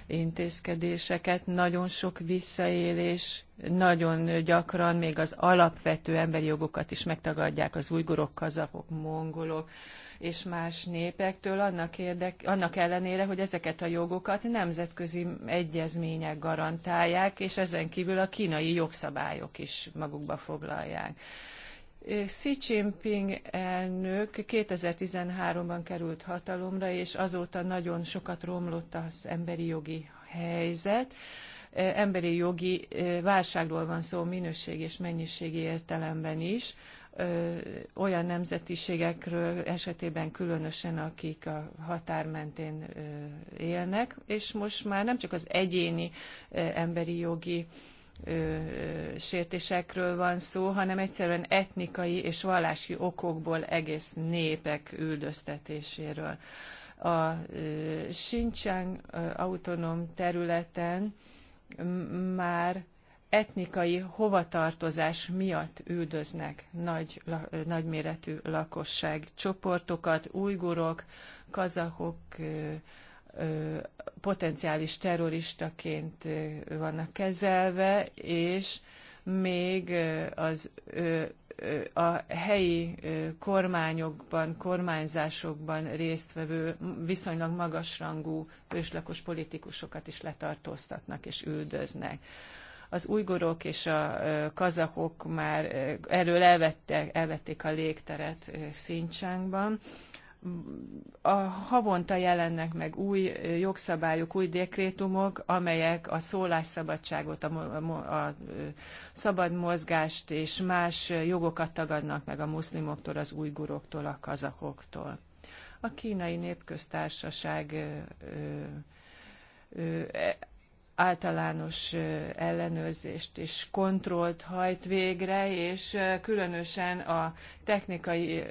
intézkedéseket. Nagyon sok visszaélés, nagyon gyakran még az alapvető emberi jogokat is megtagadják az ujgurok, kazakok, mongolok, és más népektől annak, érdek, annak ellenére, hogy ezeket a jogokat nemzetközi egyezmények garantálják, és ezen kívül a kínai jogszabályok is magukba foglalják. Xi Jinping elnök 2013-ban került hatalomra, és azóta nagyon sokat romlott az emberi jogi helyzet. Emberi jogi válságról van szó minőség és mennyiségi értelemben is olyan nemzetiségekről esetében különösen, akik a határ mentén élnek, és most már nem csak az egyéni emberi jogi sértésekről van szó, hanem egyszerűen etnikai és vallási okokból egész népek üldöztetéséről. A Xinjiang autonóm területen már etnikai hovatartozás miatt üldöznek nagy, nagyméretű lakosságcsoportokat, ujgurok, kazahok, potenciális terroristaként vannak kezelve, és még az a helyi kormányokban, kormányzásokban résztvevő viszonylag magasrangú őslakos politikusokat is letartóztatnak és üldöznek az ujgurok és a kazakok már erről elvettek, elvették a légteret Szincsánkban. A havonta jelennek meg új jogszabályok, új dekrétumok, amelyek a szólásszabadságot, a, a, a szabad mozgást és más jogokat tagadnak meg a muszlimoktól, az újguroktól, a kazakoktól. A kínai népköztársaság ö, ö, ö, e, általános ellenőrzést és kontrollt hajt végre, és különösen a technikai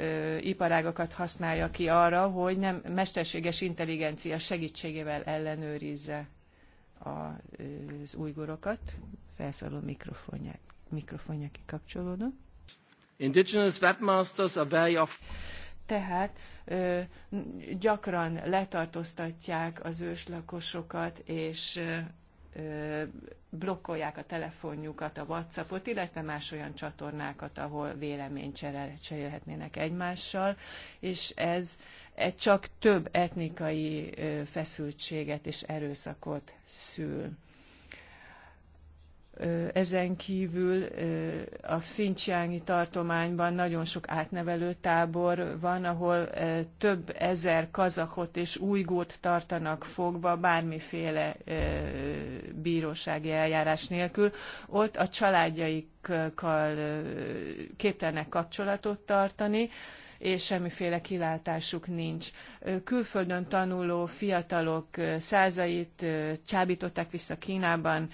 iparágakat használja ki arra, hogy nem mesterséges intelligencia segítségével ellenőrizze az újgorokat. Felszálló mikrofonját, mikrofonja kikapcsolódó. Indigenous webmasters are very often... Tehát ö, gyakran letartóztatják az őslakosokat, és blokkolják a telefonjukat, a Whatsappot, illetve más olyan csatornákat, ahol véleményt cserélhetnének egymással, és ez e, csak több etnikai feszültséget és erőszakot szül. Ezen kívül a Xinjiangi tartományban nagyon sok átnevelő tábor van, ahol több ezer kazakot és újgót tartanak fogva bármiféle bírósági eljárás nélkül. Ott a családjaikkal képtelnek kapcsolatot tartani, és semmiféle kilátásuk nincs külföldön tanuló fiatalok százait csábították vissza Kínában,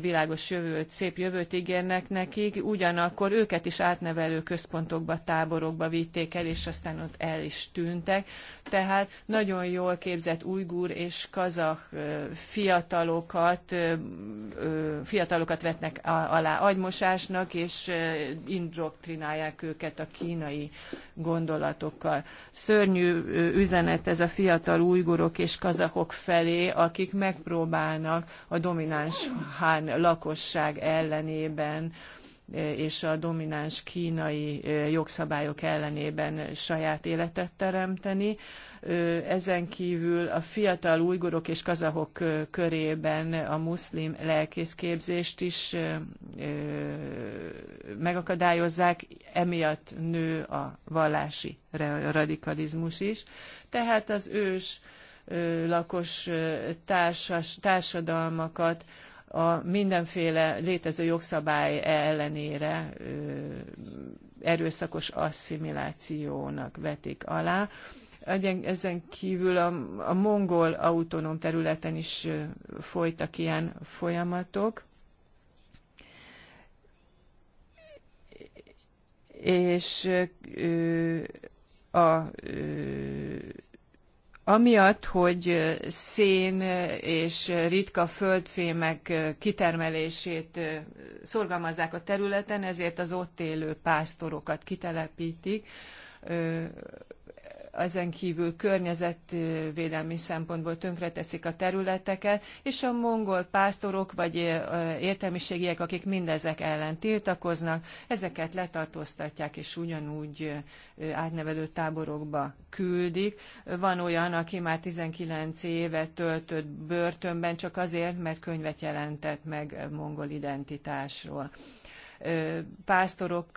világos jövőt, szép jövőt ígérnek nekik, ugyanakkor őket is átnevelő központokba, táborokba vitték el, és aztán ott el is tűntek. Tehát nagyon jól képzett ujgur és kazah fiatalokat, fiatalokat vetnek alá agymosásnak, és indoktrinálják őket a kínai gondolatokkal. Szörnyű üzenet üzenet ez a fiatal ujgurok és kazakok felé, akik megpróbálnak a domináns hán lakosság ellenében és a domináns kínai jogszabályok ellenében saját életet teremteni. Ezen kívül a fiatal ujgurok és kazahok körében a muszlim lelkészképzést is megakadályozzák, emiatt nő a vallási radikalizmus is. Tehát az ős lakos társas, társadalmakat a mindenféle létező jogszabály ellenére erőszakos asszimilációnak vetik alá. Ezen kívül a, a mongol autonóm területen is folytak ilyen folyamatok. És a Amiatt, hogy szén és ritka földfémek kitermelését szorgalmazzák a területen, ezért az ott élő pásztorokat kitelepítik, ezen kívül környezetvédelmi szempontból tönkreteszik a területeket, és a mongol pásztorok vagy értelmiségiek, akik mindezek ellen tiltakoznak, ezeket letartóztatják és ugyanúgy átnevelő táborokba küldik. Van olyan, aki már 19 évet töltött börtönben csak azért, mert könyvet jelentett meg mongol identitásról pásztorok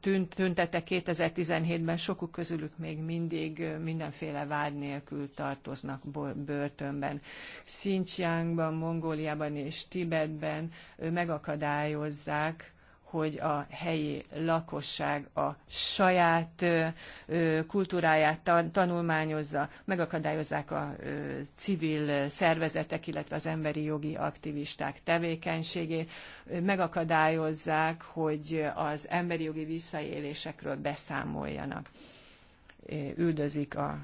tünt, tüntettek 2017-ben, sokuk közülük még mindig mindenféle vád nélkül tartoznak börtönben. Xinjiangban, Mongóliában és Tibetben megakadályozzák hogy a helyi lakosság a saját kultúráját tanulmányozza, megakadályozzák a civil szervezetek, illetve az emberi jogi aktivisták tevékenységét, megakadályozzák, hogy az emberi jogi visszaélésekről beszámoljanak üldözik a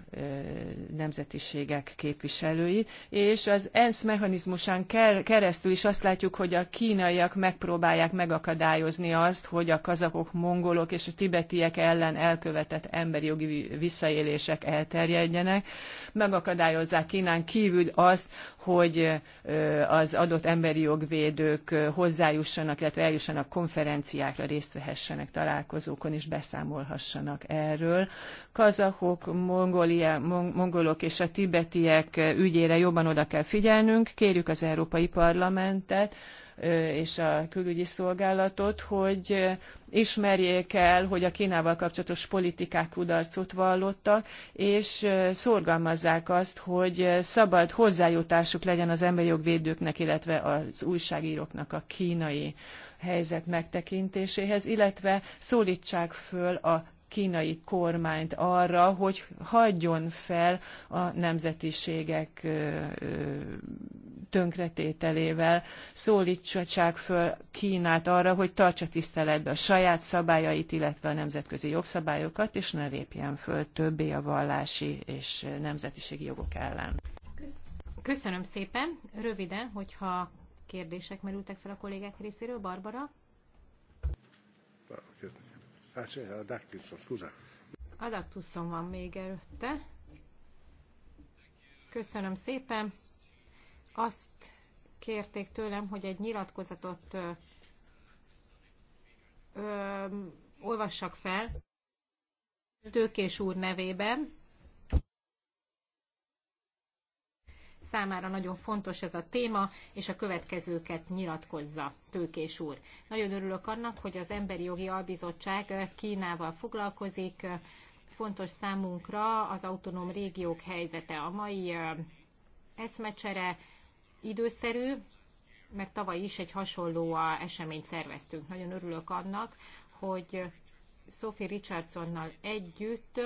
nemzetiségek képviselőit, és az ENSZ mechanizmusán keresztül is azt látjuk, hogy a kínaiak megpróbálják megakadályozni azt, hogy a kazakok, mongolok és a tibetiek ellen elkövetett emberi jogi visszaélések elterjedjenek, megakadályozzák Kínán kívül azt, hogy az adott emberi jogvédők hozzájussanak, illetve eljussanak konferenciákra, részt vehessenek találkozókon és beszámolhassanak erről kazahok, mongolia, mongolok és a tibetiek ügyére jobban oda kell figyelnünk. Kérjük az Európai Parlamentet és a külügyi szolgálatot, hogy ismerjék el, hogy a Kínával kapcsolatos politikák kudarcot vallottak, és szorgalmazzák azt, hogy szabad hozzájutásuk legyen az emberi jogvédőknek, illetve az újságíróknak a kínai helyzet megtekintéséhez, illetve szólítsák föl a kínai kormányt arra, hogy hagyjon fel a nemzetiségek tönkretételével, szólítsák föl Kínát arra, hogy tartsa tiszteletbe a saját szabályait, illetve a nemzetközi jogszabályokat, és ne lépjen föl többé a vallási és nemzetiségi jogok ellen. Köszönöm szépen. Röviden, hogyha kérdések merültek fel a kollégák részéről, Barbara? Köszönöm. Adaktuszon van még előtte. Köszönöm szépen. Azt kérték tőlem, hogy egy nyilatkozatot ö, ö, olvassak fel Tőkés úr nevében, számára nagyon fontos ez a téma, és a következőket nyilatkozza Tőkés úr. Nagyon örülök annak, hogy az Emberi Jogi Albizottság Kínával foglalkozik. Fontos számunkra az autonóm régiók helyzete. A mai eszmecsere időszerű, mert tavaly is egy hasonló eseményt szerveztünk. Nagyon örülök annak, hogy Sophie Richardsonnal együtt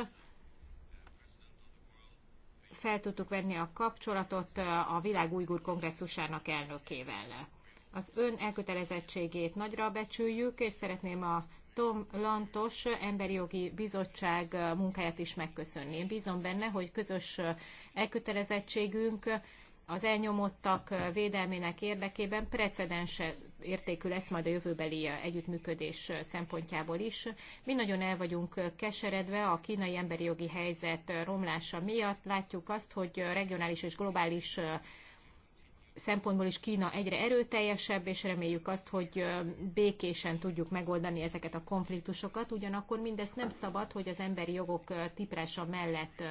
fel tudtuk venni a kapcsolatot a világ újgur kongresszusának elnökével. Az ön elkötelezettségét nagyra becsüljük, és szeretném a Tom Lantos Emberi Jogi Bizottság munkáját is megköszönni. Én bízom benne, hogy közös elkötelezettségünk az elnyomottak védelmének érdekében precedens értékű lesz majd a jövőbeli együttműködés szempontjából is. Mi nagyon el vagyunk keseredve a kínai emberi jogi helyzet romlása miatt. Látjuk azt, hogy regionális és globális szempontból is Kína egyre erőteljesebb, és reméljük azt, hogy békésen tudjuk megoldani ezeket a konfliktusokat. Ugyanakkor mindezt nem szabad, hogy az emberi jogok tiprása mellett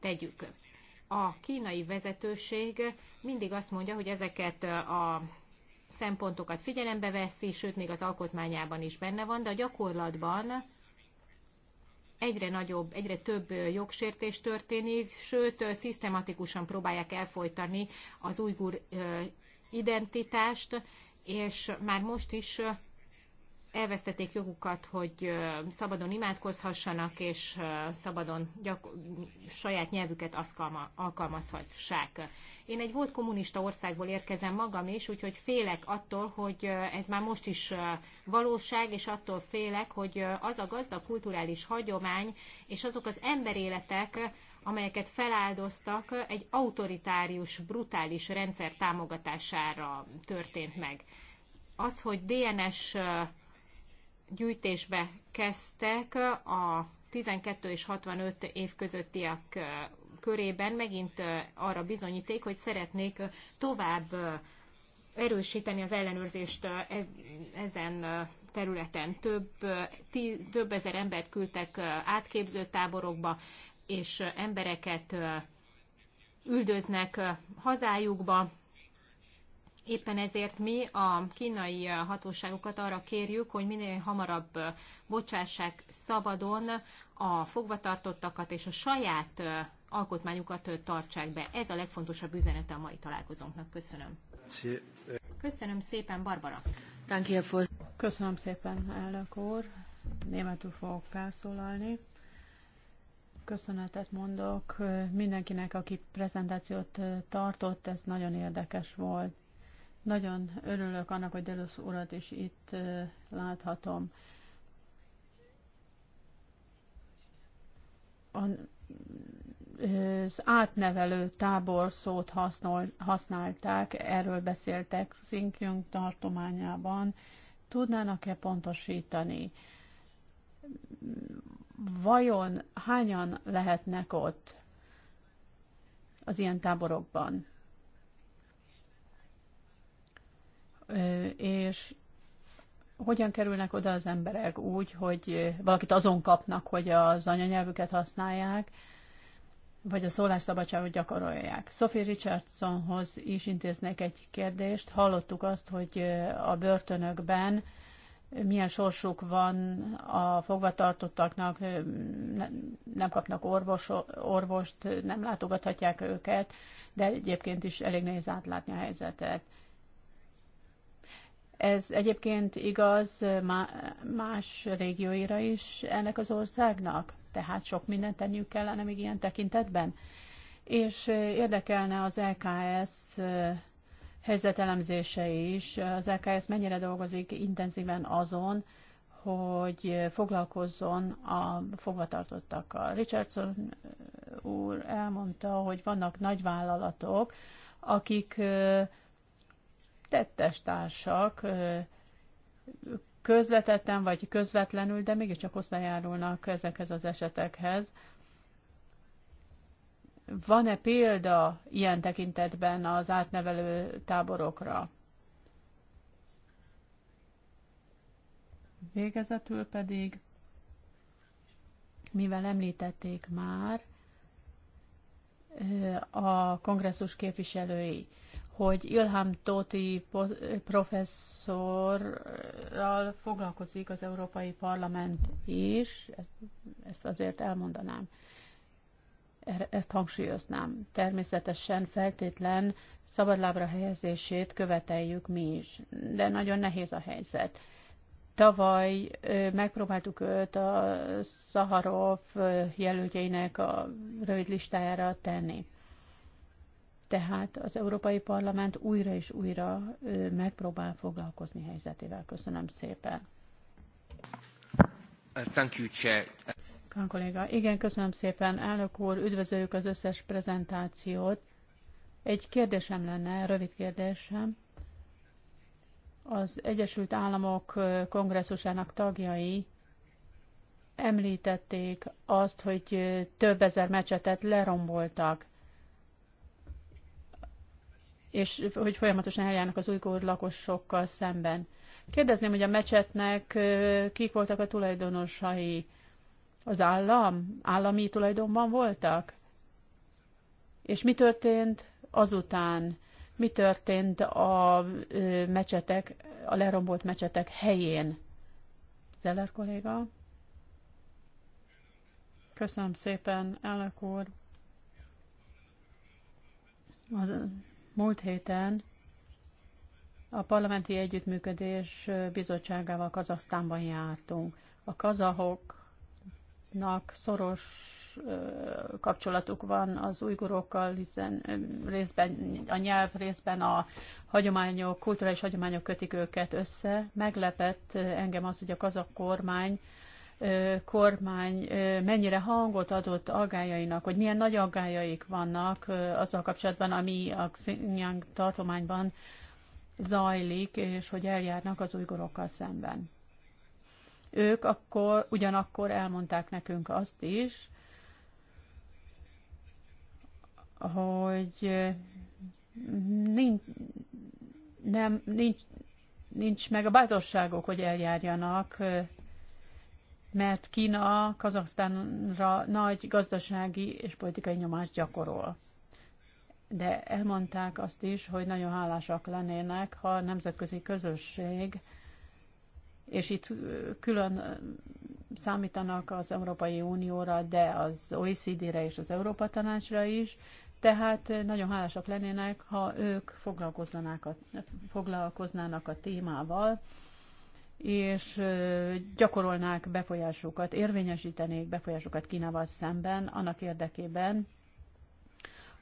tegyük a kínai vezetőség mindig azt mondja, hogy ezeket a szempontokat figyelembe veszi, sőt, még az alkotmányában is benne van, de a gyakorlatban egyre nagyobb, egyre több jogsértés történik, sőt, szisztematikusan próbálják elfolytani az ujgur identitást, és már most is elvesztették jogukat, hogy szabadon imádkozhassanak, és szabadon gyak- saját nyelvüket alkalmazhassák. Én egy volt kommunista országból érkezem magam is, úgyhogy félek attól, hogy ez már most is valóság, és attól félek, hogy az a gazda kulturális hagyomány, és azok az emberéletek, amelyeket feláldoztak, egy autoritárius, brutális rendszer támogatására történt meg. Az, hogy DNS gyűjtésbe kezdtek a 12 és 65 év közöttiek körében megint arra bizonyíték, hogy szeretnék tovább erősíteni az ellenőrzést e-, ezen területen. Több, tí, több ezer embert küldtek átképző táborokba, és embereket üldöznek hazájukba, Éppen ezért mi a kínai hatóságokat arra kérjük, hogy minél hamarabb bocsássák szabadon a fogvatartottakat és a saját alkotmányukat tartsák be. Ez a legfontosabb üzenete a mai találkozónknak. Köszönöm. Köszönöm szépen, Barbara. Köszönöm szépen, elnök úr. Németül fogok felszólalni. Köszönetet mondok mindenkinek, aki prezentációt tartott, ez nagyon érdekes volt. Nagyon örülök annak, hogy Delos urat is itt láthatom. Az átnevelő tábor szót használ, használták, erről beszéltek Szinkjünk tartományában. Tudnának-e pontosítani? Vajon hányan lehetnek ott az ilyen táborokban? és hogyan kerülnek oda az emberek úgy, hogy valakit azon kapnak, hogy az anyanyelvüket használják, vagy a szólásszabadságot gyakorolják. Sophie Richardsonhoz is intéznék egy kérdést. Hallottuk azt, hogy a börtönökben milyen sorsuk van a fogvatartottaknak, nem kapnak orvos, orvost, nem látogathatják őket, de egyébként is elég nehéz átlátni a helyzetet. Ez egyébként igaz más régióira is ennek az országnak, tehát sok mindent tenniük kellene még ilyen tekintetben. És érdekelne az LKS helyzetelemzése is. Az LKS mennyire dolgozik intenzíven azon, hogy foglalkozzon a fogvatartottakkal. Richardson úr elmondta, hogy vannak nagy vállalatok, akik tettestársak közvetetten vagy közvetlenül, de mégiscsak hozzájárulnak ezekhez az esetekhez. Van-e példa ilyen tekintetben az átnevelő táborokra? Végezetül pedig, mivel említették már a kongresszus képviselői, hogy Ilham Tóti professzorral foglalkozik az Európai Parlament is, ezt azért elmondanám, ezt hangsúlyoznám. Természetesen feltétlen szabadlábra helyezését követeljük mi is, de nagyon nehéz a helyzet. Tavaly megpróbáltuk őt a Szaharov jelöltjeinek a rövid listájára tenni tehát az Európai Parlament újra és újra megpróbál foglalkozni helyzetével. Köszönöm szépen. Uh, thank you, Chair. Kán kolléga. Igen, köszönöm szépen. Elnök úr, üdvözöljük az összes prezentációt. Egy kérdésem lenne, rövid kérdésem. Az Egyesült Államok kongresszusának tagjai említették azt, hogy több ezer mecsetet leromboltak és hogy folyamatosan eljárnak az újkor lakosokkal szemben. Kérdezném, hogy a mecsetnek kik voltak a tulajdonosai? Az állam? Állami tulajdonban voltak? És mi történt azután? Mi történt a mecsetek, a lerombolt mecsetek helyén? Zeller kolléga? Köszönöm szépen, elnök úr. Az Múlt héten a Parlamenti Együttműködés Bizottságával Kazasztánban jártunk. A kazahoknak szoros kapcsolatuk van az ujgurokkal, hiszen részben a nyelv, részben a hagyományok, kulturális hagyományok kötik őket össze. Meglepett engem az, hogy a kazak kormány kormány mennyire hangot adott aggájainak, hogy milyen nagy aggájaik vannak azzal kapcsolatban, ami a Xinjiang tartományban zajlik, és hogy eljárnak az ujgorokkal szemben. Ők akkor ugyanakkor elmondták nekünk azt is, hogy nincs, nem, nincs, nincs meg a bátorságok, hogy eljárjanak mert Kína Kazaksztánra nagy gazdasági és politikai nyomást gyakorol. De elmondták azt is, hogy nagyon hálásak lennének, ha a nemzetközi közösség, és itt külön számítanak az Európai Unióra, de az OECD-re és az Európa Tanácsra is, tehát nagyon hálásak lennének, ha ők foglalkoznának a, foglalkoznának a témával, és gyakorolnák befolyásukat, érvényesítenék befolyásukat Kínával szemben, annak érdekében,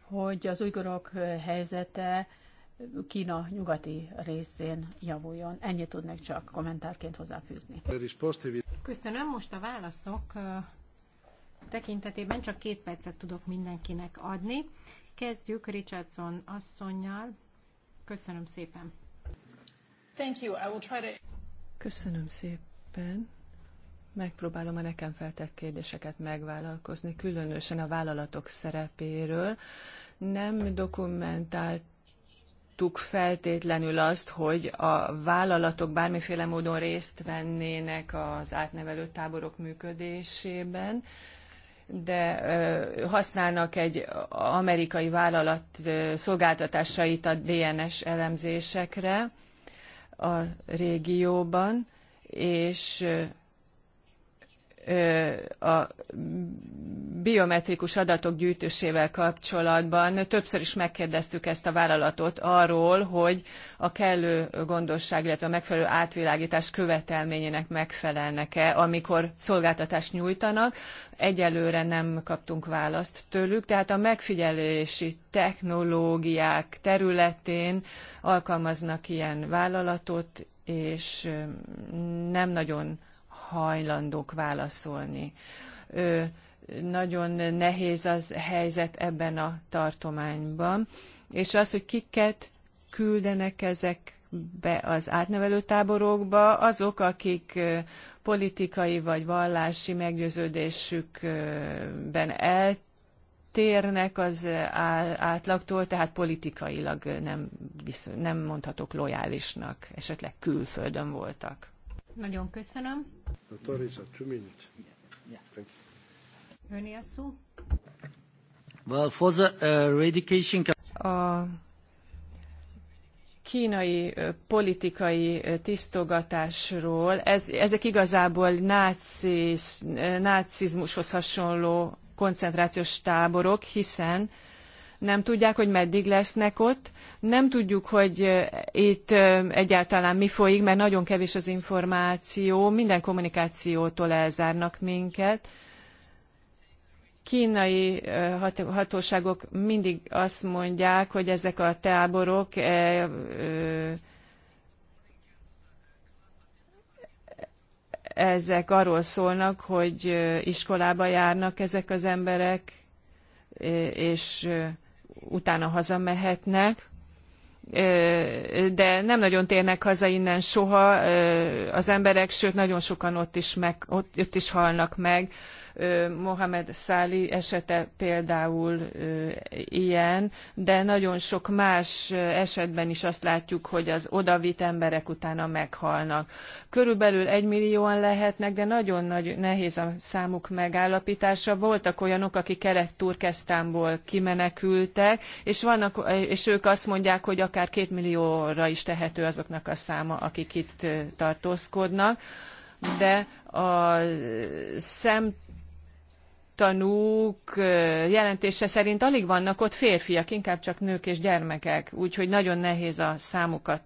hogy az ujgurok helyzete Kína nyugati részén javuljon. Ennyit tudnék csak kommentárként hozzáfűzni. Köszönöm, most a válaszok tekintetében csak két percet tudok mindenkinek adni. Kezdjük Richardson asszonynal. Köszönöm szépen. Thank you. I will try to... Köszönöm szépen. Megpróbálom a nekem feltett kérdéseket megvállalkozni, különösen a vállalatok szerepéről. Nem dokumentált feltétlenül azt, hogy a vállalatok bármiféle módon részt vennének az átnevelő táborok működésében, de használnak egy amerikai vállalat szolgáltatásait a DNS elemzésekre a régióban, és a biometrikus adatok gyűjtésével kapcsolatban többször is megkérdeztük ezt a vállalatot arról, hogy a kellő gondosság, illetve a megfelelő átvilágítás követelményének megfelelnek-e, amikor szolgáltatást nyújtanak. Egyelőre nem kaptunk választ tőlük, tehát a megfigyelési technológiák területén alkalmaznak ilyen vállalatot, és nem nagyon hajlandók válaszolni. Nagyon nehéz az helyzet ebben a tartományban, és az, hogy kiket küldenek ezekbe az átnevelő táborokba, azok, akik politikai vagy vallási meggyőződésükben eltérnek az átlagtól, tehát politikailag nem, nem mondhatok lojálisnak, esetleg külföldön voltak. Nagyon köszönöm. Torisa, two minutes. Thank you. a Well, for the uh, eradication... A kínai politikai tisztogatásról, ez, ezek igazából náciz, nácizmushoz hasonló koncentrációs táborok, hiszen nem tudják, hogy meddig lesznek ott, nem tudjuk, hogy itt egyáltalán mi folyik, mert nagyon kevés az információ, minden kommunikációtól elzárnak minket. Kínai hatóságok mindig azt mondják, hogy ezek a táborok e, ezek arról szólnak, hogy iskolába járnak ezek az emberek, és utána hazamehetnek, de nem nagyon térnek haza innen soha az emberek, sőt nagyon sokan ott is, meg, ott, ott is halnak meg Mohamed Száli esete például ilyen, de nagyon sok más esetben is azt látjuk, hogy az odavit emberek utána meghalnak. Körülbelül egymillióan lehetnek, de nagyon nagy, nehéz a számuk megállapítása. Voltak olyanok, akik Kelet-Turkesztánból kimenekültek, és, vannak, és ők azt mondják, hogy akár két millióra is tehető azoknak a száma, akik itt tartózkodnak de a szem tanúk jelentése szerint alig vannak ott férfiak, inkább csak nők és gyermekek, úgyhogy nagyon nehéz a számukat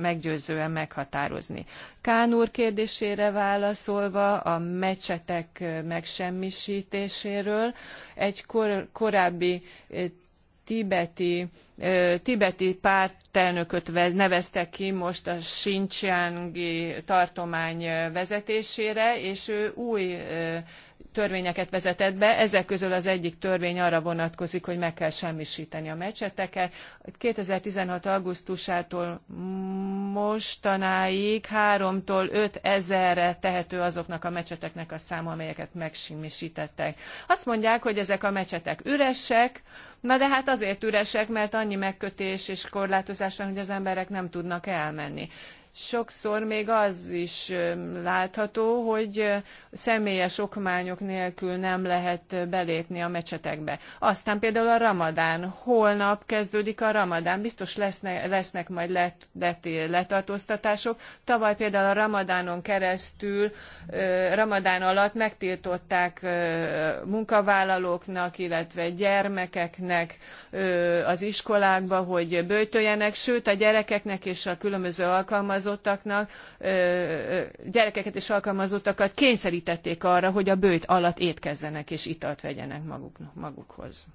meggyőzően meghatározni. Kán úr kérdésére válaszolva a mecsetek megsemmisítéséről egy kor korábbi tibeti, tibeti pártelnököt neveztek ki most a Xinjiangi tartomány vezetésére, és ő új törvényeket vezetett be, ezek közül az egyik törvény arra vonatkozik, hogy meg kell semmisíteni a mecseteket. 2016. augusztusától mostanáig 3-tól 5 ezerre tehető azoknak a mecseteknek a száma, amelyeket megsemmisítettek. Azt mondják, hogy ezek a mecsetek üresek, Na de hát azért üresek, mert annyi megkötés és korlátozás van, hogy az emberek nem tudnak elmenni sokszor még az is látható, hogy személyes okmányok nélkül nem lehet belépni a mecsetekbe. Aztán például a ramadán. Holnap kezdődik a ramadán. Biztos lesznek, lesznek majd let, let, letartóztatások. Tavaly például a ramadánon keresztül, ramadán alatt megtiltották munkavállalóknak, illetve gyermekeknek az iskolákba, hogy böjtöljenek, sőt a gyerekeknek és a különböző alkalmazottaknak alkalmazottaknak, gyerekeket és alkalmazottakat kényszerítették arra, hogy a bőjt alatt étkezzenek és italt vegyenek maguknak, magukhoz.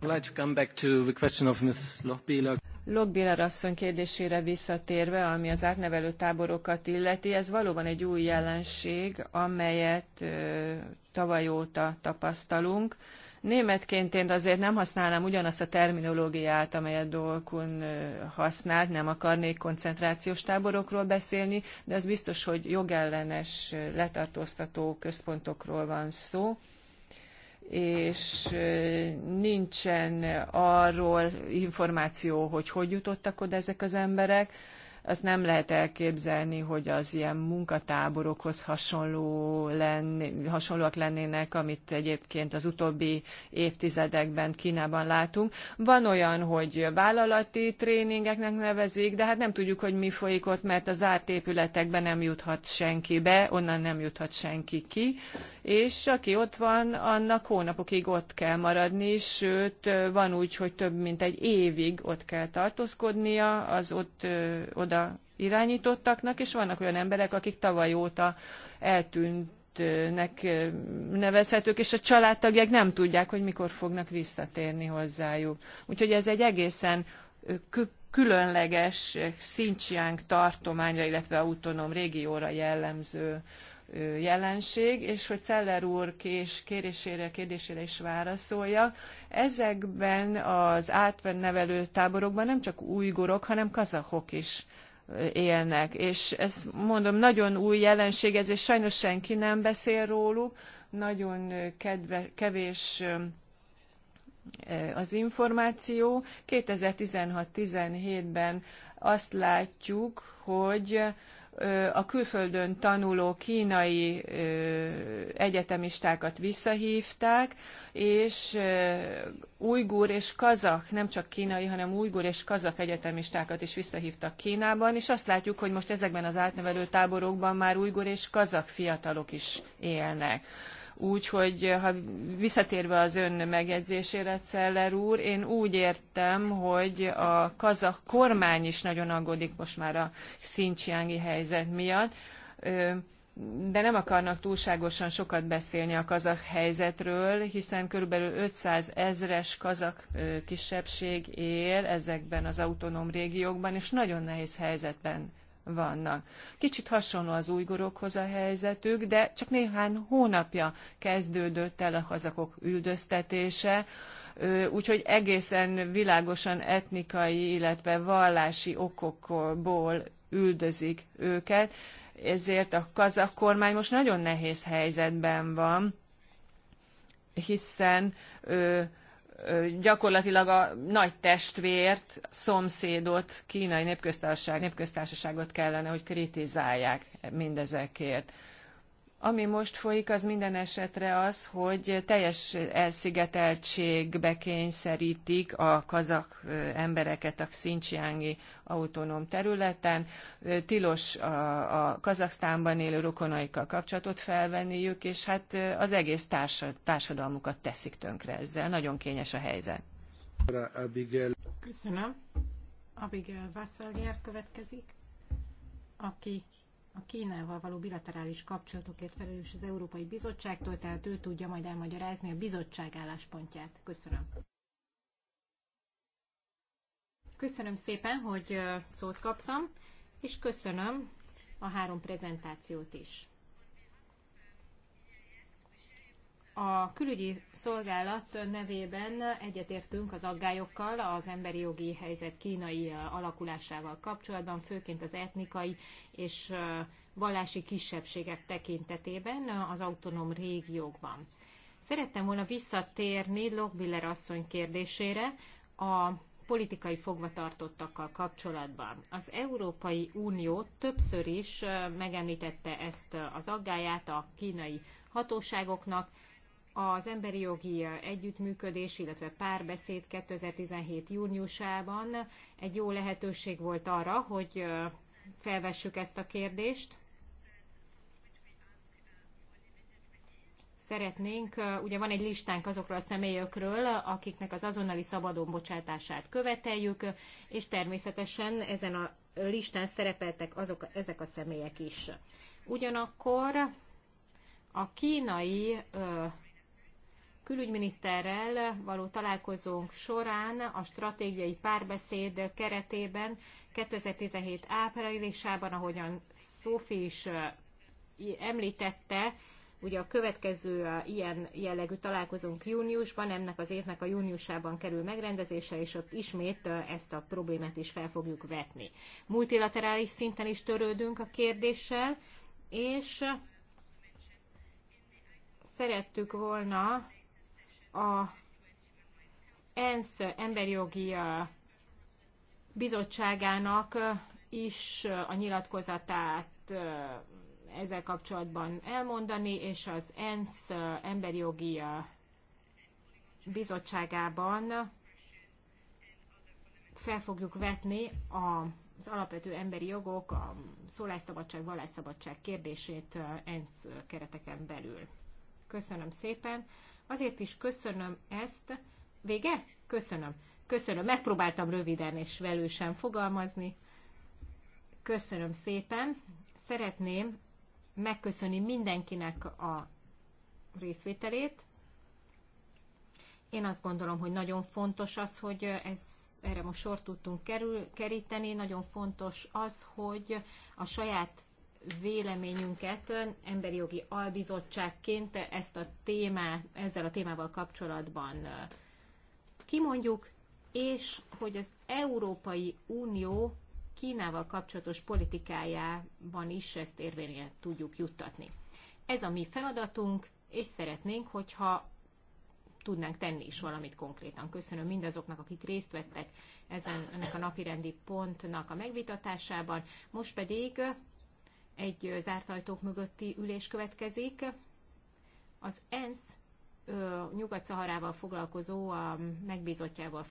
Logbiller asszony kérdésére visszatérve, ami az átnevelő táborokat illeti, ez valóban egy új jelenség, amelyet tavaly óta tapasztalunk Németként én azért nem használnám ugyanazt a terminológiát, amelyet Dolkun használt, nem akarnék koncentrációs táborokról beszélni, de az biztos, hogy jogellenes letartóztató központokról van szó és nincsen arról információ, hogy hogy jutottak oda ezek az emberek. Azt nem lehet elképzelni, hogy az ilyen munkatáborokhoz hasonló lenni, hasonlóak lennének, amit egyébként az utóbbi évtizedekben Kínában látunk. Van olyan, hogy vállalati tréningeknek nevezik, de hát nem tudjuk, hogy mi folyik ott, mert az zárt épületekben nem juthat senki be, onnan nem juthat senki ki, és aki ott van, annak hónapokig ott kell maradni, sőt, van úgy, hogy több mint egy évig ott kell tartózkodnia az ott oda oda irányítottaknak, és vannak olyan emberek, akik tavaly óta eltűntnek nevezhetők, és a családtagják nem tudják, hogy mikor fognak visszatérni hozzájuk. Úgyhogy ez egy egészen különleges Xinjiang tartományra, illetve autonóm régióra jellemző jelenség, és hogy Celler úr kés, kérésére, kérdésére is válaszolja. Ezekben az átvennevelő táborokban nem csak újgorok, hanem kazahok is élnek. És ez mondom, nagyon új jelenség, ez, és sajnos senki nem beszél róluk, nagyon kedve, kevés az információ. 2016-17-ben azt látjuk, hogy a külföldön tanuló kínai egyetemistákat visszahívták, és ujgur és kazak, nem csak kínai, hanem ujgur és kazak egyetemistákat is visszahívtak Kínában, és azt látjuk, hogy most ezekben az átnevelő táborokban már ujgur és kazak fiatalok is élnek. Úgyhogy ha visszatérve az ön megjegyzésére, Celler úr, én úgy értem, hogy a kazak kormány is nagyon aggódik most már a szincsiángi helyzet miatt de nem akarnak túlságosan sokat beszélni a kazak helyzetről, hiszen körülbelül 500 ezres kazak kisebbség él ezekben az autonóm régiókban, és nagyon nehéz helyzetben vannak. Kicsit hasonló az újgorokhoz a helyzetük, de csak néhány hónapja kezdődött el a kazakok üldöztetése, úgyhogy egészen világosan etnikai, illetve vallási okokból üldözik őket ezért a kazak kormány most nagyon nehéz helyzetben van, hiszen ö, ö, gyakorlatilag a nagy testvért, szomszédot, kínai népköztársaság, népköztársaságot kellene, hogy kritizálják mindezekért. Ami most folyik, az minden esetre az, hogy teljes elszigeteltségbe kényszerítik a kazak embereket a Xinjiangi autonóm területen. Tilos a, a Kazaksztánban élő rokonaikkal kapcsolatot felvenniük, és hát az egész társadalmukat teszik tönkre ezzel. Nagyon kényes a helyzet. Köszönöm. Abigail Vassalger következik, aki a Kínával való bilaterális kapcsolatokért felelős az Európai Bizottságtól, tehát ő tudja majd elmagyarázni a bizottság álláspontját. Köszönöm. Köszönöm szépen, hogy szót kaptam, és köszönöm a három prezentációt is. A külügyi szolgálat nevében egyetértünk az aggályokkal az emberi jogi helyzet kínai alakulásával kapcsolatban, főként az etnikai és vallási kisebbségek tekintetében az autonóm régiókban. Szerettem volna visszatérni Lokbiller asszony kérdésére a politikai fogvatartottakkal kapcsolatban. Az Európai Unió többször is megemlítette ezt az aggáját a kínai hatóságoknak, az emberi jogi együttműködés, illetve párbeszéd 2017. júniusában egy jó lehetőség volt arra, hogy felvessük ezt a kérdést. Szeretnénk, ugye van egy listánk azokról a személyekről, akiknek az azonnali szabadon bocsátását követeljük, és természetesen ezen a listán szerepeltek azok, ezek a személyek is. Ugyanakkor a kínai külügyminiszterrel való találkozónk során a stratégiai párbeszéd keretében 2017 áprilisában, ahogyan Szófi is említette, ugye a következő ilyen jellegű találkozónk júniusban, ennek az évnek a júniusában kerül megrendezése, és ott ismét ezt a problémát is fel fogjuk vetni. Multilaterális szinten is törődünk a kérdéssel, és szerettük volna a ENSZ emberjogi bizottságának is a nyilatkozatát ezzel kapcsolatban elmondani, és az ENSZ emberi jogi bizottságában fel fogjuk vetni az alapvető emberi jogok, a szólásszabadság, vallásszabadság kérdését ENSZ kereteken belül. Köszönöm szépen! Azért is köszönöm ezt. Vége? Köszönöm. Köszönöm. Megpróbáltam röviden és velősen fogalmazni. Köszönöm szépen. Szeretném megköszönni mindenkinek a részvételét. Én azt gondolom, hogy nagyon fontos az, hogy ez erre most sor tudtunk kerül, keríteni. Nagyon fontos az, hogy a saját véleményünket emberi jogi albizottságként ezt a témá, ezzel a témával kapcsolatban kimondjuk, és hogy az Európai Unió Kínával kapcsolatos politikájában is ezt érvényre tudjuk juttatni. Ez a mi feladatunk, és szeretnénk, hogyha tudnánk tenni is valamit konkrétan. Köszönöm mindazoknak, akik részt vettek ezen, ennek a napirendi pontnak a megvitatásában. Most pedig egy zárt ajtók mögötti ülés következik. Az ENSZ Nyugat-Szaharával foglalkozó megbízottjával